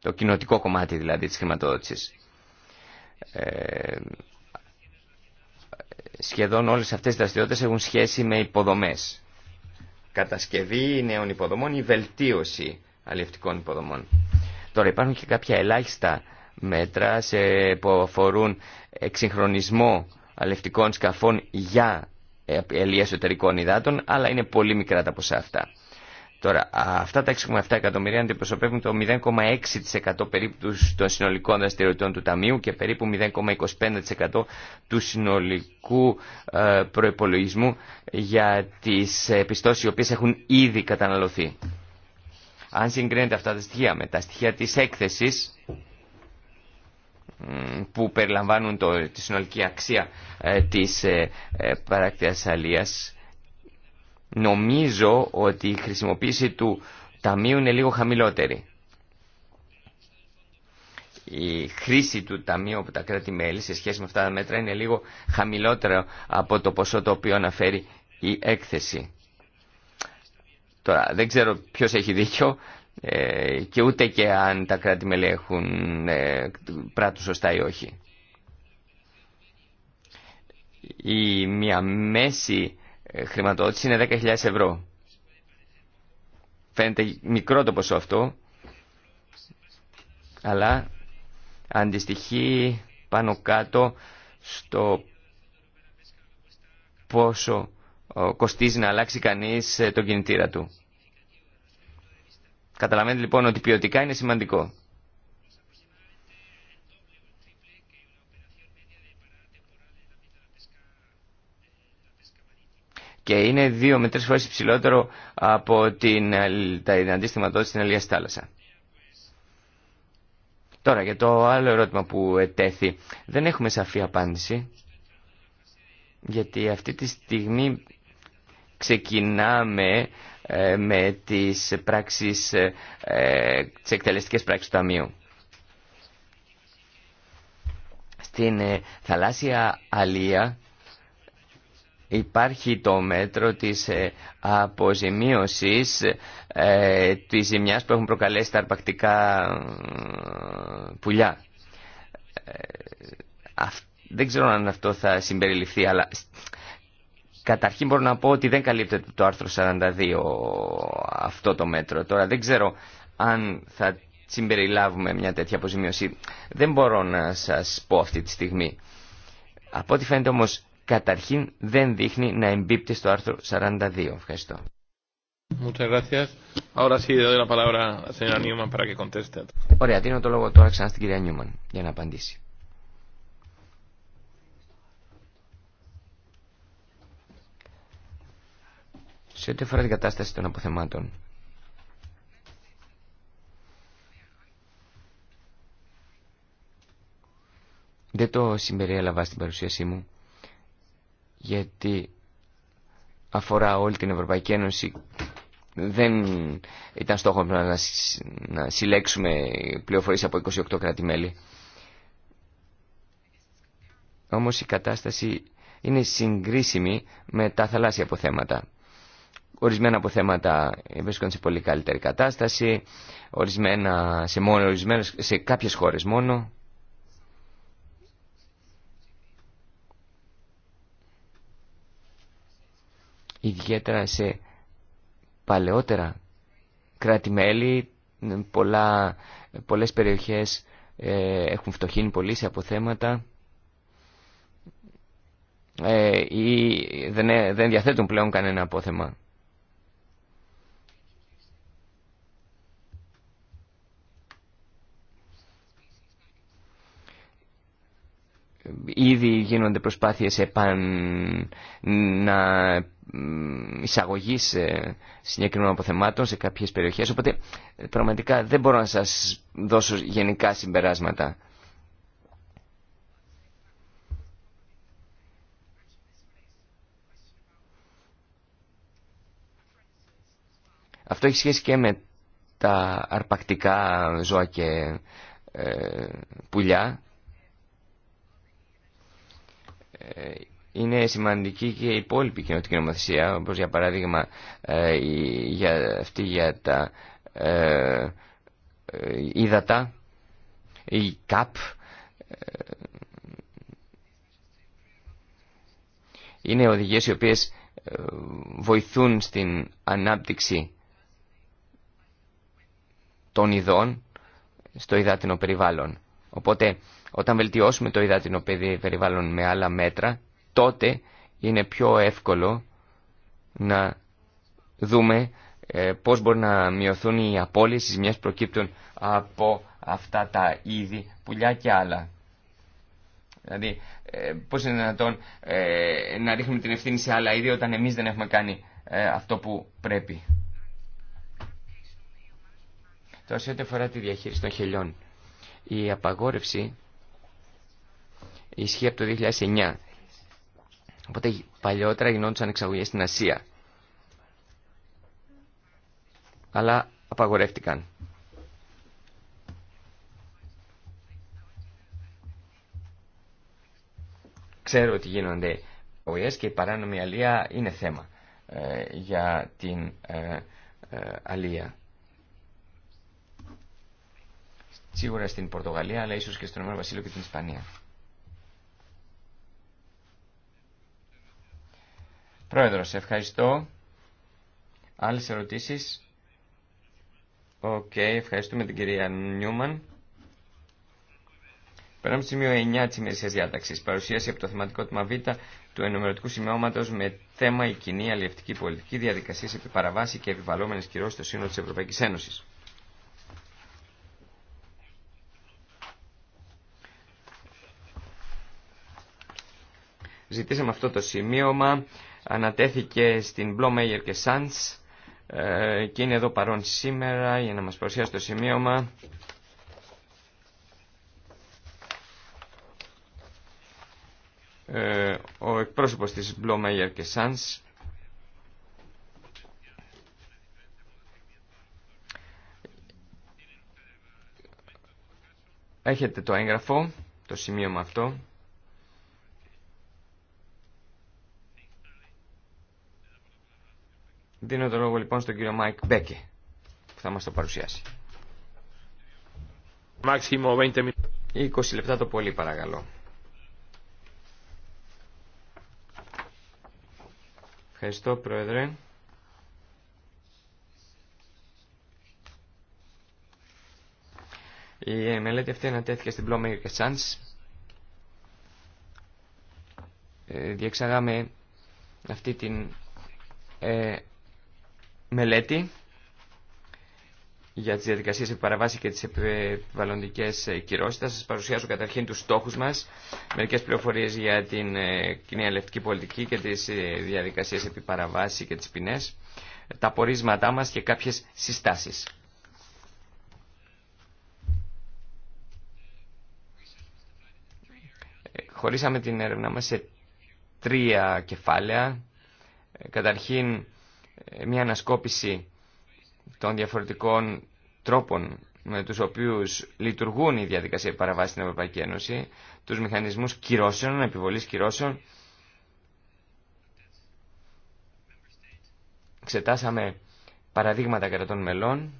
Το κοινοτικό κομμάτι δηλαδή της χρηματοδότησης. Ε, σχεδόν όλες αυτές οι δραστηριότητες έχουν σχέση με υποδομές κατασκευή νέων υποδομών ή βελτίωση αλλιευτικών υποδομών. Τώρα υπάρχουν και κάποια ελάχιστα μέτρα σε, που αφορούν εξυγχρονισμό αλλιευτικών σκαφών για ελιές εσωτερικών υδάτων, αλλά είναι πολύ μικρά τα ποσά αυτά. Τώρα, αυτά τα 6,7 εκατομμυρία αντιπροσωπεύουν το 0,6% περίπου των συνολικών δραστηριοτήτων του Ταμείου και περίπου 0,25% του συνολικού ε, προϋπολογισμού για τις πιστώσεις οι οποίες έχουν ήδη καταναλωθεί. Αν συγκρίνεται αυτά τα στοιχεία με τα στοιχεία της έκθεσης που περιλαμβάνουν το, τη συνολική αξία ε, της ε, παράκτειας αλίας νομίζω ότι η χρησιμοποίηση του ταμείου είναι λίγο χαμηλότερη. Η χρήση του ταμείου από τα κράτη-μέλη σε σχέση με αυτά τα μέτρα είναι λίγο χαμηλότερο από το ποσό το οποίο αναφέρει η έκθεση. Τώρα δεν ξέρω ποιος έχει δίκιο ε, και ούτε και αν τα κράτη-μέλη έχουν ε, πράττουν σωστά ή όχι. Η μια μέση χρηματοδότηση είναι 10.000 ευρώ. Φαίνεται μικρό το ποσό αυτό, αλλά αντιστοιχεί πάνω κάτω στο πόσο κοστίζει να αλλάξει κανείς ε, τον κινητήρα του. Καταλαβαίνετε λοιπόν ότι ποιοτικά είναι σημαντικό. και είναι δύο με τρεις φορές υψηλότερο από την, τα αντίστοιχα τότε στην Αλία θάλασσα. Τώρα για το άλλο ερώτημα που ετέθη. Δεν έχουμε σαφή απάντηση γιατί αυτή τη στιγμή ξεκινάμε ε, με τις πράξεις, ε, τις εκτελεστικές πράξεις του Ταμείου. Στην ε, θαλάσσια αλία υπάρχει το μέτρο της ε, αποζημίωσης ε, της ζημιάς που έχουν προκαλέσει τα αρπακτικά ε, πουλιά. δεν ξέρω αν αυτό θα συμπεριληφθεί, αλλά καταρχήν μπορώ να πω ότι δεν καλύπτεται το άρθρο 42 αυτό το μέτρο. Τώρα δεν ξέρω αν θα συμπεριλάβουμε μια τέτοια αποζημίωση. Δεν μπορώ να σας πω αυτή τη στιγμή. Από ό,τι φαίνεται όμως καταρχήν δεν δείχνει να εμπίπτει στο άρθρο 42. Ευχαριστώ. Ωραία, δίνω το λόγο τώρα ξανά στην κυρία Νιούμαν για να απαντήσει. Σε ό,τι αφορά την κατάσταση των αποθεμάτων, δεν το συμπεριέλαβα στην παρουσίασή μου γιατί αφορά όλη την Ευρωπαϊκή Ένωση. Δεν ήταν στόχο να, να συλλέξουμε πληροφορίες από 28 κράτη-μέλη. Όμως η κατάσταση είναι συγκρίσιμη με τα θαλάσσια αποθέματα. Ορισμένα αποθέματα βρίσκονται σε πολύ καλύτερη κατάσταση, ορισμένα σε, μόνο, σε κάποιες χώρες μόνο, ιδιαίτερα σε παλαιότερα κράτη-μέλη, πολλά, πολλές περιοχές ε, έχουν φτωχύνει πολύ σε αποθέματα ε, ή δεν, ε, δεν διαθέτουν πλέον κανένα απόθεμα. Ήδη γίνονται προσπάθειες επαν... να εισαγωγής ε, συγκεκριμένων αποθεμάτων σε κάποιες περιοχές, οπότε πραγματικά δεν μπορώ να σας δώσω γενικά συμπεράσματα. Αυτό έχει σχέση και με τα αρπακτικά ζώα και ε, πουλιά. Ε, είναι σημαντική και η υπόλοιπη κοινωτική νομοθεσία, όπως για παράδειγμα ε, για αυτή για τα ε, ύδατα, η ΚΑΠ. Είναι οδηγίες οι οποίες βοηθούν στην ανάπτυξη των ειδών στο υδάτινο περιβάλλον. Οπότε όταν βελτιώσουμε το υδάτινο περιβάλλον με άλλα μέτρα, τότε είναι πιο εύκολο να δούμε ε, πώς μπορεί να μειωθούν οι απώλειες μιας προκύπτουν από αυτά τα είδη, πουλιά και άλλα. Δηλαδή, ε, πώς είναι δυνατόν ε, να ρίχνουμε την ευθύνη σε άλλα είδη όταν εμείς δεν έχουμε κάνει αυτό που πρέπει. Τώρα σε ό,τι αφορά τη διαχείριση των χελιών. Η απαγόρευση ισχύει από το 2009. Οπότε παλιότερα γινόντουσαν εξαγωγές στην Ασία. Αλλά απαγορεύτηκαν. Ξέρω ότι γίνονται εξαγωγές και η παράνομη αλία είναι θέμα ε, για την ε, ε αλία. σίγουρα στην Πορτογαλία, αλλά ίσως και στον Ηνωμένο Βασίλειο και την Ισπανία. Πρόεδρος, ευχαριστώ. Άλλες ερωτήσεις. Οκ, okay, ευχαριστούμε την κυρία Νιούμαν. Περνάμε στο σημείο 9 τη ημερησίας διάταξη. Παρουσίαση από το θεματικό τμήμα Β του ενημερωτικού σημειώματο με θέμα η κοινή αλληλευτική πολιτική διαδικασία επί παραβάση και επιβαλλόμενε κυρώσει στο σύνολο τη Ευρωπαϊκή Ένωση. Ζητήσαμε αυτό το σημείωμα, ανατέθηκε στην Blomeyer και Sands ε, και είναι εδώ παρόν σήμερα για να μας παρουσιάσει το σημείωμα. Ε, ο εκπρόσωπος της Blomeyer και Sands Έχετε το έγγραφο, το σημείωμα αυτό. Δίνω το λόγο λοιπόν στον κύριο Μάικ Μπέκε που θα μας το παρουσιάσει. 20 λεπτά το πολύ παρακαλώ. Ευχαριστώ Πρόεδρε. Η μελέτη αυτή ανατέθηκε στην και Chance. Ε, Διεξαγάμε αυτή την ε, μελέτη για τις διαδικασίες επιπαραβάση και τις επιβαλλοντικές κυρώσεις. Θα σας παρουσιάσω καταρχήν τους στόχους μας, μερικές πληροφορίες για την ε, κοινή ελευτική πολιτική και τις ε, διαδικασίες επιπαραβάση και τις ποινές, τα πορίσματά μας και κάποιες συστάσεις. Χωρίσαμε την έρευνα μας σε τρία κεφάλαια. Ε, καταρχήν μια ανασκόπηση των διαφορετικών τρόπων με τους οποίους λειτουργούν οι διαδικασίες παραβάσεις στην Ευρωπαϊκή Ένωση, τους μηχανισμούς κυρώσεων, επιβολής κυρώσεων. Ξετάσαμε παραδείγματα των μελών.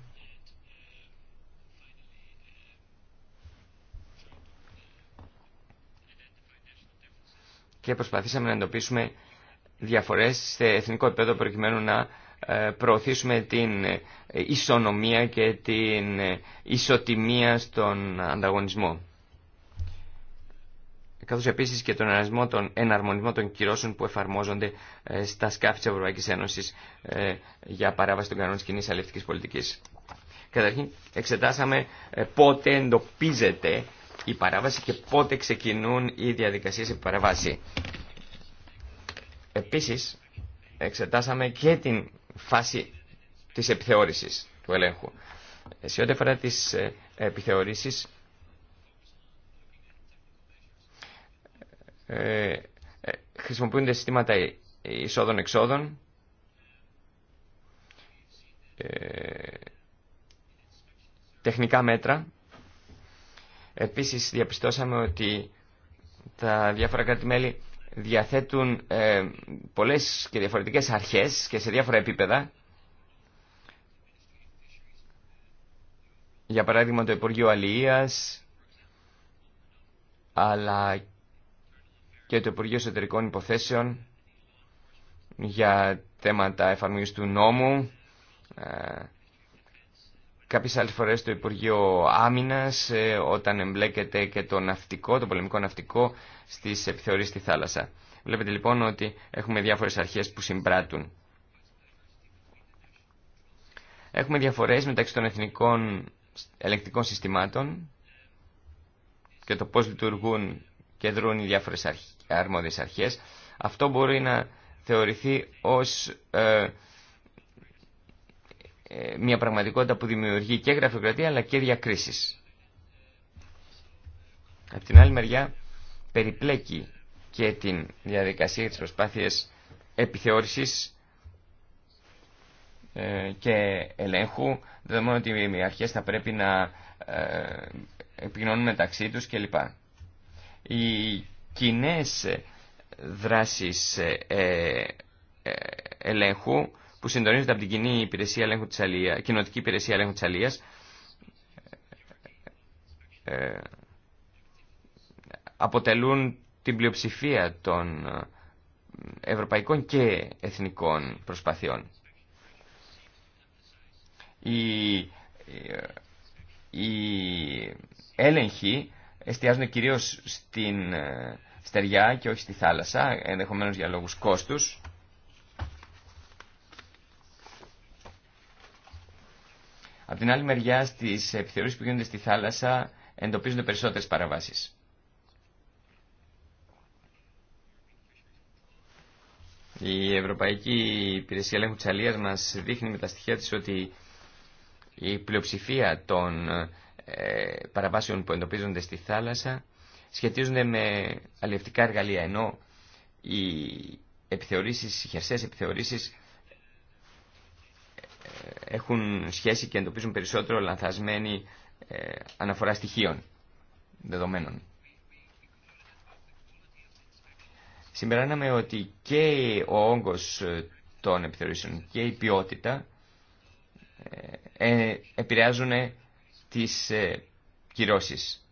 Και προσπαθήσαμε να εντοπίσουμε διαφορές σε εθνικό επίπεδο προκειμένου να ε, προωθήσουμε την ισονομία και την ισοτιμία στον ανταγωνισμό. Καθώς επίσης και τον εναρμονισμό των, εναρμονισμό των κυρώσεων που εφαρμόζονται ε, στα σκάφη της Ευρωπαϊκής Ένωσης ε, για παράβαση των κανόνων της κοινής αλληλευτικής πολιτικής. Καταρχήν εξετάσαμε πότε εντοπίζεται η παράβαση και πότε ξεκινούν οι διαδικασίες επί παραβάση. Επίσης, εξετάσαμε και την φάση της επιθεώρησης του ελέγχου. Σε ό,τι αφορά τις ε, επιθεωρήσεις, ε, ε, χρησιμοποιούνται συστήματα εισόδων-εξόδων, τεχνικά μέτρα. Επίσης διαπιστώσαμε ότι τα διάφορα κράτη-μέλη διαθέτουν ε, πολλές και διαφορετικές αρχές και σε διάφορα επίπεδα. Για παράδειγμα το Υπουργείο Αλληλείας, αλλά και το Υπουργείο Εσωτερικών Υποθέσεων για θέματα εφαρμογής του νόμου, ε, Κάποιες άλλες φορές το Υπουργείο Άμυνας ε, όταν εμπλέκεται και το ναυτικό, το πολεμικό ναυτικό στις επιθεωρήσεις στη θάλασσα. Βλέπετε λοιπόν ότι έχουμε διάφορες αρχές που συμπράττουν. Έχουμε διαφορές μεταξύ των εθνικών ελεκτικών συστημάτων και το πώς λειτουργούν και δρούν οι διάφορες αρχ... αρμόδιες αρχές. Αυτό μπορεί να θεωρηθεί ως ε, ε, μια πραγματικότητα που δημιουργεί και γραφειοκρατία αλλά και διακρίσεις. Απ' την άλλη μεριά περιπλέκει και την διαδικασία της προσπάθειας επιθεώρησης ε, και ελέγχου, δεδομένου ότι οι αρχές θα πρέπει να ε, επικοινωνούν μεταξύ τους κλπ. Οι κοινέ δράσεις ελέγχου που συντονίζονται από την κοινή υπηρεσία ελέγχου της Αλίας, κοινοτική υπηρεσία ελέγχου της Αλίας, ε, αποτελούν την πλειοψηφία των ε, ευρωπαϊκών και εθνικών προσπαθειών. Οι, οι ε, έλεγχοι εστιάζουν κυρίως στην στεριά και όχι στη θάλασσα, ενδεχομένως για λόγους κόστους. Από την άλλη μεριά, στις επιθεωρήσεις που γίνονται στη θάλασσα εντοπίζονται περισσότερες παραβάσεις. Η Ευρωπαϊκή Υπηρεσία Ελέγχου της μας δείχνει με τα στοιχεία της ότι η πλειοψηφία των ε, παραβάσεων που εντοπίζονται στη θάλασσα σχετίζονται με αλλιευτικά εργαλεία, ενώ οι επιθεωρήσεις, οι επιθεωρήσεις έχουν σχέση και εντοπίζουν περισσότερο λανθασμένη ε, αναφορά στοιχείων, δεδομένων. Συμπεράναμε ότι και ο όγκος ε, των επιθεωρήσεων και η ποιότητα ε, επηρεάζουν τις κυρώσεις.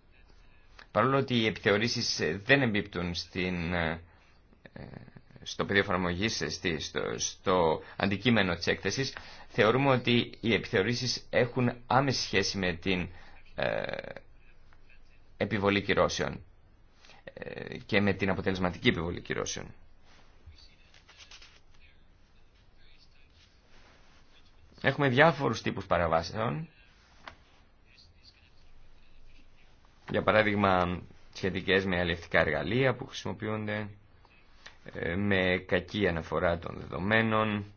Παρόλο ότι οι επιθεωρήσεις δεν εμπίπτουν στην στο πεδίο εφαρμογή, ε, στο, στο αντικείμενο τη έκθεση, θεωρούμε ότι οι επιθεωρήσεις έχουν άμεση σχέση με την ε, επιβολή κυρώσεων ε, και με την αποτελεσματική επιβολή κυρώσεων. Έχουμε διάφορους τύπους παραβάσεων. Για παράδειγμα, σχετικές με αλληλευτικά εργαλεία που χρησιμοποιούνται ε, με κακή αναφορά των δεδομένων,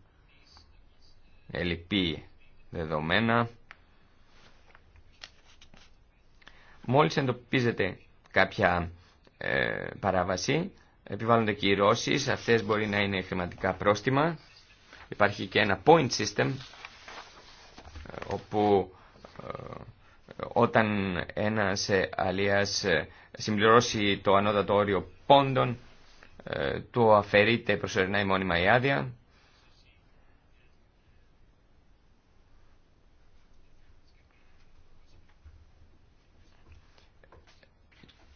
ελλειπή δεδομένα. Μόλις εντοπίζεται κάποια ε, παράβαση, επιβάλλονται κυρώσεις, αυτές μπορεί να είναι χρηματικά πρόστιμα. Υπάρχει και ένα point system, ε, όπου ε, όταν ένας αλίας συμπληρώσει το ανώτατο όριο πόντων, ε, το αφαιρείται προσωρινά η μόνιμα η άδεια.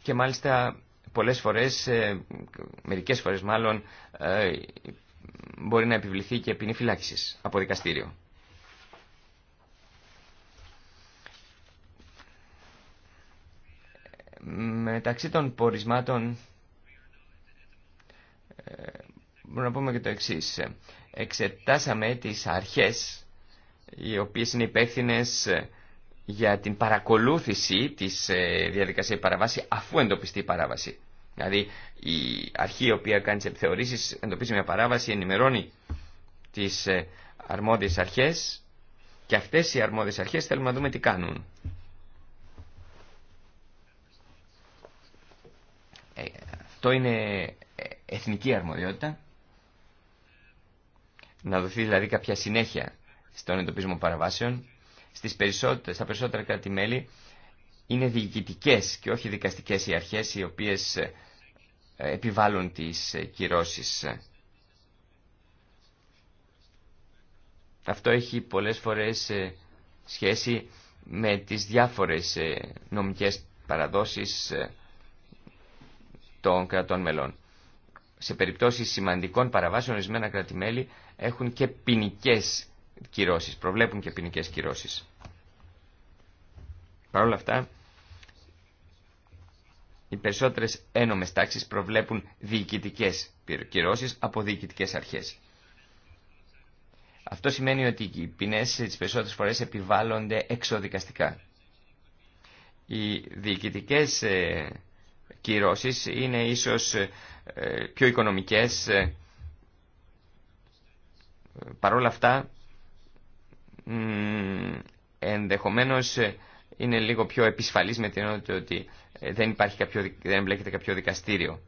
Και μάλιστα πολλές φορές, ε, μερικές φορές μάλλον, ε, μπορεί να επιβληθεί και ποινή φυλάκισης από δικαστήριο. Μεταξύ των πορισμάτων μπορούμε να πούμε και το εξή. Εξετάσαμε τις αρχές οι οποίες είναι υπεύθυνε ε, για την παρακολούθηση της ε, διαδικασίας παραβάση αφού εντοπιστεί η παράβαση. Δηλαδή η αρχή η οποία κάνει τι επιθεωρήσεις εντοπίζει μια παράβαση, ενημερώνει τι ε, αρμόδιες αρχές και αυτές οι αρμόδιες αρχές θέλουμε να δούμε τι κάνουν. αυτό είναι εθνική αρμοδιότητα, να δοθεί δηλαδή κάποια συνέχεια στον εντοπισμό παραβάσεων, στις στα περισσότερα κράτη-μέλη είναι διοικητικές και όχι δικαστικές οι αρχές οι οποίες ε, επιβάλλουν τις ε, κυρώσεις. Αυτό έχει πολλές φορές ε, σχέση με τις διάφορες νομικές παραδόσεις των κρατών μελών σε περιπτώσει σημαντικών παραβάσεων, ορισμένα έχουν και ποινικέ κυρώσει, προβλέπουν και ποινικέ κυρώσει. Παρ' όλα αυτά, οι περισσότερε ένομε τάξει προβλέπουν διοικητικέ κυρώσει από διοικητικέ αρχέ. Αυτό σημαίνει ότι οι ποινέ τι περισσότερε φορέ επιβάλλονται εξοδικαστικά. Οι διοικητικέ ε, κυρώσεις είναι ίσως ε, πιο οικονομικές. Ε, παρόλα αυτά, ενδεχομένως ε, είναι λίγο πιο επισφαλής με την έννοια ότι δεν, υπάρχει κάποιο, δεν εμπλέκεται κάποιο δικαστήριο.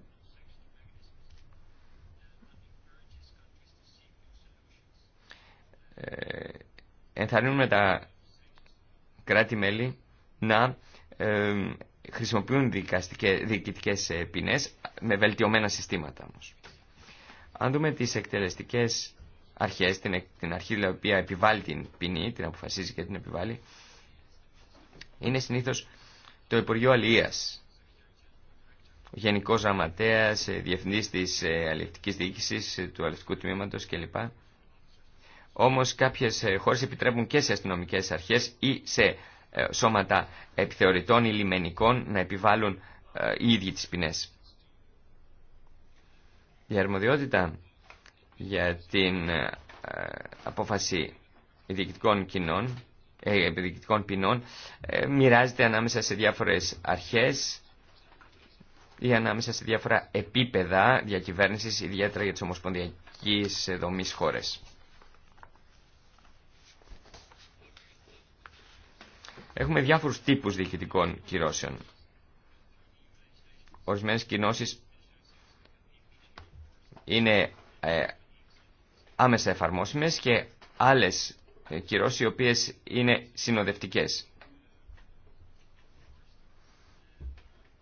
ενθαρρύνουμε τα κράτη-μέλη να χρησιμοποιούν διοικητικέ ε, ποινέ με βελτιωμένα συστήματα όμω. Αν δούμε τις εκτελεστικές αρχές, την, την αρχή η οποία επιβάλλει την ποινή, την αποφασίζει και την επιβάλλει, είναι συνήθως το Υπουργείο Αλληλεία. Ο Γενικός Γραμματέας, ε, Διευθυντής της ε, Αλληλευτική Διοίκησης, του Αλληλευτικού Τμήματος κλπ. Όμως κάποιε χώρε επιτρέπουν και σε αστυνομικέ αρχέ ή σε ε, σώματα επιθεωρητών ή λιμενικών να επιβάλλουν ε, οι ίδιοι τις ποινές. Η αρμοδιότητα για την ε, απόφαση διοικητικών κοινών, ε, διοικητικών ποινών μοιράζεται ανάμεσα σε διάφορες αρχές ή ανάμεσα σε διάφορα επίπεδα διακυβέρνησης, ιδιαίτερα για τις ομοσπονδιακές δομής χώρες. Έχουμε διάφορους τύπους διοικητικών κυρώσεων. Ορισμένες κοινώσεις είναι ε, άμεσα εφαρμόσιμες και άλλες ε, κυρώσεις οι οποίες είναι συνοδευτικές.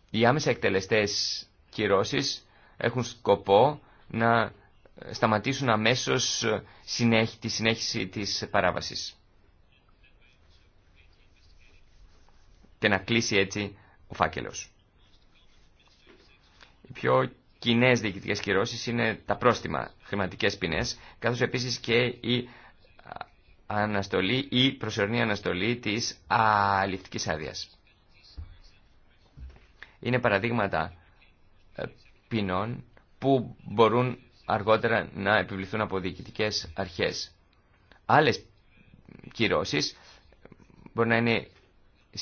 Οι άμεσα εκτελεστές κυρώσεις έχουν σκοπό να σταματήσουν αμέσως τη συνέχιση της παράβασης. και να κλείσει έτσι ο φάκελος. Οι πιο κοινέ διοικητικέ κυρώσει είναι τα πρόστιμα, χρηματικέ ποινέ, καθώ επίση και η αναστολή ή προσωρινή αναστολή τη αληπτική άδεια. Είναι παραδείγματα ε, ποινών που μπορούν αργότερα να επιβληθούν από διοικητικέ αρχές. Άλλε κυρώσει ε, μπορεί να είναι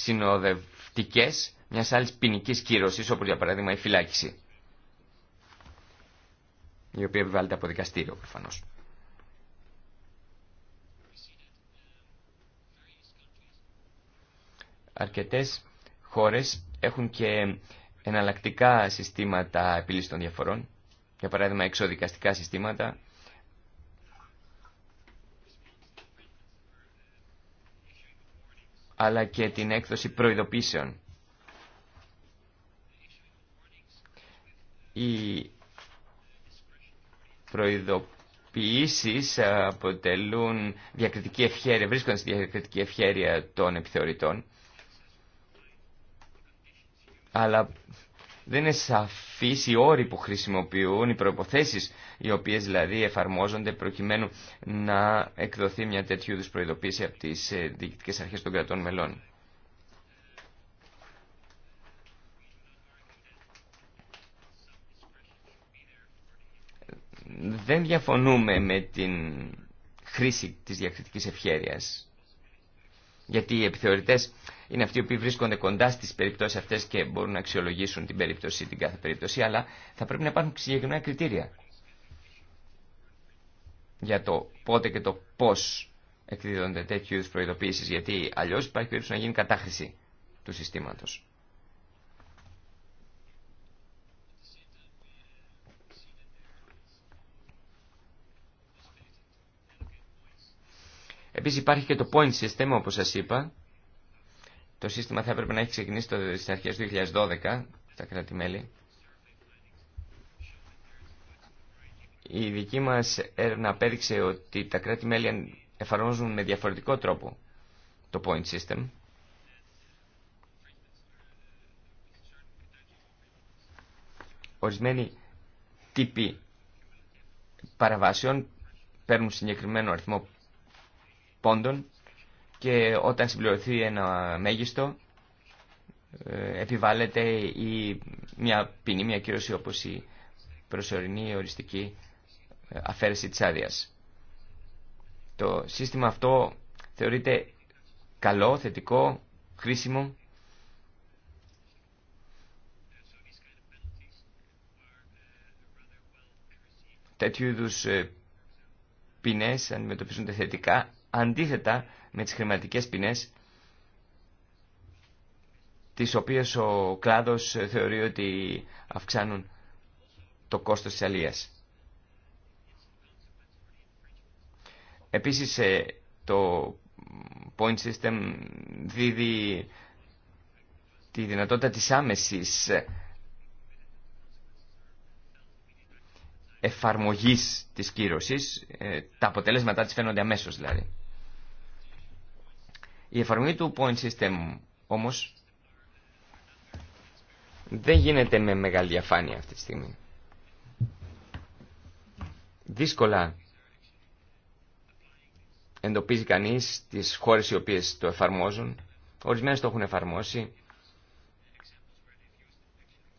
συνοδευτικέ μιας άλλης ποινική κύρωση, όπως για παράδειγμα η φυλάκιση, η οποία επιβάλλεται από δικαστήριο προφανώ. Αρκετέ χώρε έχουν και εναλλακτικά συστήματα επιλύση των διαφορών, για παράδειγμα εξοδικαστικά συστήματα, αλλά και την έκδοση προειδοποίησεων. Οι προειδοποιήσεις αποτελούν διακριτική ευχέρεια, βρίσκονται στη διακριτική ευχέρεια των επιθεωρητών, αλλά δεν είναι σαφείς οι όροι που χρησιμοποιούν, οι προϋποθέσεις οι οποίες δηλαδή εφαρμόζονται προκειμένου να εκδοθεί μια τέτοιου είδου προειδοποίηση από τις ε, διοικητικέ αρχές των κρατών μελών. Δεν διαφωνούμε με την χρήση της διακριτικής ευχέρειας γιατί οι επιθεωρητές είναι αυτοί οι οποίοι βρίσκονται κοντά στις περιπτώσεις αυτές και μπορούν να αξιολογήσουν την περίπτωση, την κάθε περίπτωση, αλλά θα πρέπει να υπάρχουν συγκεκριμένα κριτήρια για το πότε και το πώ εκδίδονται τέτοιου είδου προειδοποίησεις, γιατί αλλιώς υπάρχει περίπτωση να γίνει κατάχρηση του συστήματος. Επίσης υπάρχει και το point system όπως σας είπα. Το σύστημα θα έπρεπε να έχει ξεκινήσει στις αρχές του 2012 τα κράτη-μέλη. Η δική μας έρευνα απέδειξε ότι τα κράτη-μέλη εφαρμόζουν με διαφορετικό τρόπο το point system. Ορισμένοι τύποι παραβάσεων παίρνουν συγκεκριμένο αριθμό πόντων και όταν συμπληρωθεί ένα μέγιστο ε, επιβάλλεται η, μια ποινή, μια κύρωση όπως η προσωρινή οριστική ε, αφαίρεση της άδεια. Το σύστημα αυτό θεωρείται καλό, θετικό, χρήσιμο τέτοιου είδου ε, ποινέ αντιμετωπίζονται θετικά αντίθετα με τις χρηματικές ποινές τις οποίες ο κλάδος θεωρεί ότι αυξάνουν το κόστος της αλίας. Επίσης ε, το point system δίδει τη δυνατότητα της άμεσης εφαρμογής της κύρωσης, ε, τα αποτελέσματά της φαίνονται αμέσως δηλαδή. Η εφαρμογή του point system όμως δεν γίνεται με μεγάλη διαφάνεια αυτή τη στιγμή. Δύσκολα εντοπίζει κανείς τις χώρες οι οποίες το εφαρμόζουν. Ορισμένες το έχουν εφαρμόσει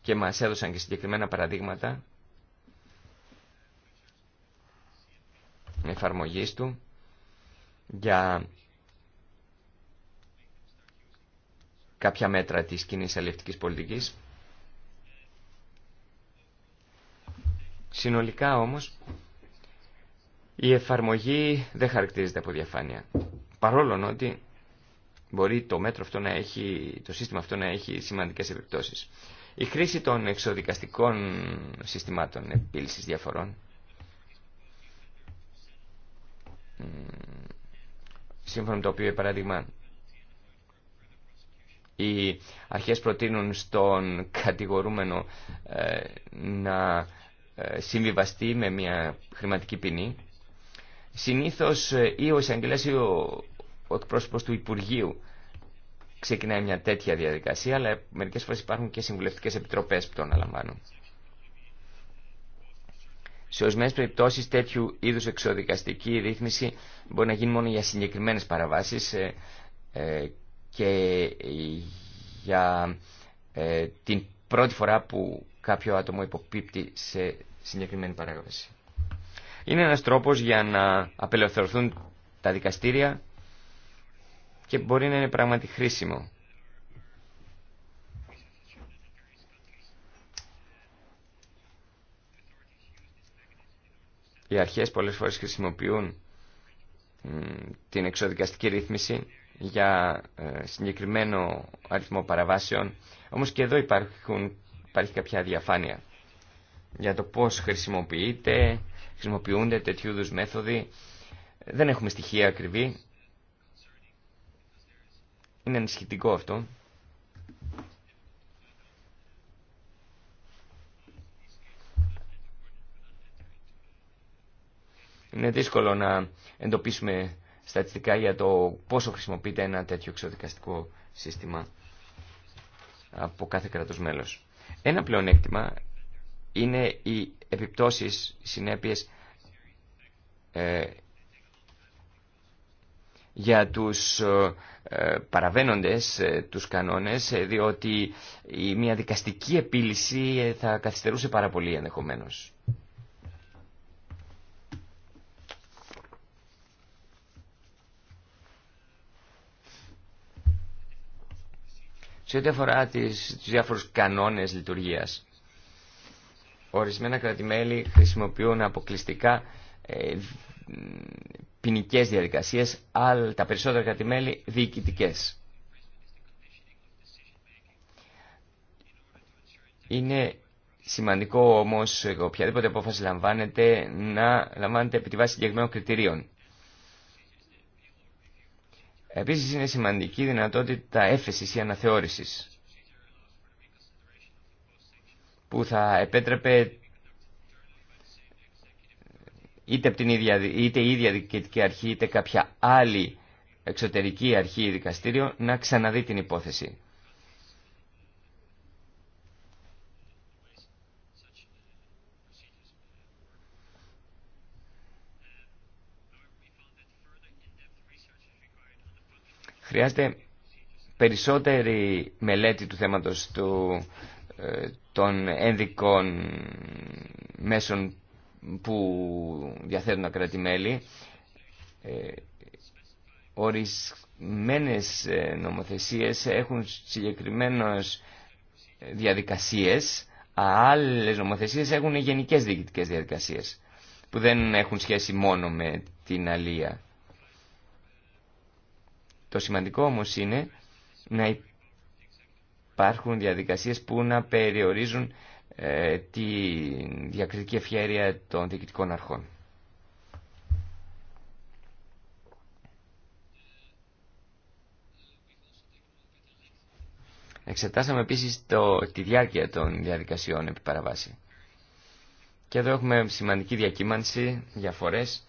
και μας έδωσαν και συγκεκριμένα παραδείγματα εφαρμογής του για κάποια μέτρα της κοινή αλληλευτικής πολιτικής. Συνολικά όμως η εφαρμογή δεν χαρακτηρίζεται από διαφάνεια. Παρόλο ότι μπορεί το μέτρο αυτό να έχει, το σύστημα αυτό να έχει σημαντικές επιπτώσεις. Η χρήση των εξοδικαστικών συστημάτων επίλυσης διαφορών σύμφωνα με το οποίο, παράδειγμα, οι αρχές προτείνουν στον κατηγορούμενο ε, να ε, συμβιβαστεί με μια χρηματική ποινή. Συνήθως ε, ή ο εισαγγελέας ή ο εκπρόσωπος του Υπουργείου ξεκινάει μια τέτοια διαδικασία, αλλά μερικές φορές υπάρχουν και συμβουλευτικές επιτροπές που το αναλαμβάνουν. Σε ορισμένε περιπτώσει τέτοιου είδου εξοδικαστική ρύθμιση μπορεί να γίνει μόνο για συγκεκριμένε παραβάσει και ε, για ε, την πρώτη φορά που κάποιο άτομο υποπίπτει σε συγκεκριμένη παράγραφαση. Είναι ένας τρόπος για να απελευθερωθούν τα δικαστήρια και μπορεί να είναι πράγματι χρήσιμο. Οι αρχές πολλές φορές χρησιμοποιούν την εξοδικαστική ρύθμιση για ε, συγκεκριμένο αριθμό παραβάσεων, όμως και εδώ υπάρχουν, υπάρχει κάποια διαφάνεια για το πώς χρησιμοποιείται, χρησιμοποιούνται τέτοιου είδου μέθοδοι. Δεν έχουμε στοιχεία ακριβή. Είναι ενισχυτικό αυτό. Είναι δύσκολο να εντοπίσουμε στατιστικά για το πόσο χρησιμοποιείται ένα τέτοιο εξοδικαστικό σύστημα από κάθε κράτος μέλος. Ένα πλεονέκτημα είναι οι επιπτώσεις, οι συνέπειες ε, για τους ε, παραβαίνοντες ε, τους κανόνες, ε, διότι η, μια δικαστική επίλυση θα καθυστερούσε πάρα πολύ ενδεχομένως. Σε ό,τι αφορά του διάφορου διάφορους κανόνες λειτουργίας, ορισμένα κρατημέλη χρησιμοποιούν αποκλειστικά ε, ποινικέ διαδικασίες, αλλά τα περισσότερα κρατημέλη διοικητικέ. Είναι σημαντικό όμως οποιαδήποτε απόφαση λαμβάνεται να λαμβάνεται επί τη βάση συγκεκριμένων κριτηρίων. Επίσης είναι σημαντική η δυνατότητα έφεσης ή αναθεώρησης που θα επέτρεπε είτε, την ίδια, είτε η ίδια διοικητική αρχή είτε κάποια άλλη εξωτερική αρχή ή δικαστήριο να ξαναδεί την υπόθεση. Χρειάζεται περισσότερη μελέτη του θέματος του, ε, των ένδικων μέσων που διαθέτουν τα κράτη-μέλη. Ε, ορισμένες ε, νομοθεσίες έχουν συγκεκριμένες διαδικασίες, άλλες νομοθεσίες έχουν γενικές διοικητικές διαδικασίες που δεν έχουν σχέση μόνο με την αλία. Το σημαντικό όμως είναι να υπάρχουν διαδικασίες που να περιορίζουν ε, τη διακριτική ευχαίρεια των διοικητικών αρχών. Εξετάσαμε επίσης το, τη διάρκεια των διαδικασιών επί παραβάση. Και εδώ έχουμε σημαντική διακύμανση, διαφορές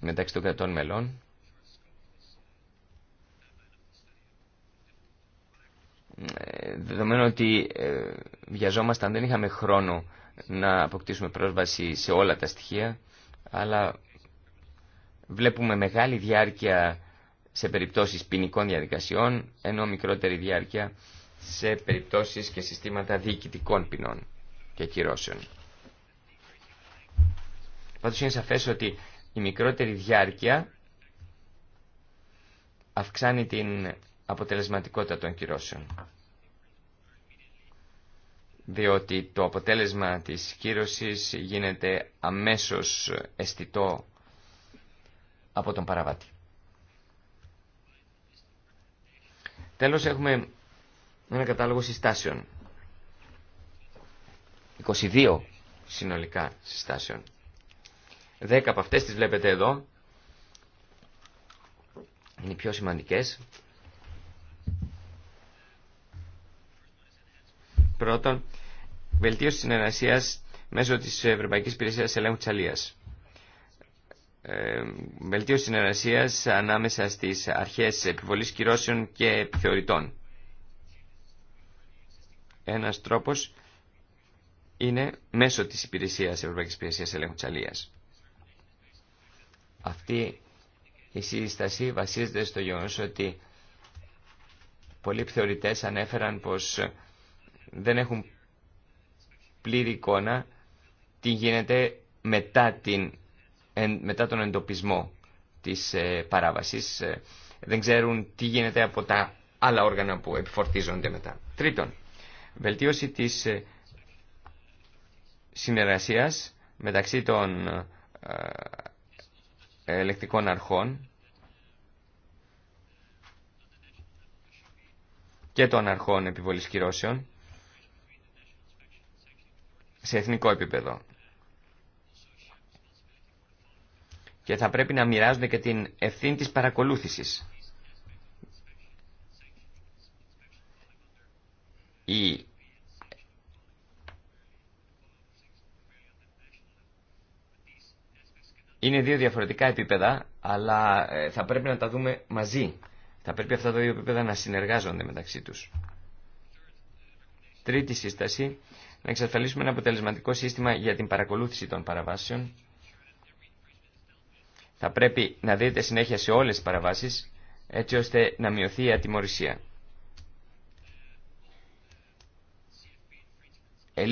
μεταξύ των κρατών μελών. δεδομένου ότι ε, βιαζόμασταν δεν είχαμε χρόνο να αποκτήσουμε πρόσβαση σε όλα τα στοιχεία αλλά βλέπουμε μεγάλη διάρκεια σε περιπτώσεις ποινικών διαδικασιών ενώ μικρότερη διάρκεια σε περιπτώσεις και συστήματα διοικητικών ποινών και κυρώσεων. Πάντως είναι σαφές ότι η μικρότερη διάρκεια αυξάνει την αποτελεσματικότητα των κυρώσεων. Διότι το αποτέλεσμα της κύρωσης γίνεται αμέσως αισθητό από τον παραβάτη. Τέλος έχουμε ένα κατάλογο συστάσεων. 22 συνολικά συστάσεων. 10 από αυτές τις βλέπετε εδώ. Είναι οι πιο σημαντικές. Πρώτον, βελτίωση συνεργασία μέσω τη Ευρωπαϊκή Υπηρεσία Ελέγχου τη Αλία. Ε, βελτίωση συνεργασία ανάμεσα στι αρχέ επιβολή κυρώσεων και επιθεωρητών. Ένα τρόπο είναι μέσω τη υπηρεσία Ευρωπαϊκής Υπηρεσίας Ελέγχου Τσαλίας. Αυτή η σύσταση βασίζεται στο γεγονό ότι πολλοί επιθεωρητέ ανέφεραν πω δεν έχουν πλήρη εικόνα τι γίνεται μετά, μετά τον εντοπισμό της ε, παράβασης. Ε, δεν ξέρουν τι γίνεται από τα άλλα όργανα που επιφορτίζονται μετά. Τρίτον, βελτίωση της ε, συνεργασίας μεταξύ των ελεκτικών αρχών και των αρχών επιβολής κυρώσεων σε εθνικό επίπεδο. Και θα πρέπει να μοιράζονται και την ευθύνη της παρακολούθησης. Η Είναι δύο διαφορετικά επίπεδα, αλλά ε, θα πρέπει να τα δούμε μαζί. Θα πρέπει αυτά τα δύο επίπεδα να συνεργάζονται μεταξύ τους. Τρίτη σύσταση να εξασφαλίσουμε ένα αποτελεσματικό σύστημα για την παρακολούθηση των παραβάσεων. Θα πρέπει να δείτε συνέχεια σε όλες τις παραβάσεις, έτσι ώστε να μειωθεί η ατιμορρησία. Ε,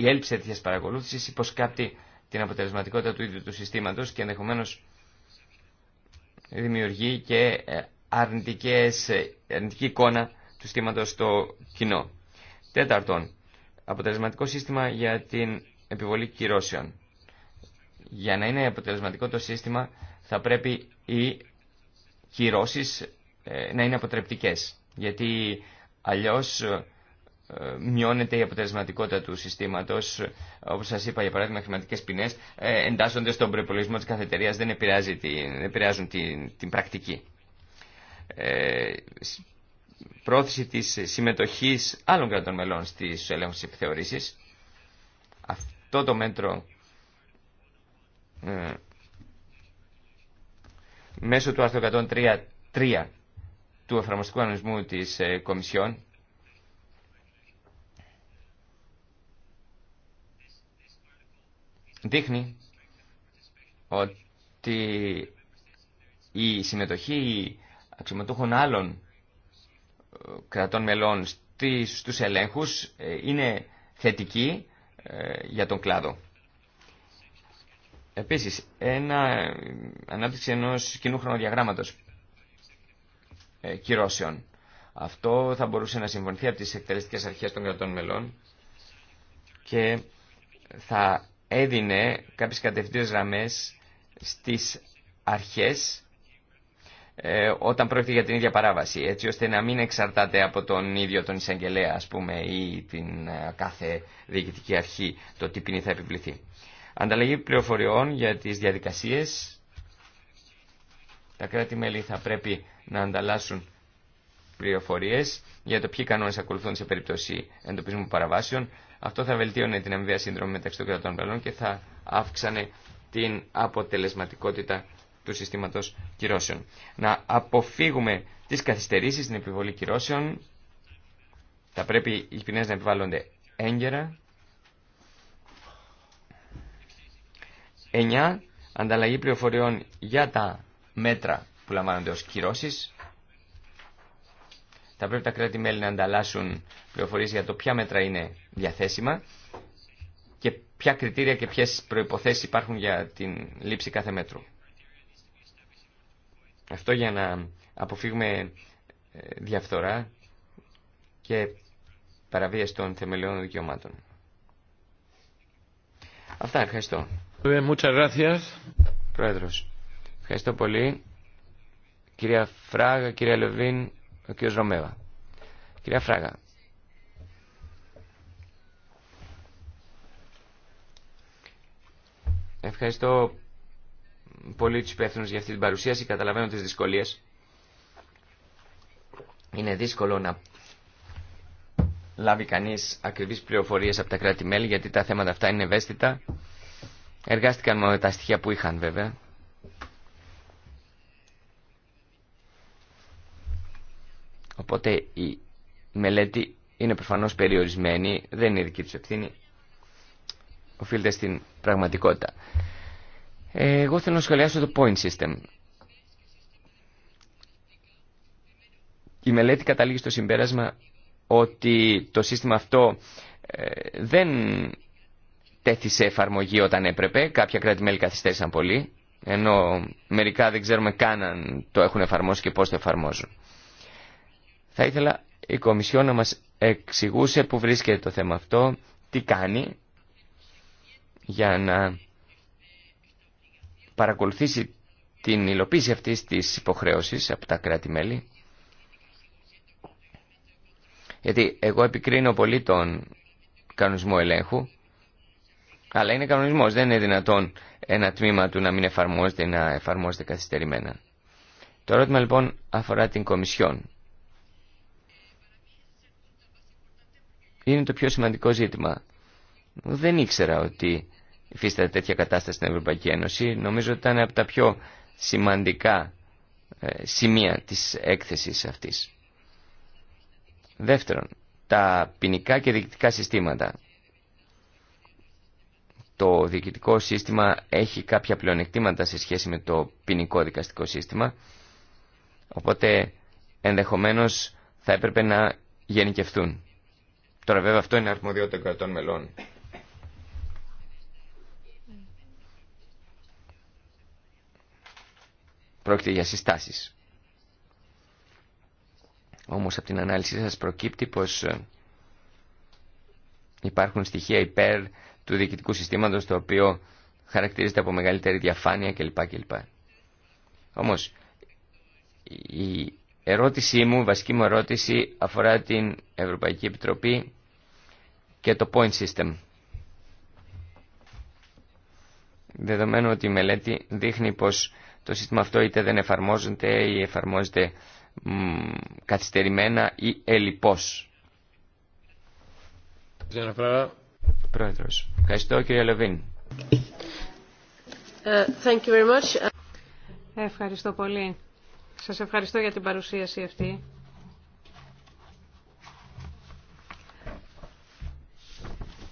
η έλλειψη τέτοια παρακολούθηση υποσκάπτει την αποτελεσματικότητα του ίδιου του συστήματος και ενδεχομένω δημιουργεί και ε, αρνητικές... Ε, αρνητική εικόνα του συστήματος στο κοινό. Τέταρτον, αποτελεσματικό σύστημα για την επιβολή κυρώσεων. Για να είναι αποτελεσματικό το σύστημα θα πρέπει οι κυρώσεις ε, να είναι αποτρεπτικές. Γιατί αλλιώς ε, μειώνεται η αποτελεσματικότητα του συστήματος. Όπως σας είπα, για παράδειγμα, χρηματικές ποινές ε, εντάσσονται στον προπολογισμό της κάθε εταιρείας, δεν, επηρεάζουν την πρακτική πρόθεση της συμμετοχής άλλων κρατών μελών στις ελέγχους επιθεωρήσεις. Αυτό το μέτρο ε, μέσω του άρθρου 103.3 του εφαρμοστικού ανοισμού της ε, Κομισιόν δείχνει ότι η συμμετοχή αξιωματούχων άλλων κρατών μελών στους ελέγχους ε, είναι θετική ε, για τον κλάδο. Επίσης, ένα, ανάπτυξη ενός κοινού χρονοδιαγράμματος ε, κυρώσεων. Αυτό θα μπορούσε να συμφωνηθεί από τις εκτελεστικές αρχές των κρατών μελών και θα έδινε κάποιες κατευθύνες γραμμές στις αρχές ε, όταν πρόκειται για την ίδια παράβαση, έτσι ώστε να μην εξαρτάται από τον ίδιο τον εισαγγελέα, ας πούμε, ή την ε, κάθε διοικητική αρχή το τι ποινή θα επιβληθεί. Ανταλλαγή πληροφοριών για τις διαδικασίες. Τα κράτη-μέλη θα πρέπει να ανταλλάσσουν πληροφορίες για το ποιοι κανόνες ακολουθούν σε περίπτωση εντοπισμού παραβάσεων. Αυτό θα βελτίωνε την αμοιβία σύνδρομη μεταξύ των κρατών μελών και θα αύξανε την αποτελεσματικότητα του συστήματος κυρώσεων. Να αποφύγουμε τις καθυστερήσεις στην επιβολή κυρώσεων. Θα πρέπει οι ποινές να επιβάλλονται έγκαιρα. 9. Ανταλλαγή πληροφοριών για τα μέτρα που λαμβάνονται ως κυρώσεις. Θα πρέπει τα κράτη-μέλη να ανταλλάσσουν πληροφορίες για το ποια μέτρα είναι διαθέσιμα και ποια κριτήρια και ποιες προϋποθέσεις υπάρχουν για την λήψη κάθε μέτρου. Αυτό για να αποφύγουμε ε, διαφθορά και παραβίαση των θεμελιών δικαιωμάτων. Αυτά, ευχαριστώ. ευχαριστώ πολύ. Κυρία Φράγα, κυρία Λεβίν, ο κύριος Ρωμέβα. Κυρία Φράγα. Ευχαριστώ πολύ του υπεύθυνου για αυτή την παρουσίαση, καταλαβαίνω τις δυσκολίες. Είναι δύσκολο να λάβει κανεί ακριβείς πληροφορίε από τα κράτη-μέλη, γιατί τα θέματα αυτά είναι ευαίσθητα. Εργάστηκαν με τα στοιχεία που είχαν βέβαια. Οπότε η μελέτη είναι προφανώς περιορισμένη, δεν είναι δική του ευθύνη, οφείλεται στην πραγματικότητα. Εγώ θέλω να σχολιάσω το point system. Η μελέτη καταλήγει στο συμπέρασμα ότι το σύστημα αυτό ε, δεν τέθη σε εφαρμογή όταν έπρεπε. Κάποια κράτη-μέλη καθυστέρησαν πολύ, ενώ μερικά δεν ξέρουμε καν αν το έχουν εφαρμόσει και πώς το εφαρμόζουν. Θα ήθελα η Κομισιόν να μας εξηγούσε που βρίσκεται το θέμα αυτό, τι κάνει για να παρακολουθήσει την υλοποίηση αυτής της υποχρέωσης από τα κράτη-μέλη. Γιατί εγώ επικρίνω πολύ τον κανονισμό ελέγχου, αλλά είναι κανονισμός, δεν είναι δυνατόν ένα τμήμα του να μην εφαρμόζεται ή να εφαρμόζεται καθυστερημένα. Το ερώτημα λοιπόν αφορά την Κομισιόν. Είναι το πιο σημαντικό ζήτημα. Δεν ήξερα ότι υφίσταται τέτοια κατάσταση στην Ευρωπαϊκή Ένωση. Νομίζω ότι ήταν από τα πιο σημαντικά ε, σημεία της έκθεσης αυτής. Δεύτερον, τα ποινικά και διοικητικά συστήματα. Το διοικητικό σύστημα έχει κάποια πλεονεκτήματα σε σχέση με το ποινικό δικαστικό σύστημα, οπότε ενδεχομένως θα έπρεπε να γενικευτούν. Τώρα βέβαια αυτό είναι αρμοδιότητα κρατών μελών. Πρόκειται για συστάσεις. Όμως από την ανάλυση σας προκύπτει πως ε, υπάρχουν στοιχεία υπέρ του διοικητικού συστήματος το οποίο χαρακτηρίζεται από μεγαλύτερη διαφάνεια κλπ. κλπ. Όμως η ερώτησή μου, η βασική μου ερώτηση αφορά την Ευρωπαϊκή Επιτροπή και το point system. Δεδομένου ότι η μελέτη δείχνει πως το σύστημα αυτό είτε δεν εφαρμόζεται ή εφαρμόζεται μ, καθυστερημένα ή ελλειπώς. Πρόεδρος. Ευχαριστώ κύριε Λεβίν. Ε, thank you very much. Ευχαριστώ πολύ. Σας ευχαριστώ για την παρουσίαση αυτή.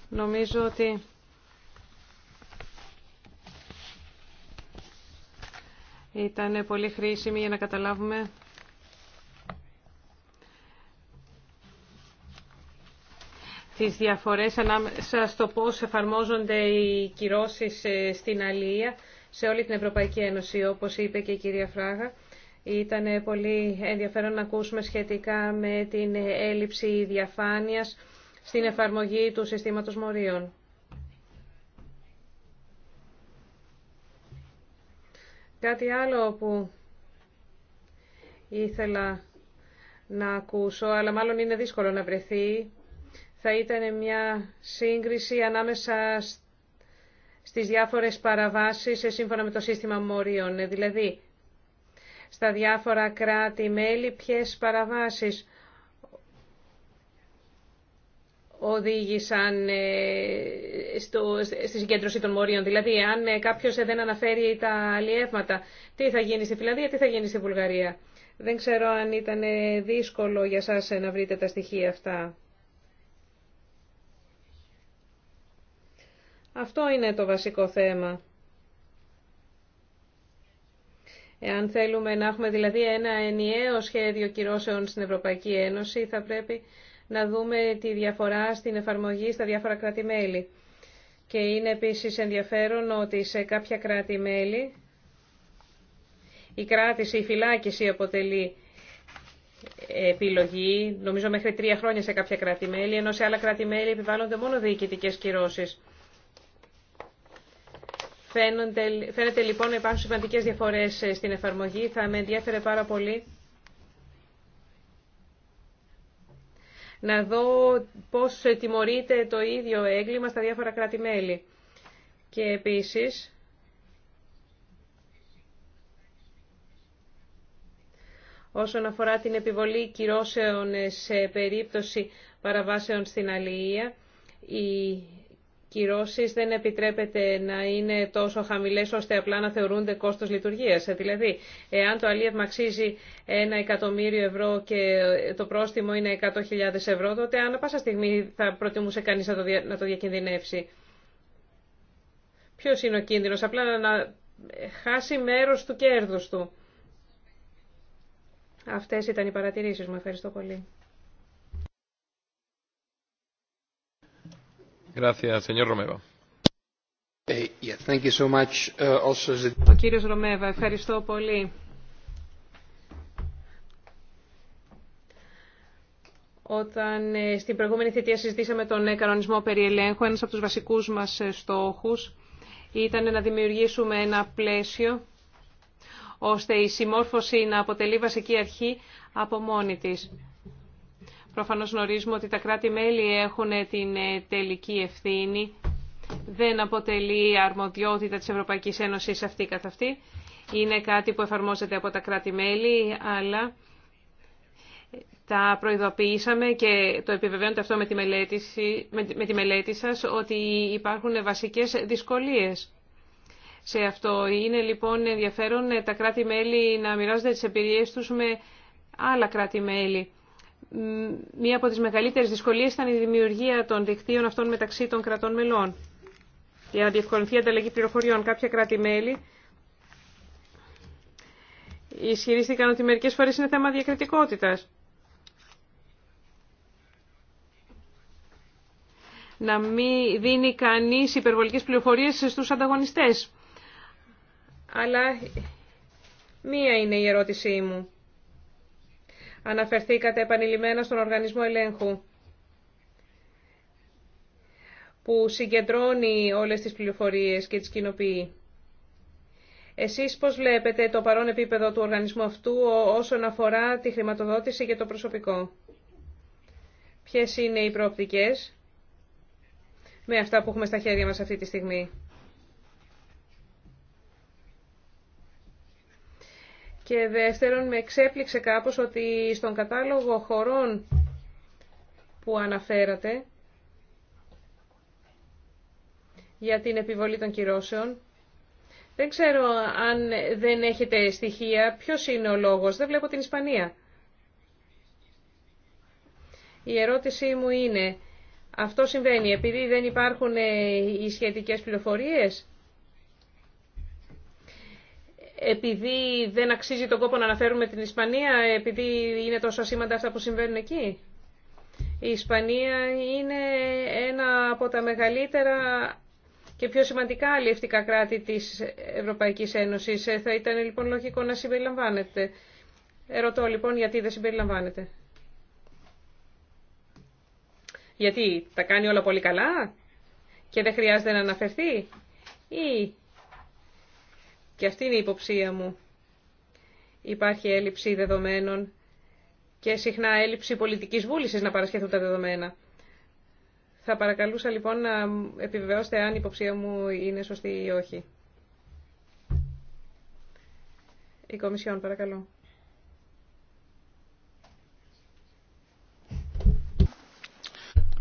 Νομίζω ότι ήταν πολύ χρήσιμη για να καταλάβουμε τις διαφορές ανάμεσα στο πώς εφαρμόζονται οι κυρώσεις ε, στην Αλία σε όλη την Ευρωπαϊκή Ένωση, όπως είπε και η κυρία Φράγα. Ήταν πολύ ενδιαφέρον να ακούσουμε σχετικά με την έλλειψη διαφάνειας στην εφαρμογή του συστήματος μορίων. Κάτι άλλο που ήθελα να ακούσω, αλλά μάλλον είναι δύσκολο να βρεθεί, θα ήταν μια σύγκριση ανάμεσα στις διάφορες παραβάσεις σύμφωνα με το σύστημα μορίων. Δηλαδή, στα διάφορα κράτη-μέλη ποιες παραβάσεις οδήγησαν ε, στο, στη συγκέντρωση των μορίων. Δηλαδή, αν ε, κάποιος ε, δεν αναφέρει τα αλλιεύματα, τι θα γίνει στη Φιλανδία, τι θα γίνει στη Βουλγαρία. Δεν ξέρω αν ήταν δύσκολο για σας να βρείτε τα στοιχεία αυτά. Αυτό είναι το βασικό θέμα. Εάν θέλουμε να έχουμε δηλαδή ένα ενιαίο σχέδιο κυρώσεων στην Ευρωπαϊκή Ένωση, θα πρέπει να δούμε τη διαφορά στην εφαρμογή στα διάφορα κράτη-μέλη. Και είναι επίσης ενδιαφέρον ότι σε κάποια κράτη-μέλη η κράτηση, η φυλάκιση αποτελεί επιλογή, νομίζω μέχρι τρία χρόνια σε κάποια κράτη-μέλη, ενώ σε άλλα κράτη-μέλη επιβάλλονται μόνο διοικητικές κυρώσεις. Φαίνονται, φαίνεται λοιπόν να υπάρχουν σημαντικές διαφορές ε, στην εφαρμογή. Θα με ενδιαφέρε πάρα πολύ να δω πώς τιμωρείται το ίδιο έγκλημα στα διάφορα κράτη-μέλη. Και επίσης, όσον αφορά την επιβολή κυρώσεων σε περίπτωση παραβάσεων στην αλληλεία, η κυρώσεις δεν επιτρέπεται να είναι τόσο χαμηλές ώστε απλά να θεωρούνται κόστος λειτουργίας. Ε, δηλαδή, εάν το αλίευμα αξίζει ένα εκατομμύριο ευρώ και το πρόστιμο είναι 100.000 ευρώ, τότε ανά πάσα στιγμή θα προτιμούσε κανείς να το, να το διακινδυνεύσει. Ποιος είναι ο κίνδυνος, απλά να χάσει μέρος του κέρδους του. Αυτές ήταν οι παρατηρήσεις μου. Ευχαριστώ πολύ. Ο Ρομέβα, ευχαριστώ πολύ. Όταν ε, στην προηγούμενη θητεία συζητήσαμε τον ε, κανονισμό περί ελέγχου, ένας από τους βασικούς μας ε, στόχους ήταν να δημιουργήσουμε ένα πλαίσιο ώστε η συμμόρφωση να αποτελεί βασική αρχή από μόνη της. Προφανώς γνωρίζουμε ότι τα κράτη-μέλη έχουν την ε, τελική ευθύνη. Δεν αποτελεί αρμοδιότητα της Ευρωπαϊκής Ένωσης αυτή καθ' αυτή. Είναι κάτι που εφαρμόζεται από τα κράτη-μέλη, αλλά ε, τα προειδοποιήσαμε και το επιβεβαίνεται αυτό με τη, μελέτη, με τη μελέτη σας ότι υπάρχουν βασικές δυσκολίες σε αυτό. Είναι λοιπόν ενδιαφέρον ε, τα κράτη-μέλη να μοιράζονται τις εμπειρίες τους με άλλα κράτη-μέλη μία από τις μεγαλύτερες δυσκολίες ήταν η δημιουργία των δικτύων αυτών μεταξύ των κρατών μελών. Για να διευκολυνθεί η ανταλλαγή πληροφοριών, κάποια κράτη-μέλη ισχυρίστηκαν ότι μερικές φορές είναι θέμα διακριτικότητας. Να μην δίνει κανείς υπερβολικές πληροφορίες στους ανταγωνιστές. Αλλά μία είναι η ερώτησή μου. Αναφερθήκατε επανειλημμένα στον οργανισμό ελέγχου που συγκεντρώνει όλες τις πληροφορίες και τις κοινοποιεί. Εσείς πώς βλέπετε το παρόν επίπεδο του οργανισμού αυτού όσον αφορά τη χρηματοδότηση και το προσωπικό. Ποιες είναι οι προοπτικές με αυτά που έχουμε στα χέρια μας αυτή τη στιγμή. Και δεύτερον, με εξέπληξε κάπως ότι στον κατάλογο χωρών που αναφέρατε για την επιβολή των κυρώσεων, δεν ξέρω αν δεν έχετε στοιχεία, ποιος είναι ο λόγος, δεν βλέπω την Ισπανία. Η ερώτησή μου είναι, αυτό συμβαίνει επειδή δεν υπάρχουν ε, οι σχετικές πληροφορίες επειδή δεν αξίζει τον κόπο να αναφέρουμε την Ισπανία, επειδή είναι τόσο σήμαντα αυτά που συμβαίνουν εκεί. Η Ισπανία είναι ένα από τα μεγαλύτερα και πιο σημαντικά αλληλευτικά κράτη της Ευρωπαϊκής Ένωσης. Ε, θα ήταν λοιπόν λογικό να συμπεριλαμβάνεται. Ερωτώ λοιπόν γιατί δεν συμπεριλαμβάνεται. Γιατί τα κάνει όλα πολύ καλά και δεν χρειάζεται να αναφερθεί ή και αυτή είναι η υποψία μου. Υπάρχει έλλειψη δεδομένων και συχνά έλλειψη πολιτικής βούλησης να παρασχεθούν τα δεδομένα. Θα παρακαλούσα λοιπόν να επιβεβαιώσετε αν η υποψία μου είναι σωστή ή όχι. Η Κομισιόν, παρακαλώ.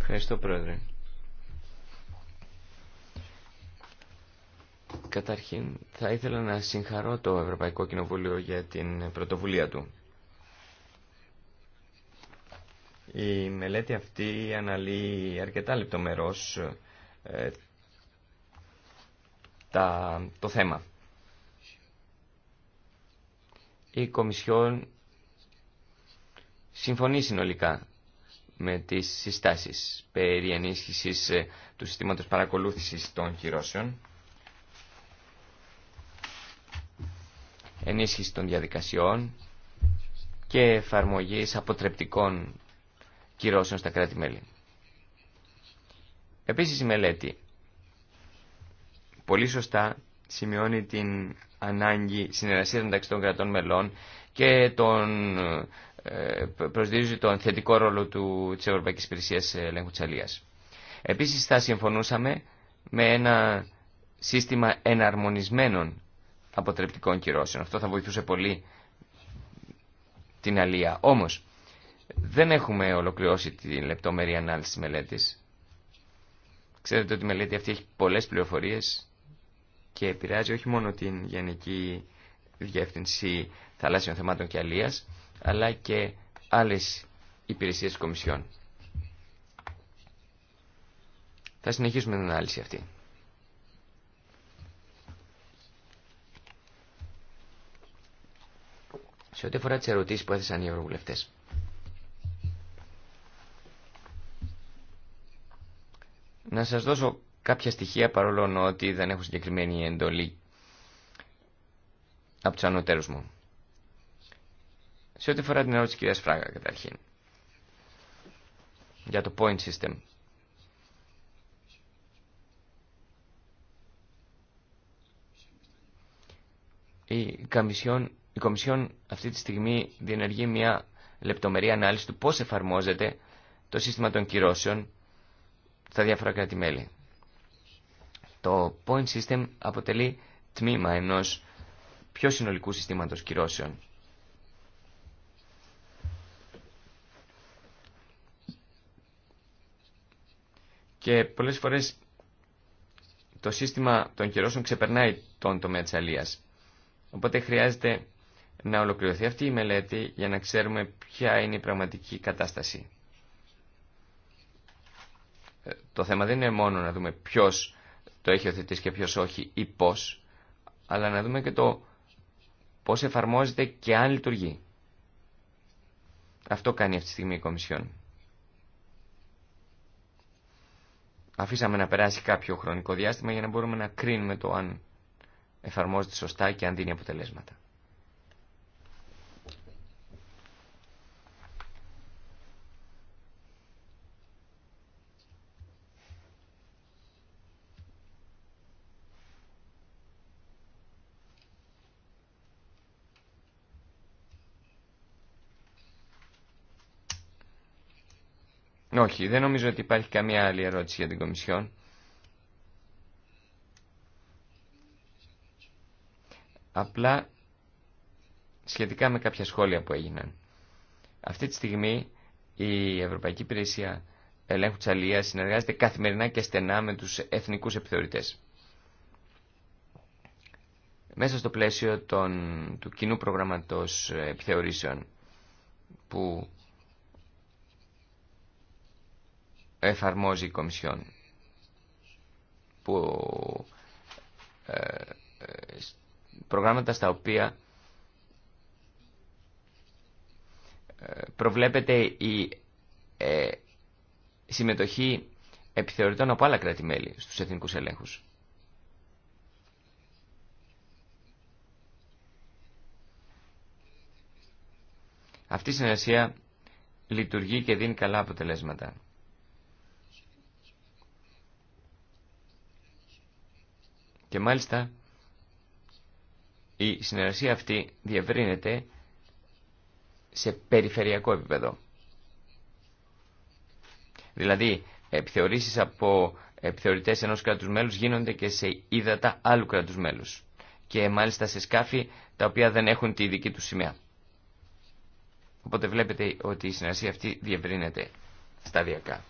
Ευχαριστώ, Πρόεδρε. Καταρχήν θα ήθελα να συγχαρώ το Ευρωπαϊκό Κοινοβούλιο για την πρωτοβουλία του. Η μελέτη αυτή αναλύει αρκετά λεπτομερώς ε, το θέμα. Η Κομισιόν συμφωνεί συνολικά με τις συστάσεις περί ενίσχυσης ε, του συστήματος παρακολούθησης των κυρώσεων ενίσχυση των διαδικασιών και εφαρμογής αποτρεπτικών κυρώσεων στα κράτη-μέλη. Επίσης η μελέτη πολύ σωστά σημειώνει την ανάγκη συνεργασίας μεταξύ των κρατών μελών και τον, ε, προσδίδει τον θετικό ρόλο του, της Ευρωπαϊκής Υπηρεσίας Ελέγχου Επίσης θα συμφωνούσαμε με ένα σύστημα εναρμονισμένων αποτρεπτικών κυρώσεων. Αυτό θα βοηθούσε πολύ την αλία. Όμως, δεν έχουμε ολοκληρώσει τη λεπτομερή ανάλυση της μελέτης. Ξέρετε ότι η μελέτη αυτή έχει πολλές πληροφορίες και επηρεάζει όχι μόνο την Γενική Διεύθυνση Θαλάσσιων Θεμάτων και Αλίας, αλλά και άλλες υπηρεσίες κομισιών. Θα συνεχίσουμε την ανάλυση αυτή. σε ό,τι αφορά τι ερωτήσει που έθεσαν οι ευρωβουλευτέ. Να σας δώσω κάποια στοιχεία παρόλο ότι δεν έχω συγκεκριμένη εντολή από τους ανωτέρους μου. Σε ό,τι αφορά την ερώτηση της κυρίας Φράγα καταρχήν. Για το point system. Η Καμισιόν η Κομισιόν αυτή τη στιγμή διενεργεί μια λεπτομερή ανάλυση του πώς εφαρμόζεται το σύστημα των κυρώσεων στα διάφορα κράτη-μέλη. Το point system αποτελεί τμήμα ενός πιο συνολικού συστήματος κυρώσεων. Και πολλές φορές το σύστημα των κυρώσεων ξεπερνάει τον τομέα της αλίας. Οπότε χρειάζεται να ολοκληρωθεί αυτή η μελέτη για να ξέρουμε ποια είναι η πραγματική κατάσταση. Ε, το θέμα δεν είναι μόνο να δούμε ποιος το έχει οθετήσει και ποιος όχι ή πώς, αλλά να δούμε και το πώς εφαρμόζεται και αν λειτουργεί. Αυτό κάνει αυτή τη στιγμή η Κομισιόν. Αφήσαμε να περάσει κάποιο χρονικό διάστημα για να μπορούμε να κρίνουμε το αν εφαρμόζεται σωστά και αν δίνει αποτελέσματα. Όχι, δεν νομίζω ότι υπάρχει καμία άλλη ερώτηση για την Κομισιόν. Απλά σχετικά με κάποια σχόλια που έγιναν. Αυτή τη στιγμή η Ευρωπαϊκή Υπηρεσία Ελέγχου Τσαλίας συνεργάζεται καθημερινά και στενά με τους εθνικούς επιθεωρητές. Μέσα στο πλαίσιο του κοινού προγραμματός επιθεωρήσεων που εφαρμόζει η Κομισιόν που ε, ε προγράμματα στα οποία ε, προβλέπεται η ε, συμμετοχή επιθεωρητών από άλλα κράτη-μέλη στους εθνικούς ελέγχους. Αυτή η συνεργασία λειτουργεί και δίνει καλά αποτελέσματα. Και μάλιστα η συνεργασία αυτή διευρύνεται σε περιφερειακό επίπεδο. Δηλαδή, επιθεωρήσεις από επιθεωρητές ενός κράτους μέλους γίνονται και σε ύδατα άλλου κράτους μέλους και μάλιστα σε σκάφη τα οποία δεν έχουν τη δική του σημαία. Οπότε βλέπετε ότι η συνεργασία αυτή διευρύνεται σταδιακά.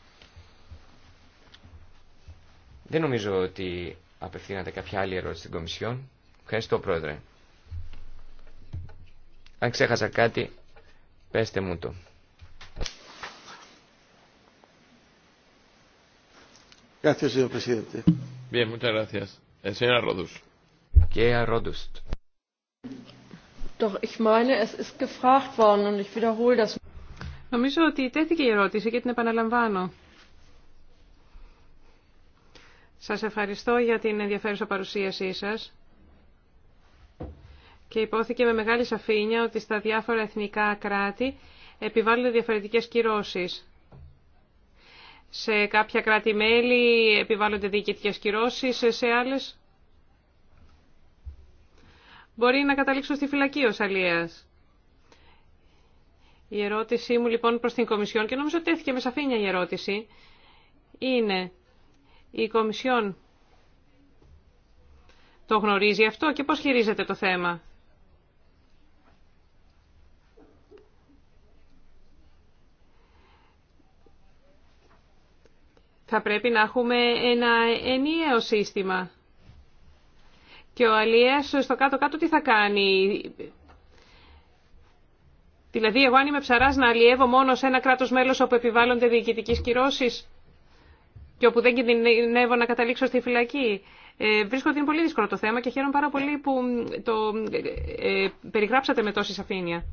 Δεν νομίζω ότι απευθύνατε κάποια άλλη ερώτηση στην Κομισιόν. Ευχαριστώ, Πρόεδρε. Αν ξέχασα κάτι, πέστε μου το. Bien, muchas gracias. El eh, señor Rodus. Gea Rodust. Doch, ich meine, es ist gefragt worden und ich wiederhole das. Νομίζω ότι τέθηκε η ερώτηση και την επαναλαμβάνω. Σας ευχαριστώ για την ενδιαφέρουσα παρουσίασή σας. Και υπόθηκε με μεγάλη σαφήνεια ότι στα διάφορα εθνικά κράτη επιβάλλονται διαφορετικές κυρώσεις. Σε κάποια κράτη-μέλη επιβάλλονται διοικητικές κυρώσεις, σε άλλες μπορεί να καταλήξω στη φυλακή ως αλίας. Η ερώτησή μου λοιπόν προς την Κομισιόν και νομίζω τέθηκε με σαφήνεια η ερώτηση είναι η Κομισιόν το γνωρίζει αυτό και πώς χειρίζεται το θέμα. Θα πρέπει να έχουμε ένα ενιαίο σύστημα. Και ο Αλίας στο κάτω-κάτω τι θα κάνει. Δηλαδή εγώ αν είμαι ψαράς να αλλιεύω μόνο σε ένα κράτος μέλος όπου επιβάλλονται διοικητικές κυρώσεις και όπου δεν κινδυνεύω να καταλήξω στη φυλακή. Ε, βρίσκω ότι είναι πολύ δύσκολο το θέμα και χαίρομαι πάρα πολύ που το ε, περιγράψατε με τόση σαφήνεια.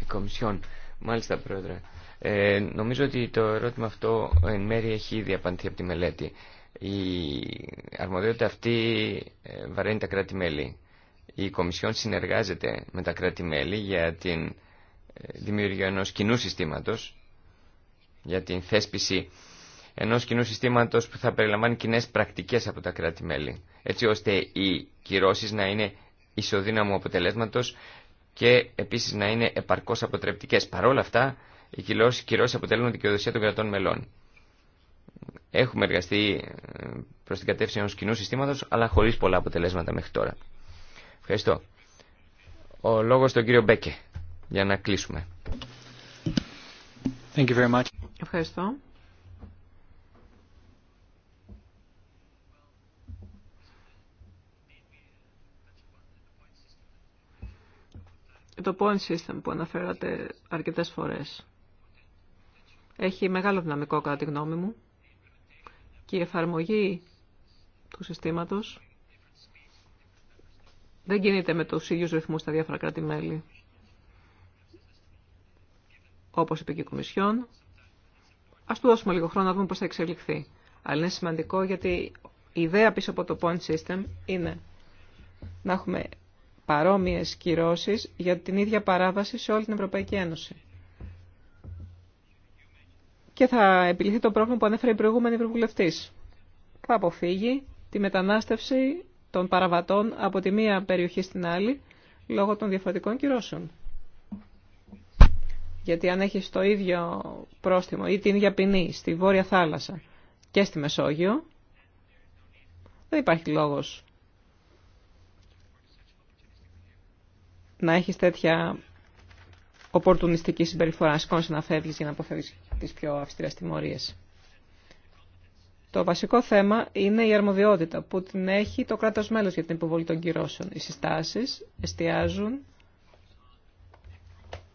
Η μάλιστα πρόεδρε. Ε, νομίζω ότι το ερώτημα αυτό εν μέρει έχει ήδη απαντηθεί από τη μελέτη. Η αρμοδιότητα αυτή ε, βαραίνει τα κράτη-μέλη η Κομισιόν συνεργάζεται με τα κράτη-μέλη για την ε, δημιουργία ενός κοινού συστήματος, για την θέσπιση ενός κοινού συστήματος που θα περιλαμβάνει κοινέ πρακτικές από τα κράτη-μέλη, έτσι ώστε οι κυρώσεις να είναι ισοδύναμου αποτελέσματος και επίσης να είναι επαρκώς αποτρεπτικές. Παρ' όλα αυτά, οι κυρώσεις αποτελούν δικαιοδοσία των κρατών μελών. Έχουμε εργαστεί ε, προς την κατεύθυνση ενός κοινού συστήματος, αλλά χωρίς πολλά αποτελέσματα μέχρι τώρα. Ευχαριστώ. Ο λόγος στον κύριο Μπέκε για να κλείσουμε. Ευχαριστώ. Το point system που αναφέρατε αρκετές φορές έχει μεγάλο δυναμικό κατά τη γνώμη μου και η εφαρμογή του συστήματος δεν κινείται με τους ίδιους ρυθμούς στα διάφορα κράτη-μέλη. Όπως είπε και η Κομισιόν, ας του δώσουμε λίγο χρόνο να δούμε πώς θα εξελιχθεί. Αλλά είναι σημαντικό γιατί η ιδέα πίσω από το point system είναι να έχουμε παρόμοιες κυρώσεις για την ίδια παράβαση σε όλη την Ευρωπαϊκή Ένωση. Και θα επιληθεί το πρόβλημα που ανέφερε η προηγούμενη Ευρωβουλευτής. Θα αποφύγει τη μετανάστευση των παραβατών από τη μία περιοχή στην άλλη λόγω των διαφορετικών κυρώσεων. Γιατί αν έχεις το ίδιο πρόστιμο ή την ίδια ποινή στη Βόρεια Θάλασσα και στη Μεσόγειο, δεν υπάρχει λόγος να έχεις τέτοια οπορτουνιστική συμπεριφορά, να να φεύγεις για να αποφεύγεις τις πιο αυστηρές τιμωρίες. Το βασικό θέμα είναι η αρμοδιότητα που την έχει το κράτος μέλος για την υποβολή των κυρώσεων. Οι συστάσεις εστιάζουν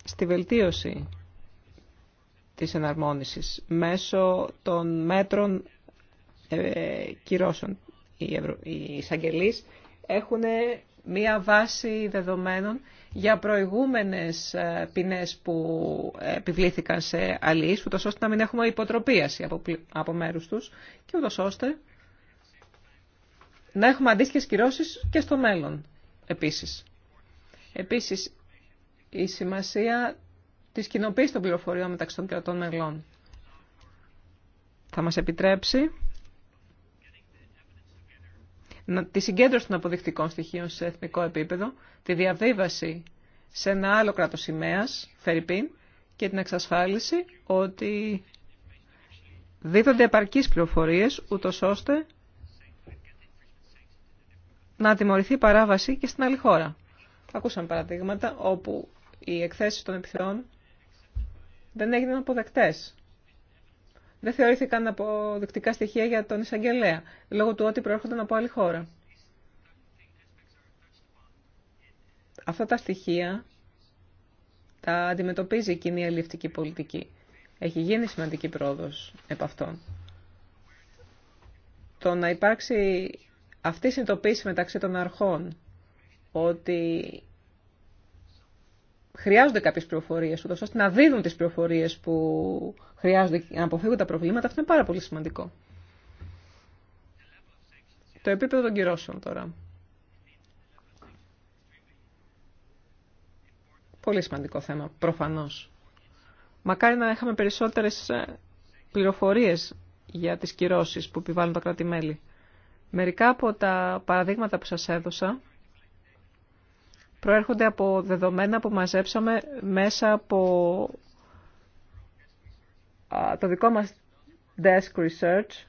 στη βελτίωση της εναρμόνισης μέσω των μέτρων ε, κυρώσεων. Οι εισαγγελείς έχουν μία βάση δεδομένων για προηγούμενες ε, ποινές που επιβλήθηκαν σε αλληλείς, ούτως ώστε να μην έχουμε υποτροπίαση από μέρους τους και ούτως ώστε να έχουμε αντίστοιχες κυρώσεις και στο μέλλον επίσης. Επίσης, η σημασία της κοινοποίησης των πληροφοριών μεταξύ των κρατών μελών θα μας επιτρέψει τη συγκέντρωση των αποδεικτικών στοιχείων σε εθνικό επίπεδο, τη διαβίβαση σε ένα άλλο κράτο σημαία, Φερρυπίν, και την εξασφάλιση ότι δίδονται επαρκείς πληροφορίες, ούτως ώστε να τιμωρηθεί παράβαση και στην άλλη χώρα. Ακούσαμε παραδείγματα όπου οι εκθέσεις των επιθεών δεν έγιναν αποδεκτές δεν θεωρήθηκαν αποδεικτικά στοιχεία για τον εισαγγελέα, λόγω του ότι προέρχονταν από άλλη χώρα. Αυτά τα στοιχεία τα αντιμετωπίζει η κοινή αλληλευτική πολιτική. Έχει γίνει σημαντική πρόοδος επ' αυτών. Το να υπάρξει αυτή η συνειδητοποίηση μεταξύ των αρχών ότι χρειάζονται κάποιες πληροφορίε ούτως ώστε να δίδουν τις πληροφορίε που χρειάζονται για να αποφύγουν τα προβλήματα, αυτό είναι πάρα πολύ σημαντικό. Το επίπεδο των κυρώσεων τώρα. Πολύ σημαντικό θέμα, προφανώς. Μακάρι να είχαμε περισσότερες ε, πληροφορίες για τις κυρώσεις που επιβάλλουν τα κράτη-μέλη. Μερικά από τα παραδείγματα που σας έδωσα προέρχονται από δεδομένα που μαζέψαμε μέσα από το δικό μας desk research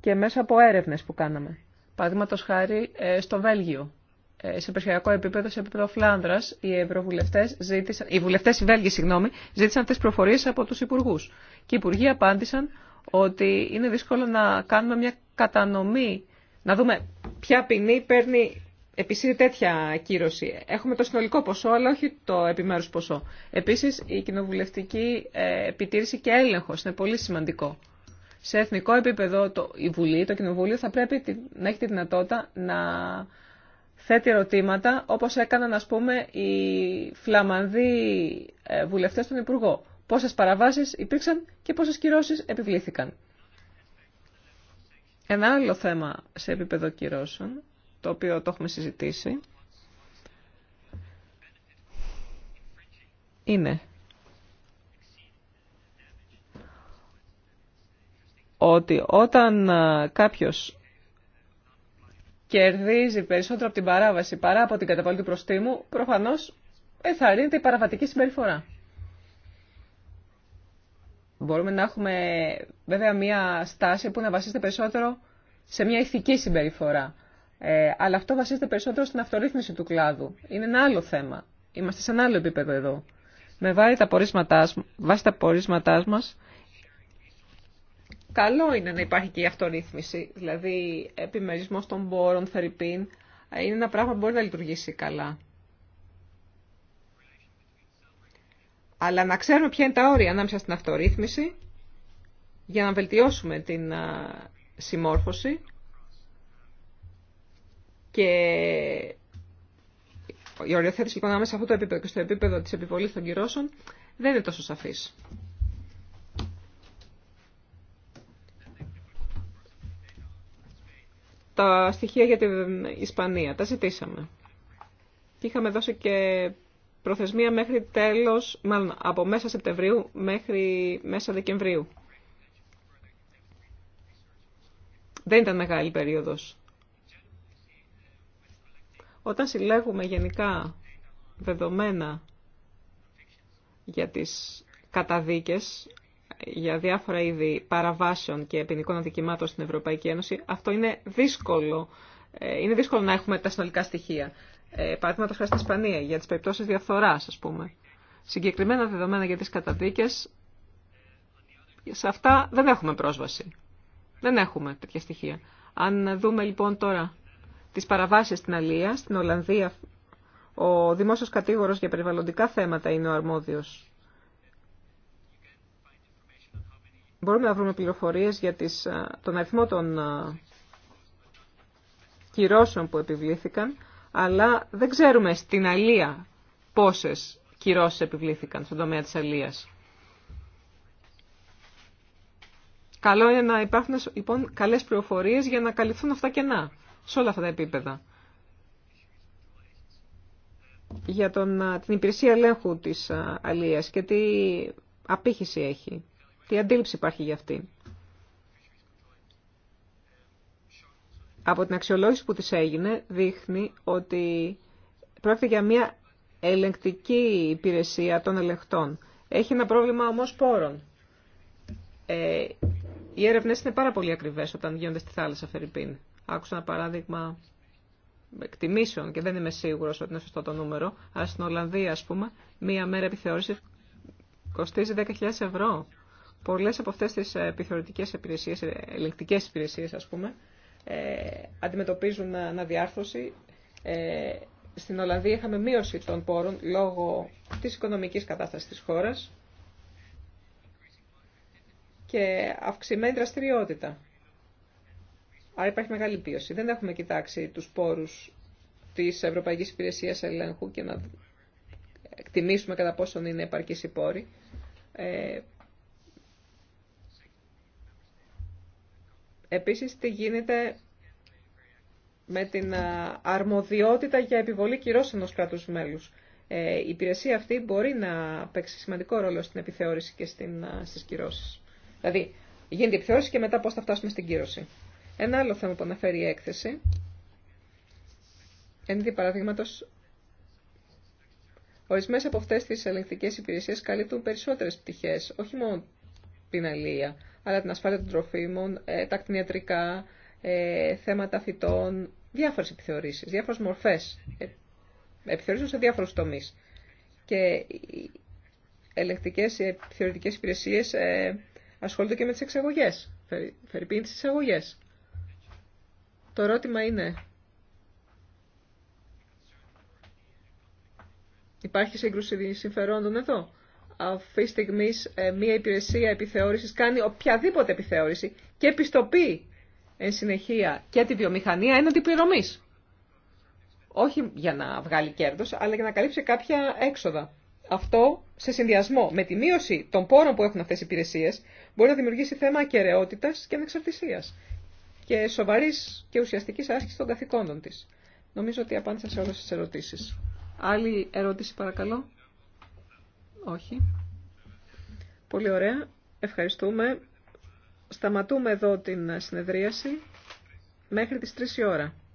και μέσα από έρευνες που κάναμε. Παραδείγματο χάρη ε, στο Βέλγιο. Ε, σε περιφερειακό επίπεδο, σε επίπεδο Φλάνδρα, οι ευρωβουλευτέ ζήτησαν, οι βουλευτέ οι Βέλγοι, συγγνώμη, ζήτησαν αυτέ τι προφορίε από του υπουργού. Και οι υπουργοί απάντησαν ότι είναι δύσκολο να κάνουμε μια κατανομή, να δούμε ποια ποινή παίρνει επισύρει τέτοια κύρωση. Έχουμε το συνολικό ποσό, αλλά όχι το επιμέρους ποσό. Επίσης, η κοινοβουλευτική ε, επιτήρηση και έλεγχος είναι πολύ σημαντικό. Σε εθνικό επίπεδο το, η Βουλή, το Κοινοβούλιο θα πρέπει να έχει τη δυνατότητα να θέτει ερωτήματα όπως έκαναν ας πούμε οι φλαμανδοί ε, βουλευτές στον Υπουργό. Πόσες παραβάσεις υπήρξαν και πόσες κυρώσεις επιβλήθηκαν. Ένα άλλο θέμα σε επίπεδο κυρώσεων το οποίο το έχουμε συζητήσει, είναι ότι όταν ε, κάποιος κερδίζει περισσότερο από την παράβαση παρά από την καταβολή του προστίμου, προφανώς εθαρρύνεται η παραβατική συμπεριφορά. Μπορούμε να έχουμε βέβαια μια στάση που να βασίζεται περισσότερο σε μια ηθική συμπεριφορά ε, αλλά αυτό βασίζεται περισσότερο στην αυτορύθμιση του κλάδου. Είναι ένα άλλο θέμα. Είμαστε σε ένα άλλο επίπεδο εδώ. Με βάση τα πορίσματά, βάση τα πορίσματά μας, καλό είναι να υπάρχει και η αυτορύθμιση. Δηλαδή, επιμερισμός των πόρων, θερυπίν, ε, είναι ένα πράγμα που μπορεί να λειτουργήσει καλά. Αλλά να ξέρουμε ποια είναι τα όρια ανάμεσα στην αυτορύθμιση για να βελτιώσουμε την ε, συμμόρφωση και η οριοθέτηση λοιπόν ανάμεσα σε αυτό το επίπεδο και στο επίπεδο της επιβολή των κυρώσεων δεν είναι τόσο σαφή. Τα στοιχεία για την Ισπανία τα ζητήσαμε. Και είχαμε δώσει και προθεσμία μέχρι τέλος, μάλλον από μέσα Σεπτεμβρίου μέχρι μέσα Δεκεμβρίου. Δεν ήταν μεγάλη περίοδος όταν συλλέγουμε γενικά δεδομένα για τις καταδίκες, για διάφορα είδη παραβάσεων και ποινικών αδικημάτων στην Ευρωπαϊκή Ένωση, αυτό είναι δύσκολο. Ε, είναι δύσκολο να έχουμε τα συνολικά στοιχεία. Ε, Παραδείγματο χάρη στην Ισπανία, για τι περιπτώσει διαφθορά, α πούμε. Συγκεκριμένα δεδομένα για τι καταδίκε, σε αυτά δεν έχουμε πρόσβαση. Δεν έχουμε τέτοια στοιχεία. Αν δούμε λοιπόν τώρα τις παραβάσεις στην Αλία, στην Ολλανδία ο δημόσιος κατήγορος για περιβαλλοντικά θέματα είναι ο αρμόδιος. Μπορούμε να βρούμε πληροφορίες για τις, τον αριθμό των κυρώσεων που επιβλήθηκαν, αλλά δεν ξέρουμε στην Αλία πόσες κυρώσεις επιβλήθηκαν στον τομέα της Αλίας. Καλό είναι να υπάρχουν λοιπόν καλές πληροφορίες για να καλυφθούν αυτά κενά σε όλα αυτά τα επίπεδα. Για τον, την υπηρεσία ελέγχου της αλίας και τι απήχηση έχει, τι αντίληψη υπάρχει για αυτή. Από την αξιολόγηση που της έγινε δείχνει ότι πρόκειται για μια ελεγκτική υπηρεσία των ελεγχτών. Έχει ένα πρόβλημα όμως πόρων. Ε, οι έρευνε είναι πάρα πολύ ακριβές όταν γίνονται στη θάλασσα, Φερρυπίν. Άκουσα ένα παράδειγμα εκτιμήσεων και δεν είμαι σίγουρος ότι είναι σωστό το νούμερο, αλλά στην Ολλανδία, ας πούμε, μία μέρα επιθεώρηση κοστίζει 10.000 ευρώ. Πολλέ από αυτέ τι ε, επιθεωρητικές υπηρεσίες, ε, ελεγκτικέ υπηρεσίες, ας πούμε, ε, αντιμετωπίζουν αναδιάρθρωση. Ε, ε, στην Ολλανδία είχαμε μείωση των πόρων λόγω της οικονομικής κατάστασης της χώρας και αυξημένη δραστηριότητα. Άρα υπάρχει μεγάλη πίωση. Δεν έχουμε κοιτάξει του πόρου τη Ευρωπαϊκή Υπηρεσία Ελέγχου και να εκτιμήσουμε κατά πόσον είναι επαρκή η πόρη. Ε, επίσης, τι γίνεται με την αρμοδιότητα για επιβολή κυρώσεων ως κράτους μέλους. Ε, η υπηρεσία αυτή μπορεί να παίξει σημαντικό ρόλο στην επιθεώρηση και στην, στις Δηλαδή, γίνεται η επιθεώρηση και μετά πώς θα φτάσουμε στην κύρωση. Ένα άλλο θέμα που αναφέρει η έκθεση, ενδεί παραδείγματος, ορισμένες από αυτές τις ελεγκτικές υπηρεσίες καλύπτουν περισσότερες πτυχές, όχι μόνο την αλληλεία, αλλά την ασφάλεια των τροφίμων, ε, τα κτηνιατρικά, ε, θέματα φυτών, διάφορες επιθεωρήσεις, διάφορες μορφές ε, επιθεωρήσεων σε διάφορους τομείς. Και οι οι επιθεωρητικές υπηρεσίες ασχολούνται και με τις εξαγωγές, φερειπίνη τι εξαγωγές. Το ερώτημα είναι, υπάρχει σύγκρουση συμφερόντων εδώ. Αυτή τη στιγμή ε, μία υπηρεσία επιθεώρησης κάνει οποιαδήποτε επιθεώρηση και επιστοπεί εν συνεχεία και τη βιομηχανία έναντι πληρωμής. Όχι για να βγάλει κέρδος, αλλά για να καλύψει κάποια έξοδα. Αυτό σε συνδυασμό με τη μείωση των πόρων που έχουν αυτές οι υπηρεσίες μπορεί να δημιουργήσει θέμα ακαιρεότητας και ανεξαρτησίας και σοβαρή και ουσιαστική άσκηση των καθηκόντων τη. Νομίζω ότι απάντησα σε όλες τις ερωτήσεις. Άλλη ερώτηση παρακαλώ. Όχι. Πολύ ωραία. Ευχαριστούμε. Σταματούμε εδώ την συνεδρίαση μέχρι τις 3 η ώρα.